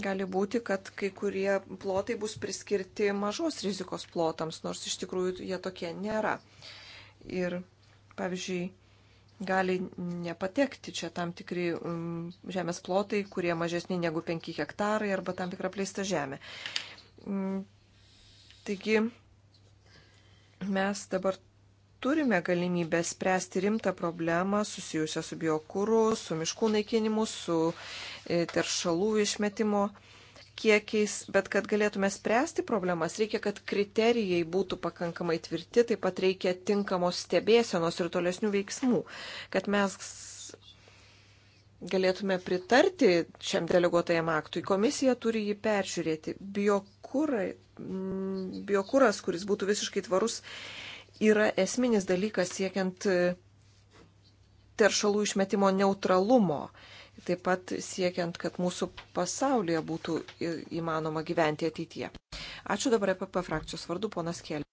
gali būti, kad kai kurie plotai bus priskirti mažos rizikos plotams, nors iš tikrųjų jie tokie nėra. Ir, pavyzdžiui, gali nepatekti čia tam tikri um, žemės plotai, kurie mažesni negu 5 hektarai arba tam tikra pleista žemė. Um, taigi mes dabar turime galimybę spręsti rimtą problemą susijusią su biokūru, su miškų naikinimu, su e, teršalų išmetimu kiekiais, bet kad galėtume spręsti problemas, reikia, kad kriterijai būtų pakankamai tvirti, taip pat reikia tinkamos stebėsenos ir tolesnių veiksmų, kad mes galėtume pritarti šiam deleguotajam aktui. Komisija turi jį peržiūrėti. Biokūras, kuris būtų visiškai tvarus, yra esminis dalykas siekiant e, teršalų išmetimo neutralumo. Taip pat siekiant, kad mūsų pasaulyje būtų įmanoma gyventi ateityje. Ačiū dabar apie frakcijos vardu, ponas Kėlė.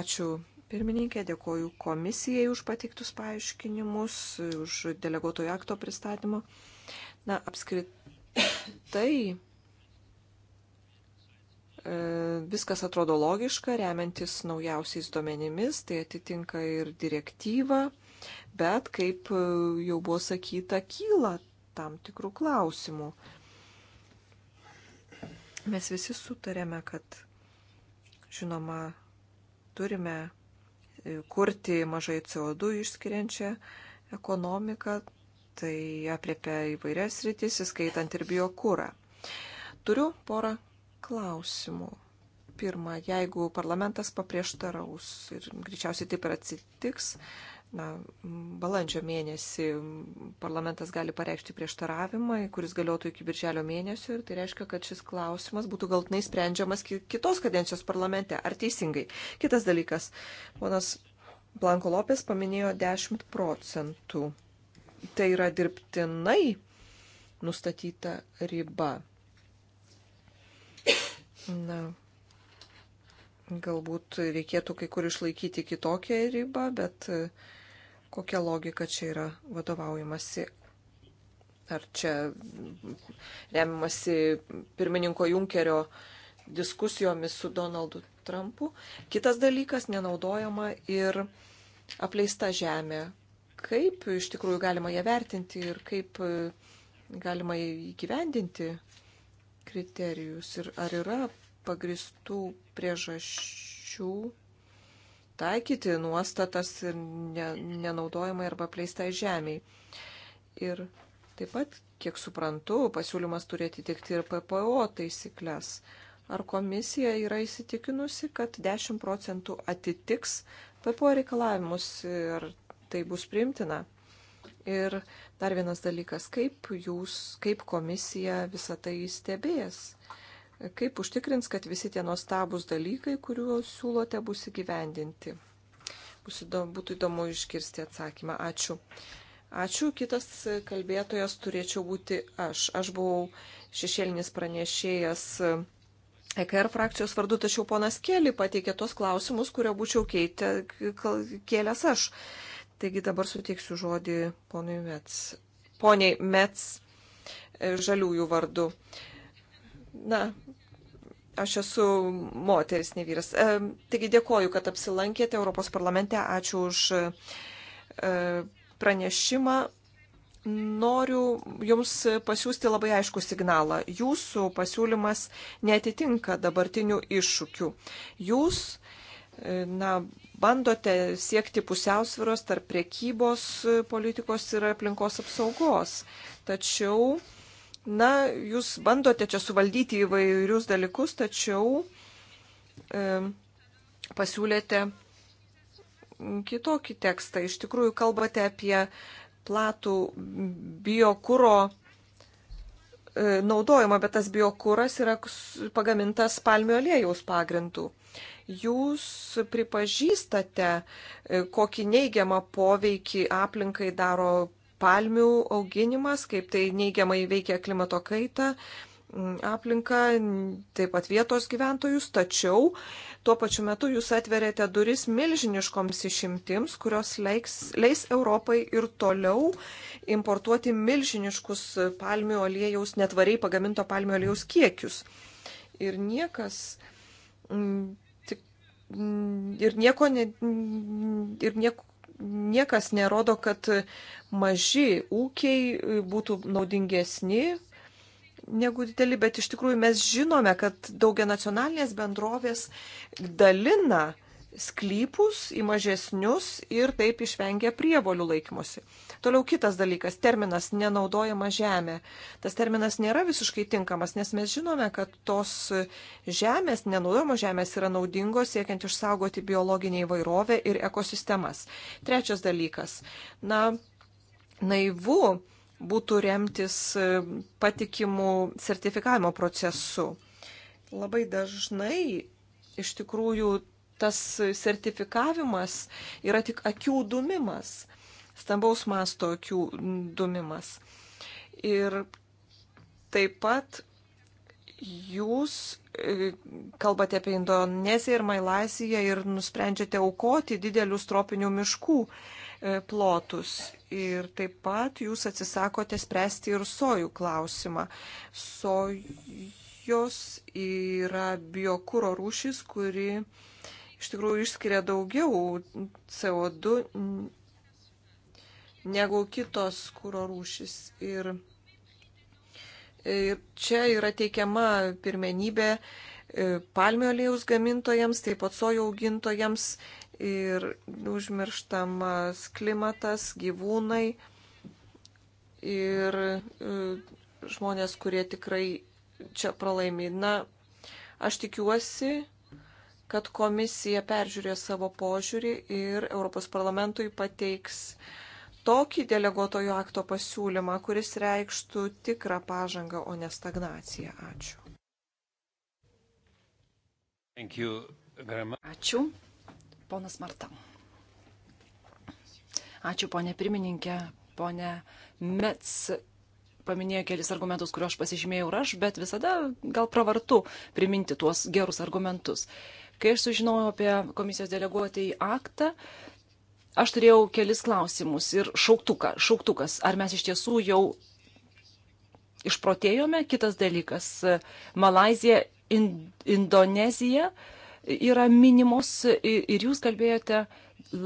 Ačiū pirmininkė, dėkoju komisijai už pateiktus paaiškinimus, už deleguotojų akto pristatymą. Na, apskritai E, viskas atrodo logiška, remiantis naujausiais duomenimis, tai atitinka ir direktyvą, bet, kaip e, jau buvo sakyta, kyla tam tikrų klausimų. Mes visi sutarėme, kad, žinoma, turime e, kurti mažai CO2 išskiriančią ekonomiką, tai apriepia įvairias rytis, įskaitant ir biokūrą. Turiu porą klausimų. Pirma, jeigu parlamentas paprieštaraus ir greičiausiai taip ir atsitiks, na, balandžio mėnesį parlamentas gali pareikšti prieštaravimą, kuris galiotų iki birželio mėnesio ir tai reiškia, kad šis klausimas būtų galtinai sprendžiamas kitos kadencijos parlamente. Ar teisingai? Kitas dalykas. Ponas Blanko Lopės paminėjo 10 procentų. Tai yra dirbtinai nustatyta riba. Na, galbūt reikėtų kai kur išlaikyti kitokią ribą, bet e, kokia logika čia yra vadovaujamasi. Ar čia remiamasi pirmininko Junkerio diskusijomis su Donaldu Trumpu. Kitas dalykas - nenaudojama ir apleista žemė. Kaip iš tikrųjų galima ją vertinti ir kaip e, galima įgyvendinti kriterijus ir ar yra pagristų priežasčių taikyti nuostatas ir nenaudojimai arba pleistai žemiai. Ir taip pat, kiek suprantu, pasiūlymas turėti tikti ir PPO taisyklės. Ar komisija yra įsitikinusi, kad 10 procentų atitiks PPO reikalavimus ir tai bus primtina? Ir dar vienas dalykas, kaip jūs, kaip komisija visą tai stebės? Kaip užtikrins, kad visi tie nuostabus dalykai, kuriuos siūlote, bus įgyvendinti? Bus įdomu, būtų įdomu iškirsti atsakymą. Ačiū. Ačiū, kitas kalbėtojas turėčiau būti aš. Aš buvau šešėlinis pranešėjas EKR frakcijos vardu, tačiau ponas Kėlį pateikė tos klausimus, kurio būčiau keitė, kėlęs aš. Taigi dabar suteiksiu žodį ponui Mets. Poniai Mets e, žaliųjų vardu. Na, aš esu moteris, ne vyras. E, taigi dėkoju, kad apsilankėte Europos parlamente. Ačiū už e, pranešimą. Noriu Jums pasiūsti labai aišku signalą. Jūsų pasiūlymas netitinka dabartinių iššūkių. Jūs, e, na, bandote siekti pusiausviros tarp priekybos e, politikos ir aplinkos apsaugos. Tačiau, na, jūs bandote čia suvaldyti įvairius dalykus, tačiau e, pasiūlėte kitokį tekstą. Iš tikrųjų, kalbate apie platų biokūro e, naudojimą, bet tas biokūras yra pagamintas palmių aliejaus pagrindų jūs pripažįstate, e, kokį neigiamą poveikį aplinkai daro palmių auginimas, kaip tai neigiamai veikia klimato kaitą aplinką, taip pat vietos gyventojus, tačiau tuo pačiu metu jūs atverėte duris milžiniškoms išimtims, kurios leiks, leis Europai ir toliau importuoti milžiniškus palmių aliejaus, netvariai pagaminto palmių aliejaus kiekius. Ir niekas Mm, ir nieko, ne, mm, ir nieko, niekas nerodo, kad maži ūkiai būtų naudingesni negu dideli, bet iš tikrųjų mes žinome, kad daugia nacionalinės bendrovės dalina sklypus į mažesnius ir taip išvengia prievolių laikymosi. Toliau kitas dalykas - terminas nenaudojama žemė. Tas terminas nėra visiškai tinkamas, nes mes žinome, kad tos žemės, nenaudojamos žemės yra naudingos siekiant išsaugoti biologinį įvairovę ir ekosistemas. Trečias dalykas - na, naivu būtų remtis patikimų sertifikavimo procesu. Labai dažnai iš tikrųjų tas sertifikavimas yra tik akių dumimas, stambaus masto akių dumimas. Ir taip pat jūs e, kalbate apie Indoneziją ir Malaisiją ir nusprendžiate aukoti didelius tropinių miškų e, plotus. Ir taip pat jūs atsisakote spręsti ir sojų klausimą. Sojos yra biokūro rūšis, kuri iš tikrųjų išskiria daugiau CO2 negu kitos kūro rūšis. Ir, ir čia yra teikiama pirmenybė e, palmių aliejus gamintojams, taip pat sojo augintojams ir užmirštamas klimatas, gyvūnai ir e, žmonės, kurie tikrai čia pralaimi. Na, aš tikiuosi, kad komisija peržiūrės savo požiūrį ir Europos parlamentui pateiks tokį deleguotojų akto pasiūlymą, kuris reikštų tikrą pažangą, o ne stagnaciją. Ačiū. Ačiū, ponas Martam. Ačiū, ponė pirmininkė, ponė Mets. Paminėjo kelis argumentus, kuriuos aš pasižymėjau ir aš, bet visada gal pravartu priminti tuos gerus argumentus. Uh, Kai aš sužinojau apie komisijos deleguotą į aktą, aš turėjau kelis klausimus ir šauktuką, šauktukas, ar mes iš tiesų jau išprotėjome. Kitas dalykas - Malazija, in, Indonezija yra minimos ir jūs kalbėjote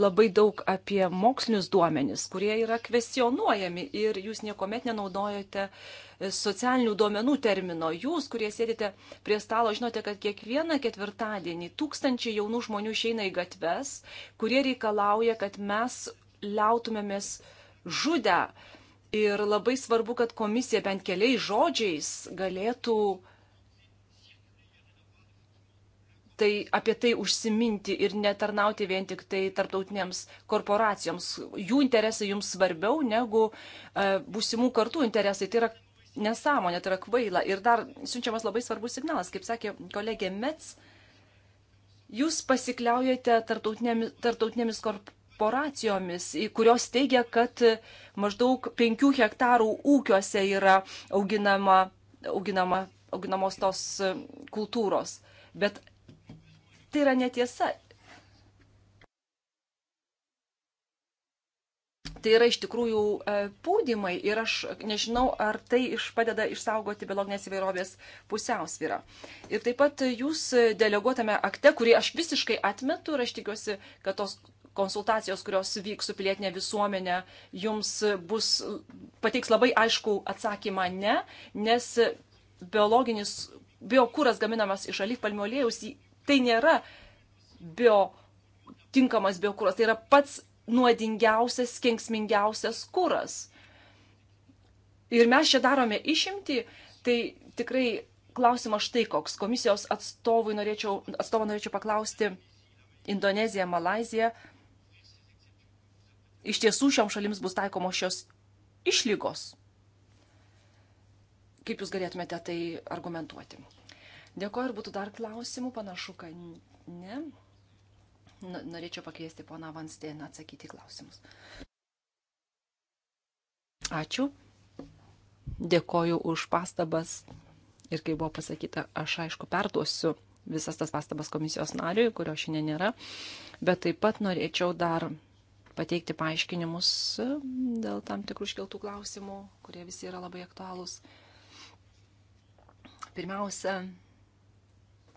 labai daug apie mokslinius duomenis, kurie yra kvestionuojami ir jūs niekuomet nenaudojate socialinių duomenų termino. Jūs, kurie sėdite prie stalo, žinote, kad kiekvieną ketvirtadienį tūkstančiai jaunų žmonių išeina į gatves, kurie reikalauja, kad mes liautumėmės žudę. Ir labai svarbu, kad komisija bent keliais žodžiais galėtų uh, tai apie tai užsiminti ir netarnauti vien tik tai tarptautinėms korporacijoms. Jų interesai jums svarbiau negu e, būsimų kartų interesai. Tai yra nesąmonė, tai yra kvaila. Ir dar siunčiamas labai svarbus signalas, kaip sakė kolegė Mets, jūs pasikliaujate tarptautinėmis, tarptautinėmis korporacijomis, kurios teigia, kad maždaug 5 hektarų ūkiuose yra auginama, auginama, auginamos tos kultūros. Bet Tai yra netiesa. Tai yra iš tikrųjų e, pūdymai ir aš nežinau, ar tai iš padeda išsaugoti biologinės įvairovės pusiausvyrą. Ir taip pat jūs deleguotame akte, kurį aš visiškai atmetu ir aš tikiuosi, kad tos konsultacijos, kurios vyks su pilietinė visuomenė, jums bus, pateiks labai aišku atsakymą ne, nes biologinis biokūras gaminamas iš alyvpalmių aliejus tai nėra bio, tinkamas biokuras, tai yra pats nuodingiausias, kenksmingiausias kuras. Ir mes čia darome išimti, tai tikrai klausimas štai koks. Komisijos atstovų norėčiau, atstovą norėčiau paklausti Indonezija, Malazija. Iš tiesų šiom šalims bus taikomos šios išlygos. Kaip jūs galėtumėte tai argumentuoti? Dėkoju, ar būtų dar klausimų, panašu, kad ne. Norėčiau pakviesti poną Vansteiną atsakyti klausimus. Ačiū. Dėkoju už pastabas. Ir kaip buvo pasakyta, aš aišku perduosiu visas tas pastabas komisijos nariui, kurio šiandien nėra. Bet taip pat norėčiau dar pateikti paaiškinimus dėl tam tikrų iškeltų klausimų, kurie visi yra labai aktualūs. Pirmiausia,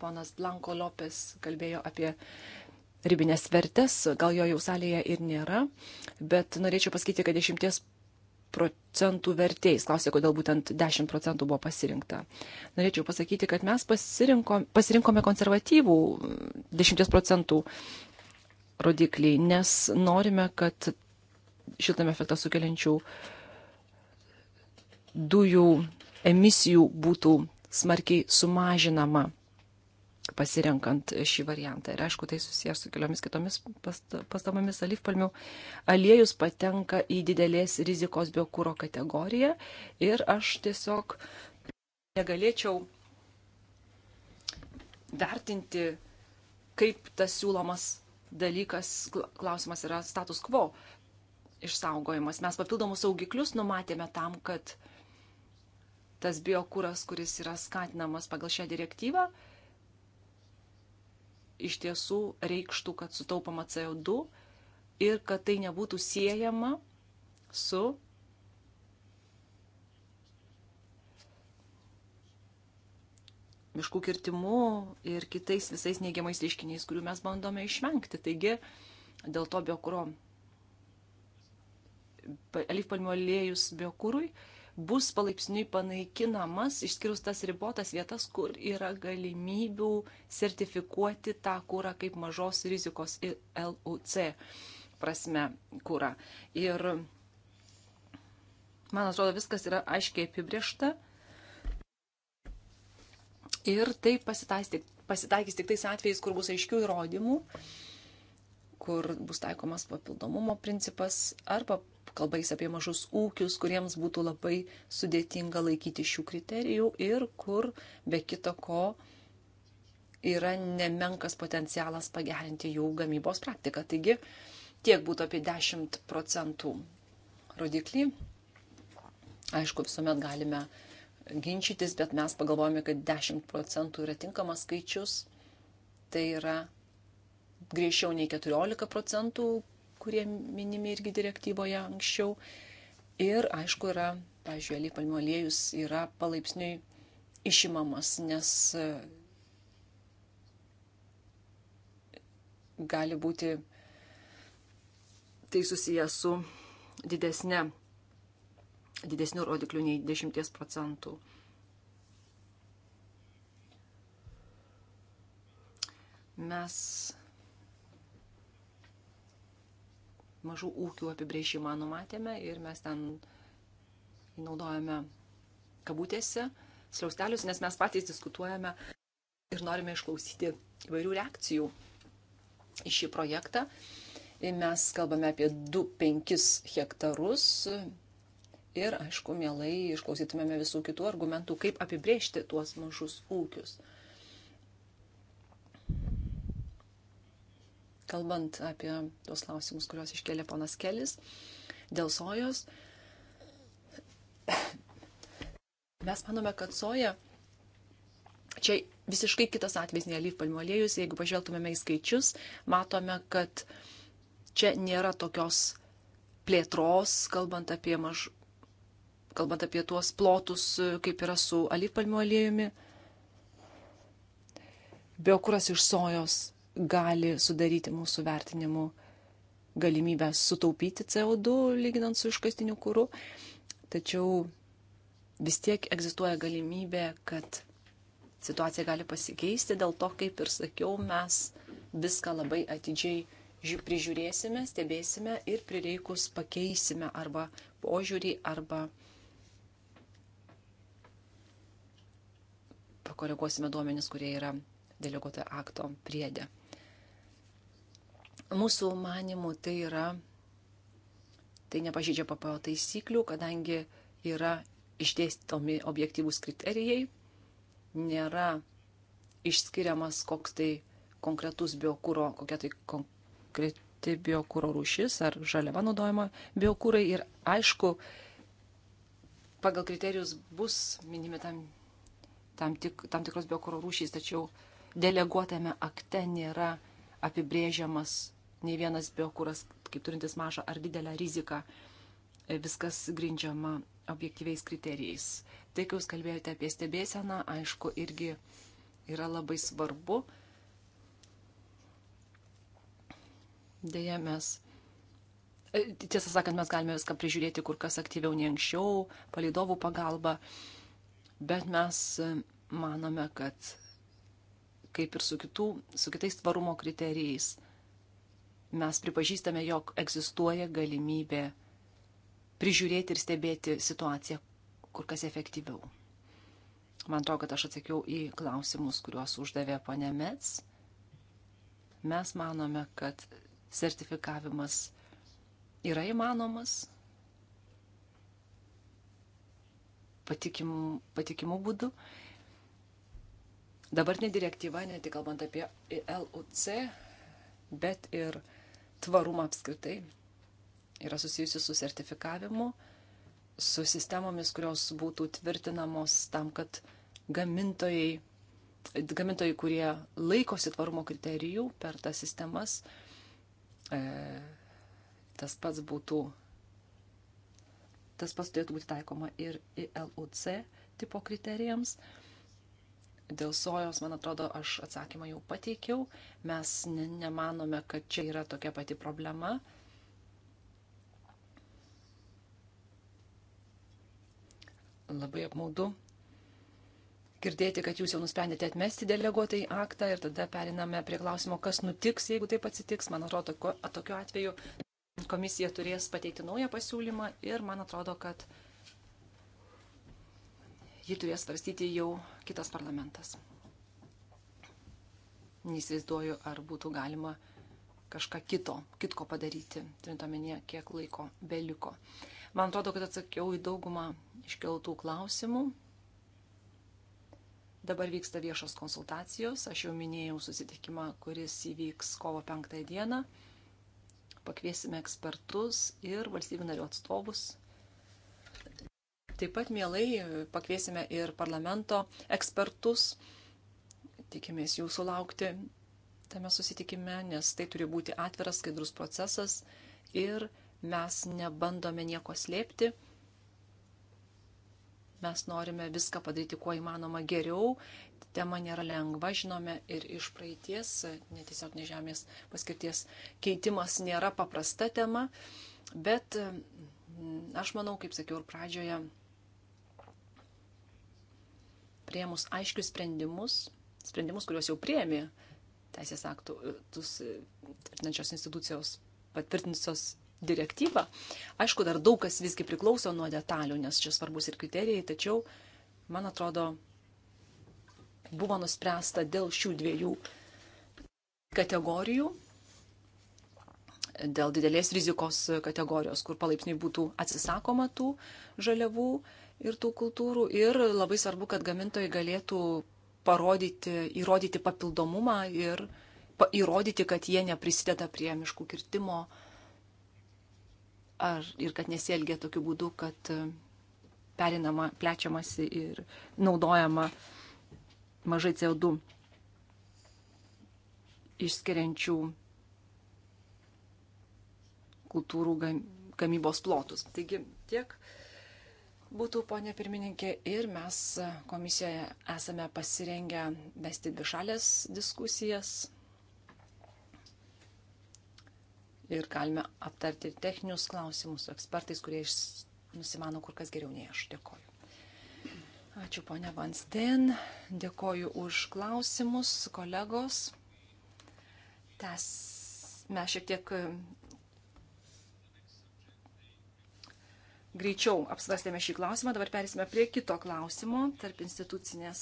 Ponas Blanko Lopes kalbėjo apie ribinės vertes, gal jo jau salėje ir nėra, bet norėčiau pasakyti, kad 10 procentų vertėjais, klausė, kodėl būtent 10 procentų buvo pasirinkta. Norėčiau pasakyti, kad mes pasirinkom, pasirinkome konservatyvų 10 procentų rodiklį, nes norime, kad šiltame efektą sukeliančių dujų emisijų būtų smarkiai sumažinama pasirenkant šį variantą. Ir aišku, tai susijęs su keliomis kitomis pastabomis alyvpalmių. Aliejus patenka į didelės rizikos biokūro kategoriją ir aš tiesiog negalėčiau vertinti, kaip tas siūlomas dalykas, klausimas yra status quo išsaugojimas. Mes papildomus saugiklius numatėme tam, kad tas biokūras, kuris yra skatinamas pagal šią direktyvą, iš tiesų reikštų, kad sutaupama CO2 ir kad tai nebūtų siejama su miškų kirtimu ir kitais visais neigiamais reiškiniais, kurių mes bandome išvengti. Taigi dėl to biokuro, alyvpalmių aliejus biokūrui bus palaipsniui panaikinamas, išskyrus tas ribotas vietas, kur yra galimybių sertifikuoti tą kūrą kaip mažos rizikos LUC prasme kūrą. Ir man atrodo, viskas yra aiškiai apibriešta. Ir tai pasitaikys tik tais atvejais, kur bus aiškių įrodymų, kur bus taikomas papildomumo principas, arba kalba jis apie mažus ūkius, kuriems būtų labai sudėtinga laikyti šių kriterijų ir kur be kita ko yra nemenkas potencialas pagerinti jų gamybos praktiką. Taigi tiek būtų apie 10 procentų rodiklį. Aišku, visuomet galime ginčytis, bet mes pagalvojame, kad 10 procentų yra tinkamas skaičius. Tai yra greičiau nei 14 procentų, kurie minimi irgi direktyvoje anksčiau. Ir, aišku, yra, pažiūrėjau, palmių aliejus yra palaipsniui išimamas, nes e, gali būti tai susijęs su didesne, didesniu rodikliu nei 10 procentų. Mes mažų ūkių apibrėžimą numatėme ir mes ten naudojame kabutėse sliaustelius, nes mes patys diskutuojame ir norime išklausyti įvairių reakcijų į šį projektą. Ir mes kalbame apie 2-5 hektarus ir, aišku, mielai išklausytumėme visų kitų argumentų, kaip apibrėžti tuos mažus ūkius. kalbant apie tos klausimus, kuriuos iškėlė ponas Kelis dėl sojos. Mes manome, kad soja čia visiškai kitas atvejs nei alyvpalmių aliejus. Jeigu pažvelgtumėme į skaičius, matome, kad čia nėra tokios plėtros, kalbant apie, maž... kalbant apie tuos plotus, kaip yra su alyvpalmių aliejumi biokūras iš sojos gali sudaryti mūsų vertinimų galimybę sutaupyti CO2 lyginant su iškastiniu kūru, tačiau vis tiek egzistuoja galimybė, kad situacija gali pasikeisti, dėl to, kaip ir sakiau, mes viską labai atidžiai prižiūrėsime, stebėsime ir prireikus pakeisime arba požiūrį, arba pakoreguosime duomenis, kurie yra deleguotojo akto priedė. Mūsų manimų tai yra, tai nepažydžia PPO taisyklių, kadangi yra išdėstomi objektyvūs kriterijai, nėra išskiriamas koks tai konkretus biokūro, kokia tai konkreti biokūro rūšis ar žaliava naudojama biokūrai ir aišku, pagal kriterijus bus minimi tam, tam, tik, tam tikros biokūro rūšys, tačiau deleguotame akte nėra apibrėžiamas nei vienas biokūras, kaip turintis mažą ar didelę riziką. E, viskas grindžiama objektyviais kriterijais. Tai, kai jūs kalbėjote apie stebėseną, aišku, irgi yra labai svarbu. Deja, mes e, tiesą sakant, mes galime viską prižiūrėti kur kas aktyviau nei anksčiau, palidovų pagalba, bet mes e, manome, kad kaip ir su, kitų, su kitais tvarumo kriterijais, mes pripažįstame, jog egzistuoja galimybė prižiūrėti ir stebėti situaciją kur kas efektyviau. Man atrodo, kad aš atsakiau į klausimus, kuriuos uždavė ponė Mets. Mes manome, kad sertifikavimas yra įmanomas patikimų, patikimų būdų. Dabartinė direktyva, ne tik kalbant apie LUC, bet ir tvarumą apskritai, yra susijusi su sertifikavimu, su sistemomis, kurios būtų tvirtinamos tam, kad gamintojai, gamintojai kurie laikosi tvarumo kriterijų per tas sistemas, e, tas pats būtų, tas pats turėtų būti taikoma ir ILUC tipo kriterijams. E, Dėl sojos, man atrodo, aš atsakymą jau pateikiau. Mes ne, nemanome, kad čia yra tokia pati problema. Labai apmaudu girdėti, kad jūs jau nusprendėte atmesti deleguotai aktą ir tada periname prie klausimo, kas nutiks, jeigu taip atsitiks. Man atrodo, tokiu atveju komisija turės pateikti naują pasiūlymą ir man atrodo, kad jį turės svarstyti jau kitas parlamentas. Neįsivaizduoju, ar būtų galima kažką kito, kitko padaryti, turint omenyje, kiek laiko beliko. Man atrodo, kad atsakiau į daugumą iškeltų klausimų. Dabar vyksta viešos konsultacijos. Aš jau minėjau susitikimą, kuris įvyks kovo penktąją dieną. Pakviesime ekspertus ir valstybių narių atstovus Taip pat mielai pakviesime ir parlamento ekspertus. Tikimės jūsų laukti tame susitikime, nes tai turi būti atviras, skaidrus procesas ir mes nebandome nieko slėpti. Mes norime viską padaryti kuo įmanoma geriau. Tema nėra lengva, žinome ir iš praeities, netiesiog nežemės paskirties keitimas nėra paprasta tema, bet mm, aš manau, kaip sakiau ir pradžioje, prieimus aiškius sprendimus, sprendimus, kuriuos jau prieimi teisės aktų, e, tus e, tvirtinančios institucijos patvirtinusios direktyvą. Aišku, dar daug kas visgi priklauso nuo detalių, nes čia svarbus ir kriterijai, tačiau, man atrodo, buvo nuspręsta dėl šių dviejų kategorijų, dėl didelės rizikos kategorijos, kur palaipsniui būtų atsisakoma tų žaliavų ir tų kultūrų. Ir labai svarbu, kad gamintojai galėtų parodyti, įrodyti papildomumą ir pa įrodyti, kad jie neprisideda prie miškų kirtimo ar, ir kad nesielgia tokiu būdu, kad e, perinama, plečiamasi ir naudojama mažai CO2 išskiriančių kultūrų gamybos plotus. Taigi tiek būtų, ponė pirmininkė, ir mes komisijoje esame pasirengę vesti dvišalės diskusijas ir galime aptarti ir techninius klausimus su ekspertais, kurie nusimano kur kas geriau nei aš. Dėkoju. Ačiū, ponia Vansten. Dėkoju už klausimus, kolegos. Tęs... Mes šiek tiek greičiau apsvarstėme šį klausimą, dabar perėsime prie kito klausimo. Tarp institucinės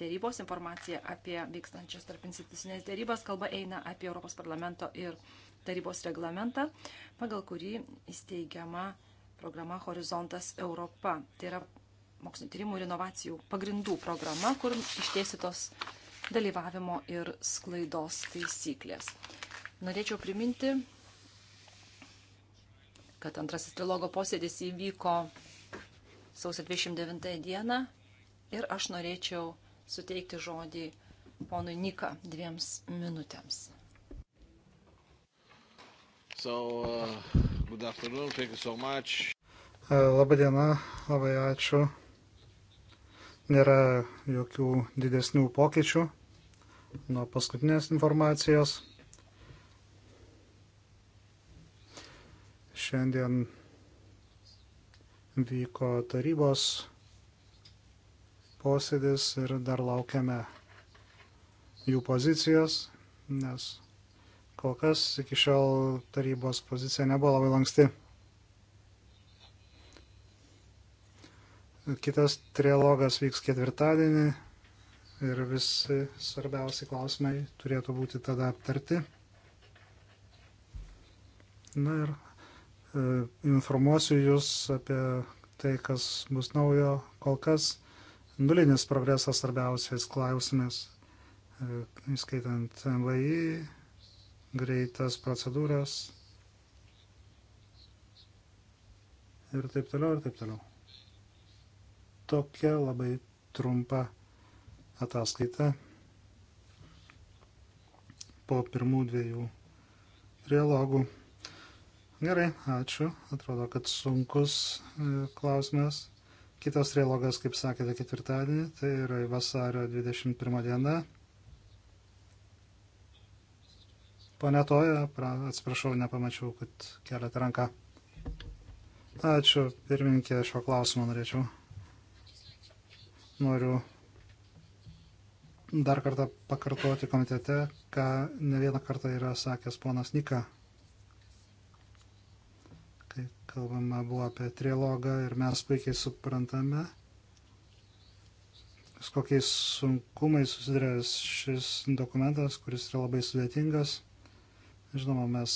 dėrybos informacija apie vykstančias tarp institucinės dėrybas kalba eina apie Europos parlamento ir tarybos reglamentą, pagal kurį įsteigiama programa Horizontas Europa. Tai yra mokslinio tyrimų ir inovacijų pagrindų programa, kur ištiesitos dalyvavimo ir sklaidos taisyklės. Norėčiau priminti kad antrasis trilogo posėdis įvyko sausio 29 dieną ir aš norėčiau suteikti žodį ponui Nika dviems minutėms. So, uh, so e, Labą dieną, labai ačiū. Nėra jokių didesnių pokyčių nuo paskutinės informacijos. Šiandien vyko tarybos posėdis ir dar laukiame jų pozicijos, nes kol kas iki šiol tarybos pozicija nebuvo labai lanksti. Kitas trilogas vyks ketvirtadienį ir visi svarbiausi klausimai turėtų būti tada aptarti. Na ir E, informuosiu Jūs apie tai, kas bus naujo. Kol kas nulinis progresas svarbiausiais klausimais, e, įskaitant MVI, greitas procedūras ir taip toliau, ir taip toliau. Tokia labai trumpa ataskaita po pirmų dviejų trilogų. Gerai, ačiū. Atrodo, kad sunkus e, klausimas. Kitas trilogas, kaip sakėte, ketvirtadienį, tai yra vasario 21 diena. Pane Toja, atsiprašau, nepamačiau, kad keliate ranką. Ačiū, pirmininkė, šio klausimo norėčiau. Noriu dar kartą pakartoti komitete, ką ne vieną kartą yra sakęs ponas Nika. Kalbama buvo apie trilogą ir mes puikiai suprantame, su kokiais sunkumais susiduria šis dokumentas, kuris yra labai sudėtingas. Žinoma, mes,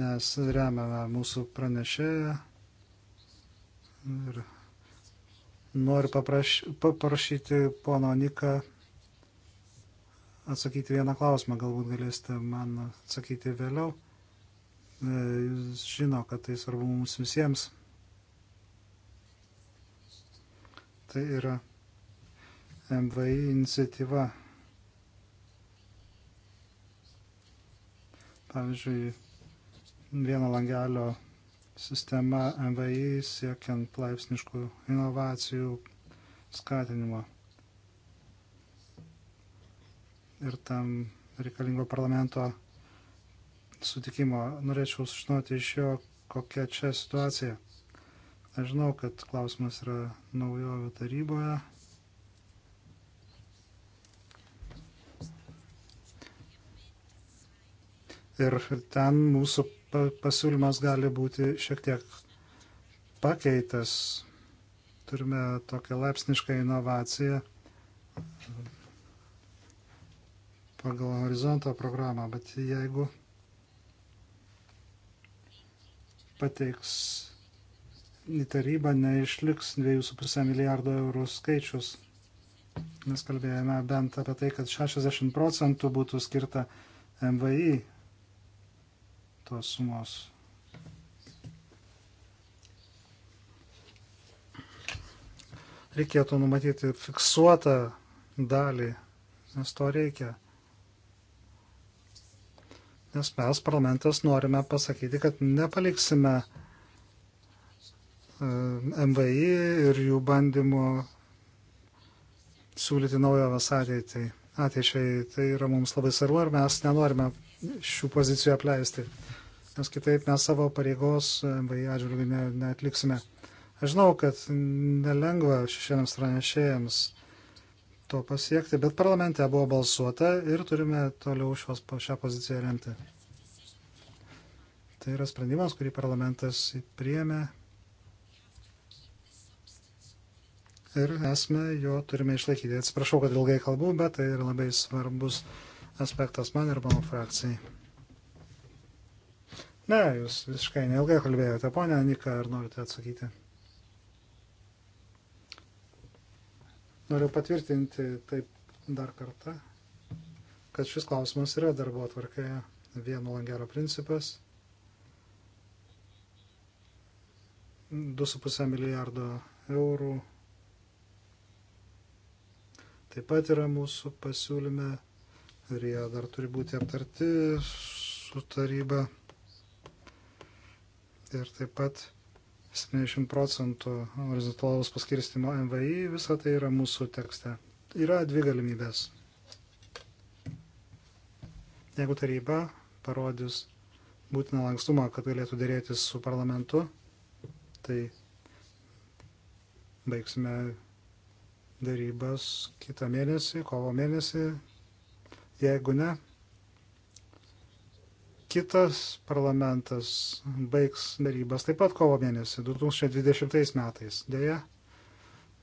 mes remiame mūsų pranešėją ir noriu papraš, paprašyti pono Niką atsakyti vieną klausimą, galbūt galėsite man atsakyti vėliau. Jis e, žino, kad tai svarbu mums visiems. Tai yra MVI iniciatyva. Pavyzdžiui, vieno langelio sistema MVI siekiant laipsniškų inovacijų skatinimo. Ir tam reikalingo parlamento sutikimo. Norėčiau sužinoti iš jo, kokia čia situacija. Aš žinau, kad klausimas yra naujovių taryboje. Ir ten mūsų pasiūlymas gali būti šiek tiek pakeitas. Turime tokią laipsnišką inovaciją pagal horizonto programą, bet jeigu pateiks į tarybą, neišliks 2,5 milijardo eurų skaičius. Mes kalbėjome bent apie tai, kad 60 procentų būtų skirta MVI tos sumos. Reikėtų numatyti fiksuotą dalį, nes to reikia nes mes, parlamentas, norime pasakyti, kad nepaliksime e, MVI ir jų bandymų siūlyti naujoves ateitai. ateičiai. Tai yra mums labai svarbu ir mes nenorime šių pozicijų apleisti, nes kitaip mes savo pareigos MVI atžvilgių ne, neatliksime. Aš žinau, kad nelengva šešiems pranešėjams to pasiekti, bet parlamente buvo balsuota ir turime toliau šios, šią poziciją remti. Tai yra sprendimas, kurį parlamentas priėmė ir esmę jo turime išlaikyti. Atsiprašau, kad ilgai kalbu, bet tai yra labai svarbus aspektas man ir mano frakcijai. Ne, jūs visiškai neilgai kalbėjote, ponia Anika, ar norite atsakyti? Noriu patvirtinti taip dar kartą, kad šis klausimas yra darbo atvarkėje vieno langero principas. 2,5 milijardo eurų taip pat yra mūsų pasiūlyme ir jie dar turi būti aptarti su taryba. Ir taip pat 70 procentų horizontalaus paskirstimo MVI, visa tai yra mūsų tekste. Yra dvi galimybės. Jeigu taryba parodys būtiną lankstumą, kad galėtų dėrėtis su parlamentu, tai baigsime darybas kitą mėnesį, kovo mėnesį. Jeigu ne, kitas parlamentas baigs darybas taip pat kovo mėnesį, 2020 metais. Deja,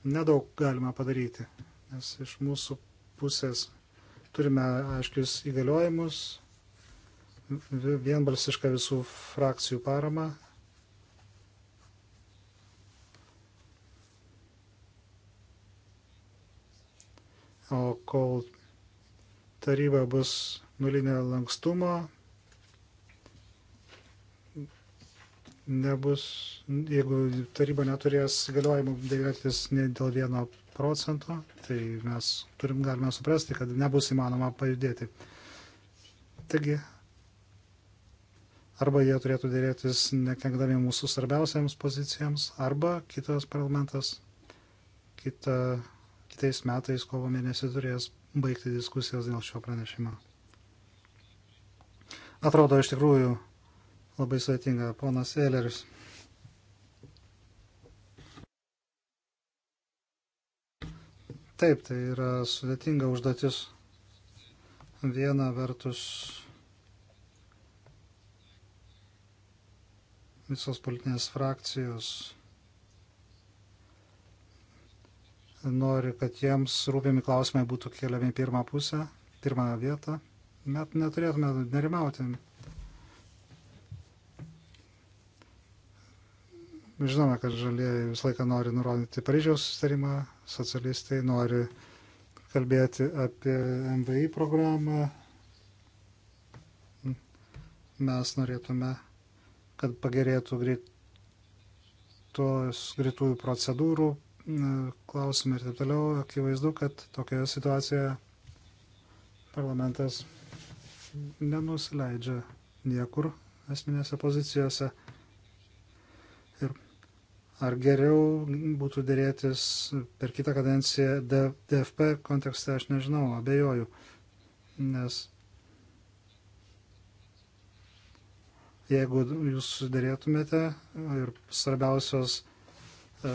nedaug galima padaryti, nes iš mūsų pusės turime aiškius įgaliojimus, vienbalsišką visų frakcijų paramą. O kol taryba bus nulinė lankstumo, nebus, jeigu taryba neturės galiojimų dėlėtis dėl vieno procento, tai mes turim, galime suprasti, kad nebus įmanoma pajudėti. Taigi, arba jie turėtų dėlėtis nekenkdami mūsų svarbiausiams pozicijams, arba kitas parlamentas kita, kitais metais kovo mėnesį turės baigti diskusijas dėl šio pranešimo. Atrodo, iš tikrųjų, labai sveitinga. Ponas Eileris. Taip, tai yra sudėtinga užduotis. Viena vertus visos politinės frakcijos nori, kad jiems rūpimi klausimai būtų keliami pirmą pusę, pirmą vietą. Net neturėtume nerimauti. Žinome, kad žalieji visą laiką nori nurodyti Paryžiaus sustarimą, socialistai nori kalbėti apie MVI programą. Mes norėtume, kad pagerėtų greitos, greitųjų procedūrų klausimai ir taip toliau. Akivaizdu, kad tokioje situacijoje parlamentas nenusileidžia niekur esminėse pozicijose. Ar geriau būtų dėrėtis per kitą kadenciją DFP kontekste, aš nežinau, abejoju. Nes jeigu jūs sudėrėtumėte ir svarbiausios e,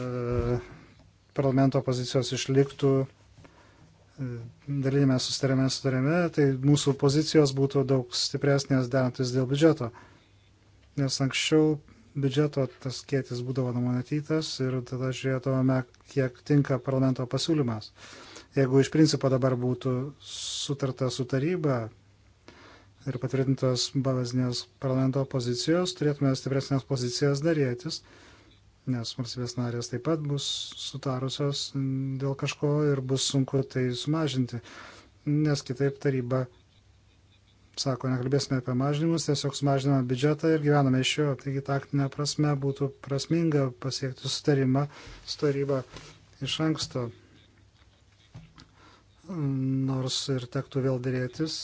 parlamento pozicijos išliktų e, dalinėme sustarėme sutarėme, tai mūsų pozicijos būtų daug stipresnės derantis dėl biudžeto. Nes anksčiau biudžeto tas kietis būdavo numatytas ir tada žiūrėtumėme, kiek tinka parlamento pasiūlymas. Jeigu iš principo dabar būtų sutarta su taryba ir patvirtintos bazinės parlamento pozicijos, turėtume stipresnės pozicijas darėtis, nes valstybės narės taip pat bus sutarusios dėl kažko ir bus sunku tai sumažinti, nes kitaip taryba sako, nekalbėsime apie mažinimus, tiesiog sumažiname biudžetą ir gyvename iš jo. Taigi taktinė prasme būtų prasminga pasiekti sutarimą, sutarimą iš anksto. Nors ir tektų vėl dėrėtis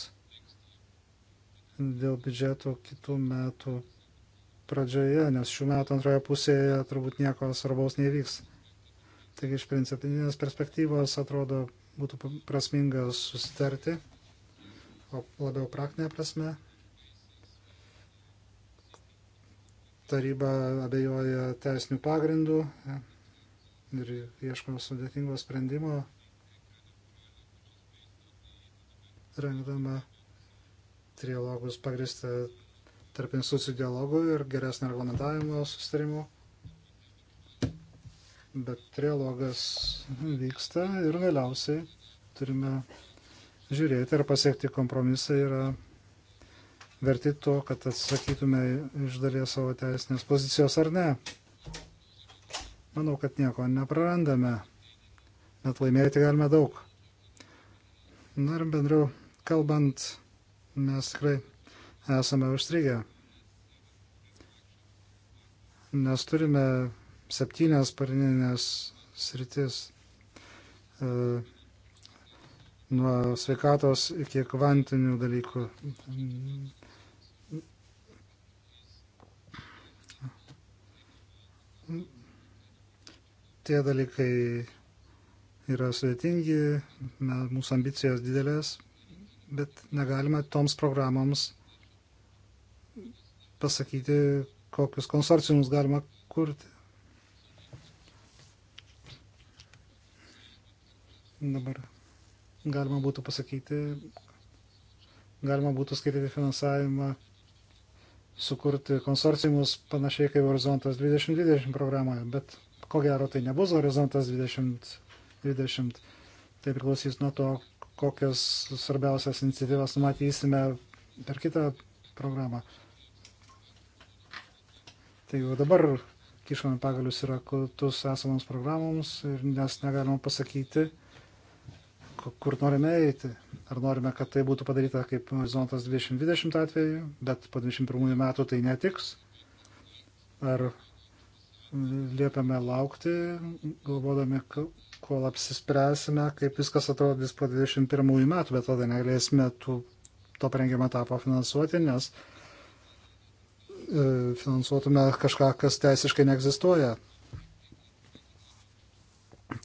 dėl biudžeto kitų metų pradžioje, nes šių metų antroje pusėje turbūt nieko svarbaus nevyks. Taigi iš principinės perspektyvos atrodo būtų prasminga susitarti o labiau praktinė prasme. Taryba abejoja teisinių pagrindų ir ieško sudėtingo sprendimo, rengdama trilogus pagristą tarp institucijų dialogų ir geresnio reglamentavimo sustarimu. Bet trilogas vyksta ir galiausiai turime žiūrėti ir pasiekti kompromisą yra verti to, kad atsakytume iš dalies savo teisinės pozicijos ar ne. Manau, kad nieko neprarandame, net laimėti galime daug. Na ir bendriau kalbant, mes tikrai esame užstrigę, nes turime septynias parinės sritis. E, nuo sveikatos iki kvantinių dalykų. Tie dalykai yra sudėtingi, na, mūsų ambicijos didelės, bet negalime toms programoms pasakyti, kokius konsorciumus galima kurti. Dabar galima būtų pasakyti, galima būtų skaityti finansavimą, sukurti konsorcijumus panašiai kaip Horizontas 2020 programoje, bet ko gero tai nebus Horizontas 2020. Tai priklausys nuo to, kokias svarbiausias iniciatyvas matysime per kitą programą. Tai jau dabar kišame pagalius į rakutus esamoms programoms, nes negalima pasakyti, kur norime eiti. Ar norime, kad tai būtų padaryta kaip horizontas 2020 atveju, bet po 21 metų tai netiks. Ar liepiame laukti, galvodami, kol apsispręsime, kaip viskas atrodys po 21 metų, bet tada negalėsime tų, to parengimo etapo finansuoti, nes e, finansuotume kažką, kas teisiškai neegzistuoja.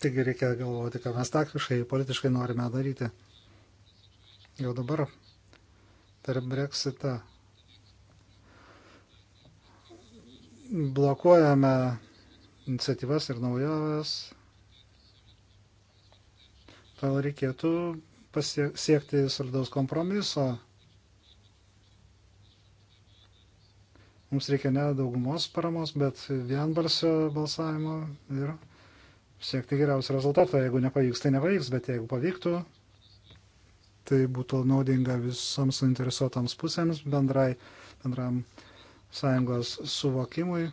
Taigi reikia galvoti, ką mes taktiškai, politiškai norime daryti. Jau dabar per Brexitą blokuojame iniciatyvas ir naujoves. Todėl reikėtų pasiekti solidaus kompromiso. Mums reikia ne daugumos paramos, bet vienbalsio balsavimo ir siekti geriausio rezultato. Jeigu nepavyks, tai nepavyks, bet jeigu pavyktų, tai būtų naudinga visoms suinteresuotams pusėms bendrai, bendram sąjungos suvokimui,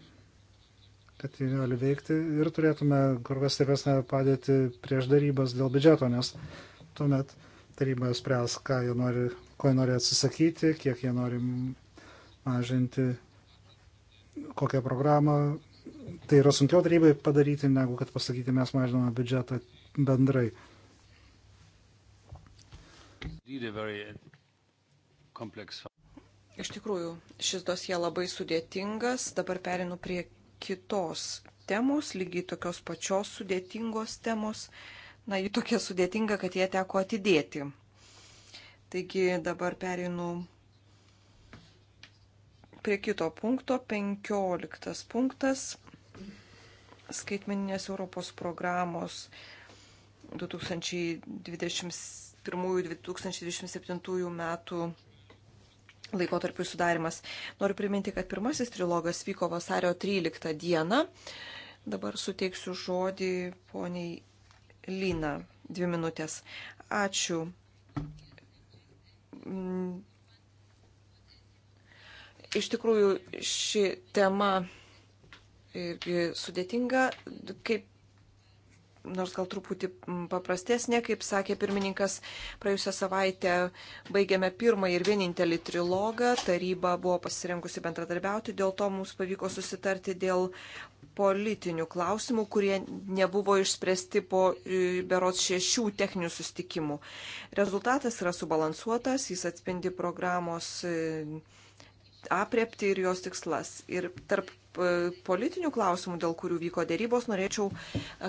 kad jį gali veikti ir turėtume kur kas stipresnę padėti prieš darybas dėl biudžeto, nes tuomet taryba spręs, ką jie nori, ko jie nori atsisakyti, kiek jie nori mažinti, kokią programą tai yra sunkiau tarybai padaryti, negu kad pasakyti, mes mažiname biudžetą bendrai. Iš tikrųjų, šis dosie labai sudėtingas. Dabar perinu prie kitos temos, lygiai tokios pačios sudėtingos temos. Na, ji tokia sudėtinga, kad jie teko atidėti. Taigi dabar perinu prie kito punkto. 15 punktas skaitmeninės Europos programos 2021-2027 metų laikotarpių sudarimas. Noriu priminti, kad pirmasis trilogas vyko vasario 13 dieną. Dabar suteiksiu žodį poniai Lina. Dvi minutės. Ačiū. Iš tikrųjų, ši tema irgi sudėtinga, kaip nors gal truputį paprastesnė, kaip sakė pirmininkas, praėjusią savaitę baigėme pirmąjį ir vienintelį trilogą, taryba buvo pasirengusi bendradarbiauti, dėl to mums pavyko susitarti dėl politinių klausimų, kurie nebuvo išspręsti po e, berots šešių techninių sustikimų. Rezultatas yra subalansuotas, jis atspindi programos e, apriepti ir jos tikslas. Ir tarp e, politinių klausimų, dėl kurių vyko dėrybos, norėčiau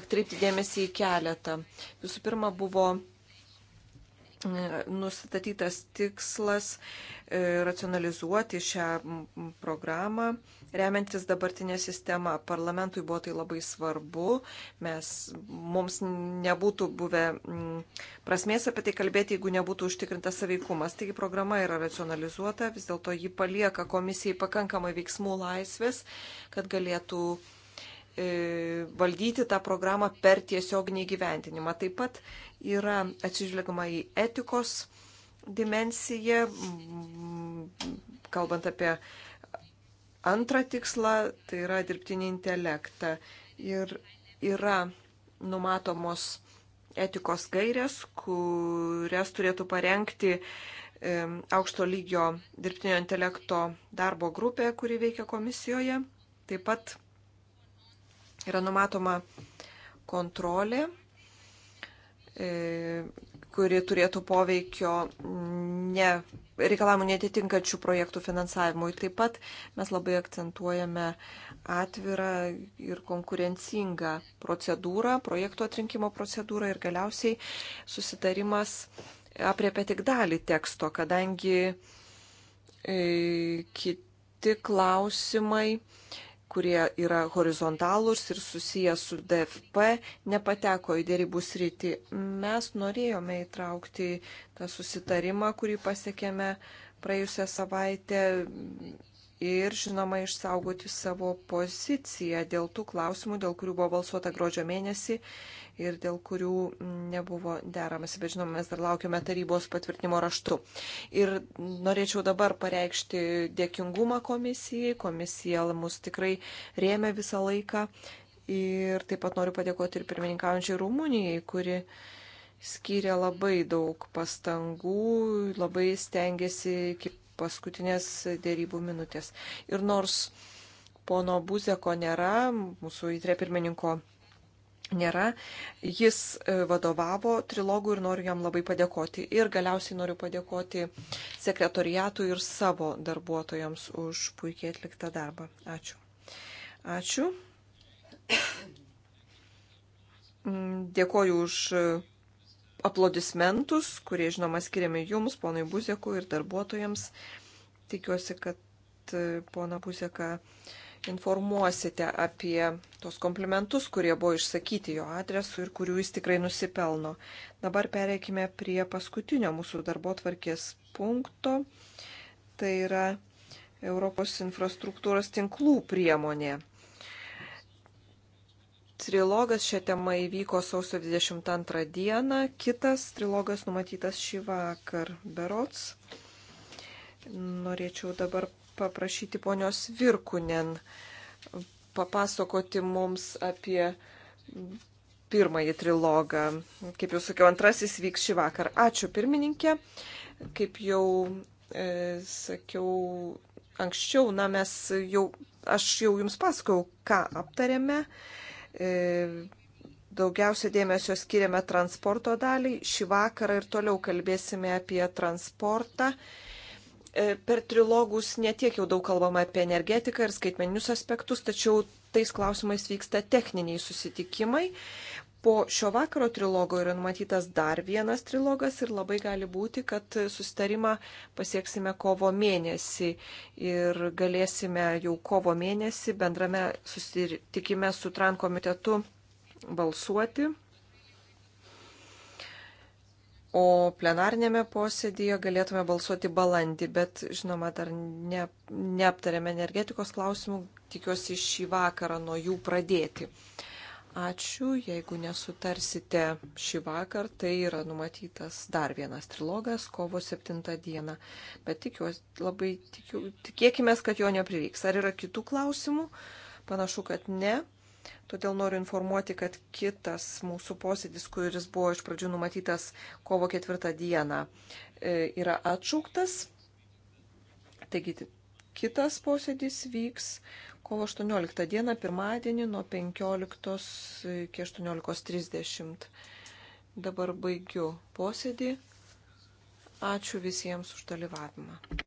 atkreipti dėmesį į keletą. Visų pirma, buvo nustatytas tikslas e, racionalizuoti šią programą, remiantis dabartinę sistemą. Parlamentui buvo tai labai svarbu, mes, mums nebūtų buvę prasmės apie tai kalbėti, jeigu nebūtų užtikrintas saveikumas. Taigi programa yra racionalizuota, vis dėlto ji palieka komisijai pakankamai veiksmų laisvės, kad galėtų uh, E, valdyti tą programą per tiesioginį gyventinimą. Taip pat yra atsižvelgiama į etikos dimensiją, kalbant apie antrą tikslą, tai yra dirbtinį intelektą. Ir yra numatomos etikos gairės, kurias turėtų parengti e, aukšto lygio dirbtinio intelekto darbo grupė, kuri veikia komisijoje. Taip pat Yra numatoma kontrolė, e, kuri turėtų poveikio ne, reikalavimų netitinkančių projektų finansavimui. Taip pat mes labai akcentuojame atvirą ir konkurencingą procedūrą, projektų atrinkimo procedūrą ir galiausiai susitarimas apriepia tik dalį teksto, kadangi e, kiti klausimai kurie yra horizontalūs ir susiję su DFP, nepateko į dėrybų sritį. Mes norėjome įtraukti tą susitarimą, kurį pasiekėme praėjusią savaitę ir, žinoma, išsaugoti savo poziciją dėl tų klausimų, dėl kurių buvo balsuota gruodžio mėnesį ir dėl kurių nebuvo deramasi, bet, žinoma, mes dar laukiame tarybos patvirtinimo raštu. Ir norėčiau dabar pareikšti dėkingumą komisijai. Komisija mus tikrai rėmė visą laiką. Ir taip pat noriu padėkoti ir pirmininkaujančiai Rumunijai, kuri skyrė labai daug pastangų, labai stengiasi iki paskutinės dėrybų minutės. Ir nors pono Buzeko nėra, mūsų įtrė pirmininko nėra, jis e, vadovavo trilogų ir noriu jam labai padėkoti. Ir galiausiai noriu padėkoti sekretoriatui ir savo darbuotojams už puikiai atliktą darbą. Ačiū. Ačiū. <coughs> Dėkoju už aplodismentus, kurie, žinoma, skiriami jums, ponui Buzekui ir darbuotojams. Tikiuosi, kad e, pona Buzeką informuosite apie tos komplimentus, kurie buvo išsakyti jo adresu ir kurių jis tikrai nusipelno. Dabar pereikime prie paskutinio mūsų darbo tvarkės punkto. Tai yra Europos infrastruktūros tinklų priemonė. Trilogas šią temą įvyko sausio 22 dieną, kitas trilogas numatytas šį vakar. Berots, norėčiau dabar paprašyti ponios Virkunen papasakoti mums apie pirmąjį trilogą. Kaip jau sakiau, antrasis vyks šį vakar. Ačiū pirmininkė. Kaip jau e, sakiau anksčiau, na mes jau, aš jau jums pasakau, ką aptarėme. E, E, daugiausia dėmesio skiriame transporto daliai. Šį vakarą ir toliau kalbėsime apie transportą. E, per trilogus netiek jau daug kalbama apie energetiką ir skaitmeninius aspektus, tačiau tais klausimais vyksta techniniai susitikimai. Po šio vakaro trilogo yra numatytas dar vienas trilogas ir labai gali būti, kad sustarimą pasieksime kovo mėnesį ir galėsime jau kovo mėnesį bendrame susitikime su TRAN komitetu balsuoti. O plenarnėme posėdėje galėtume balsuoti balandį, bet žinoma, dar ne, neaptarėme energetikos klausimų, tikiuosi šį vakarą nuo jų pradėti. Ačiū. Jeigu nesutarsite šį vakar, tai yra numatytas dar vienas trilogas kovo 7 dieną. Bet tikiuosi, labai tikiu, tikėkime, kad jo neprireiks. Ar yra kitų klausimų? Panašu, kad ne. Todėl noriu informuoti, kad kitas mūsų posėdis, kuris buvo iš pradžių numatytas kovo ketvirtą dieną, e, yra atšauktas. Taigi kitas posėdis vyks kovo 18 dieną, pirmadienį nuo 15 iki 18.30. Dabar baigiu posėdį. Ačiū visiems už dalyvavimą.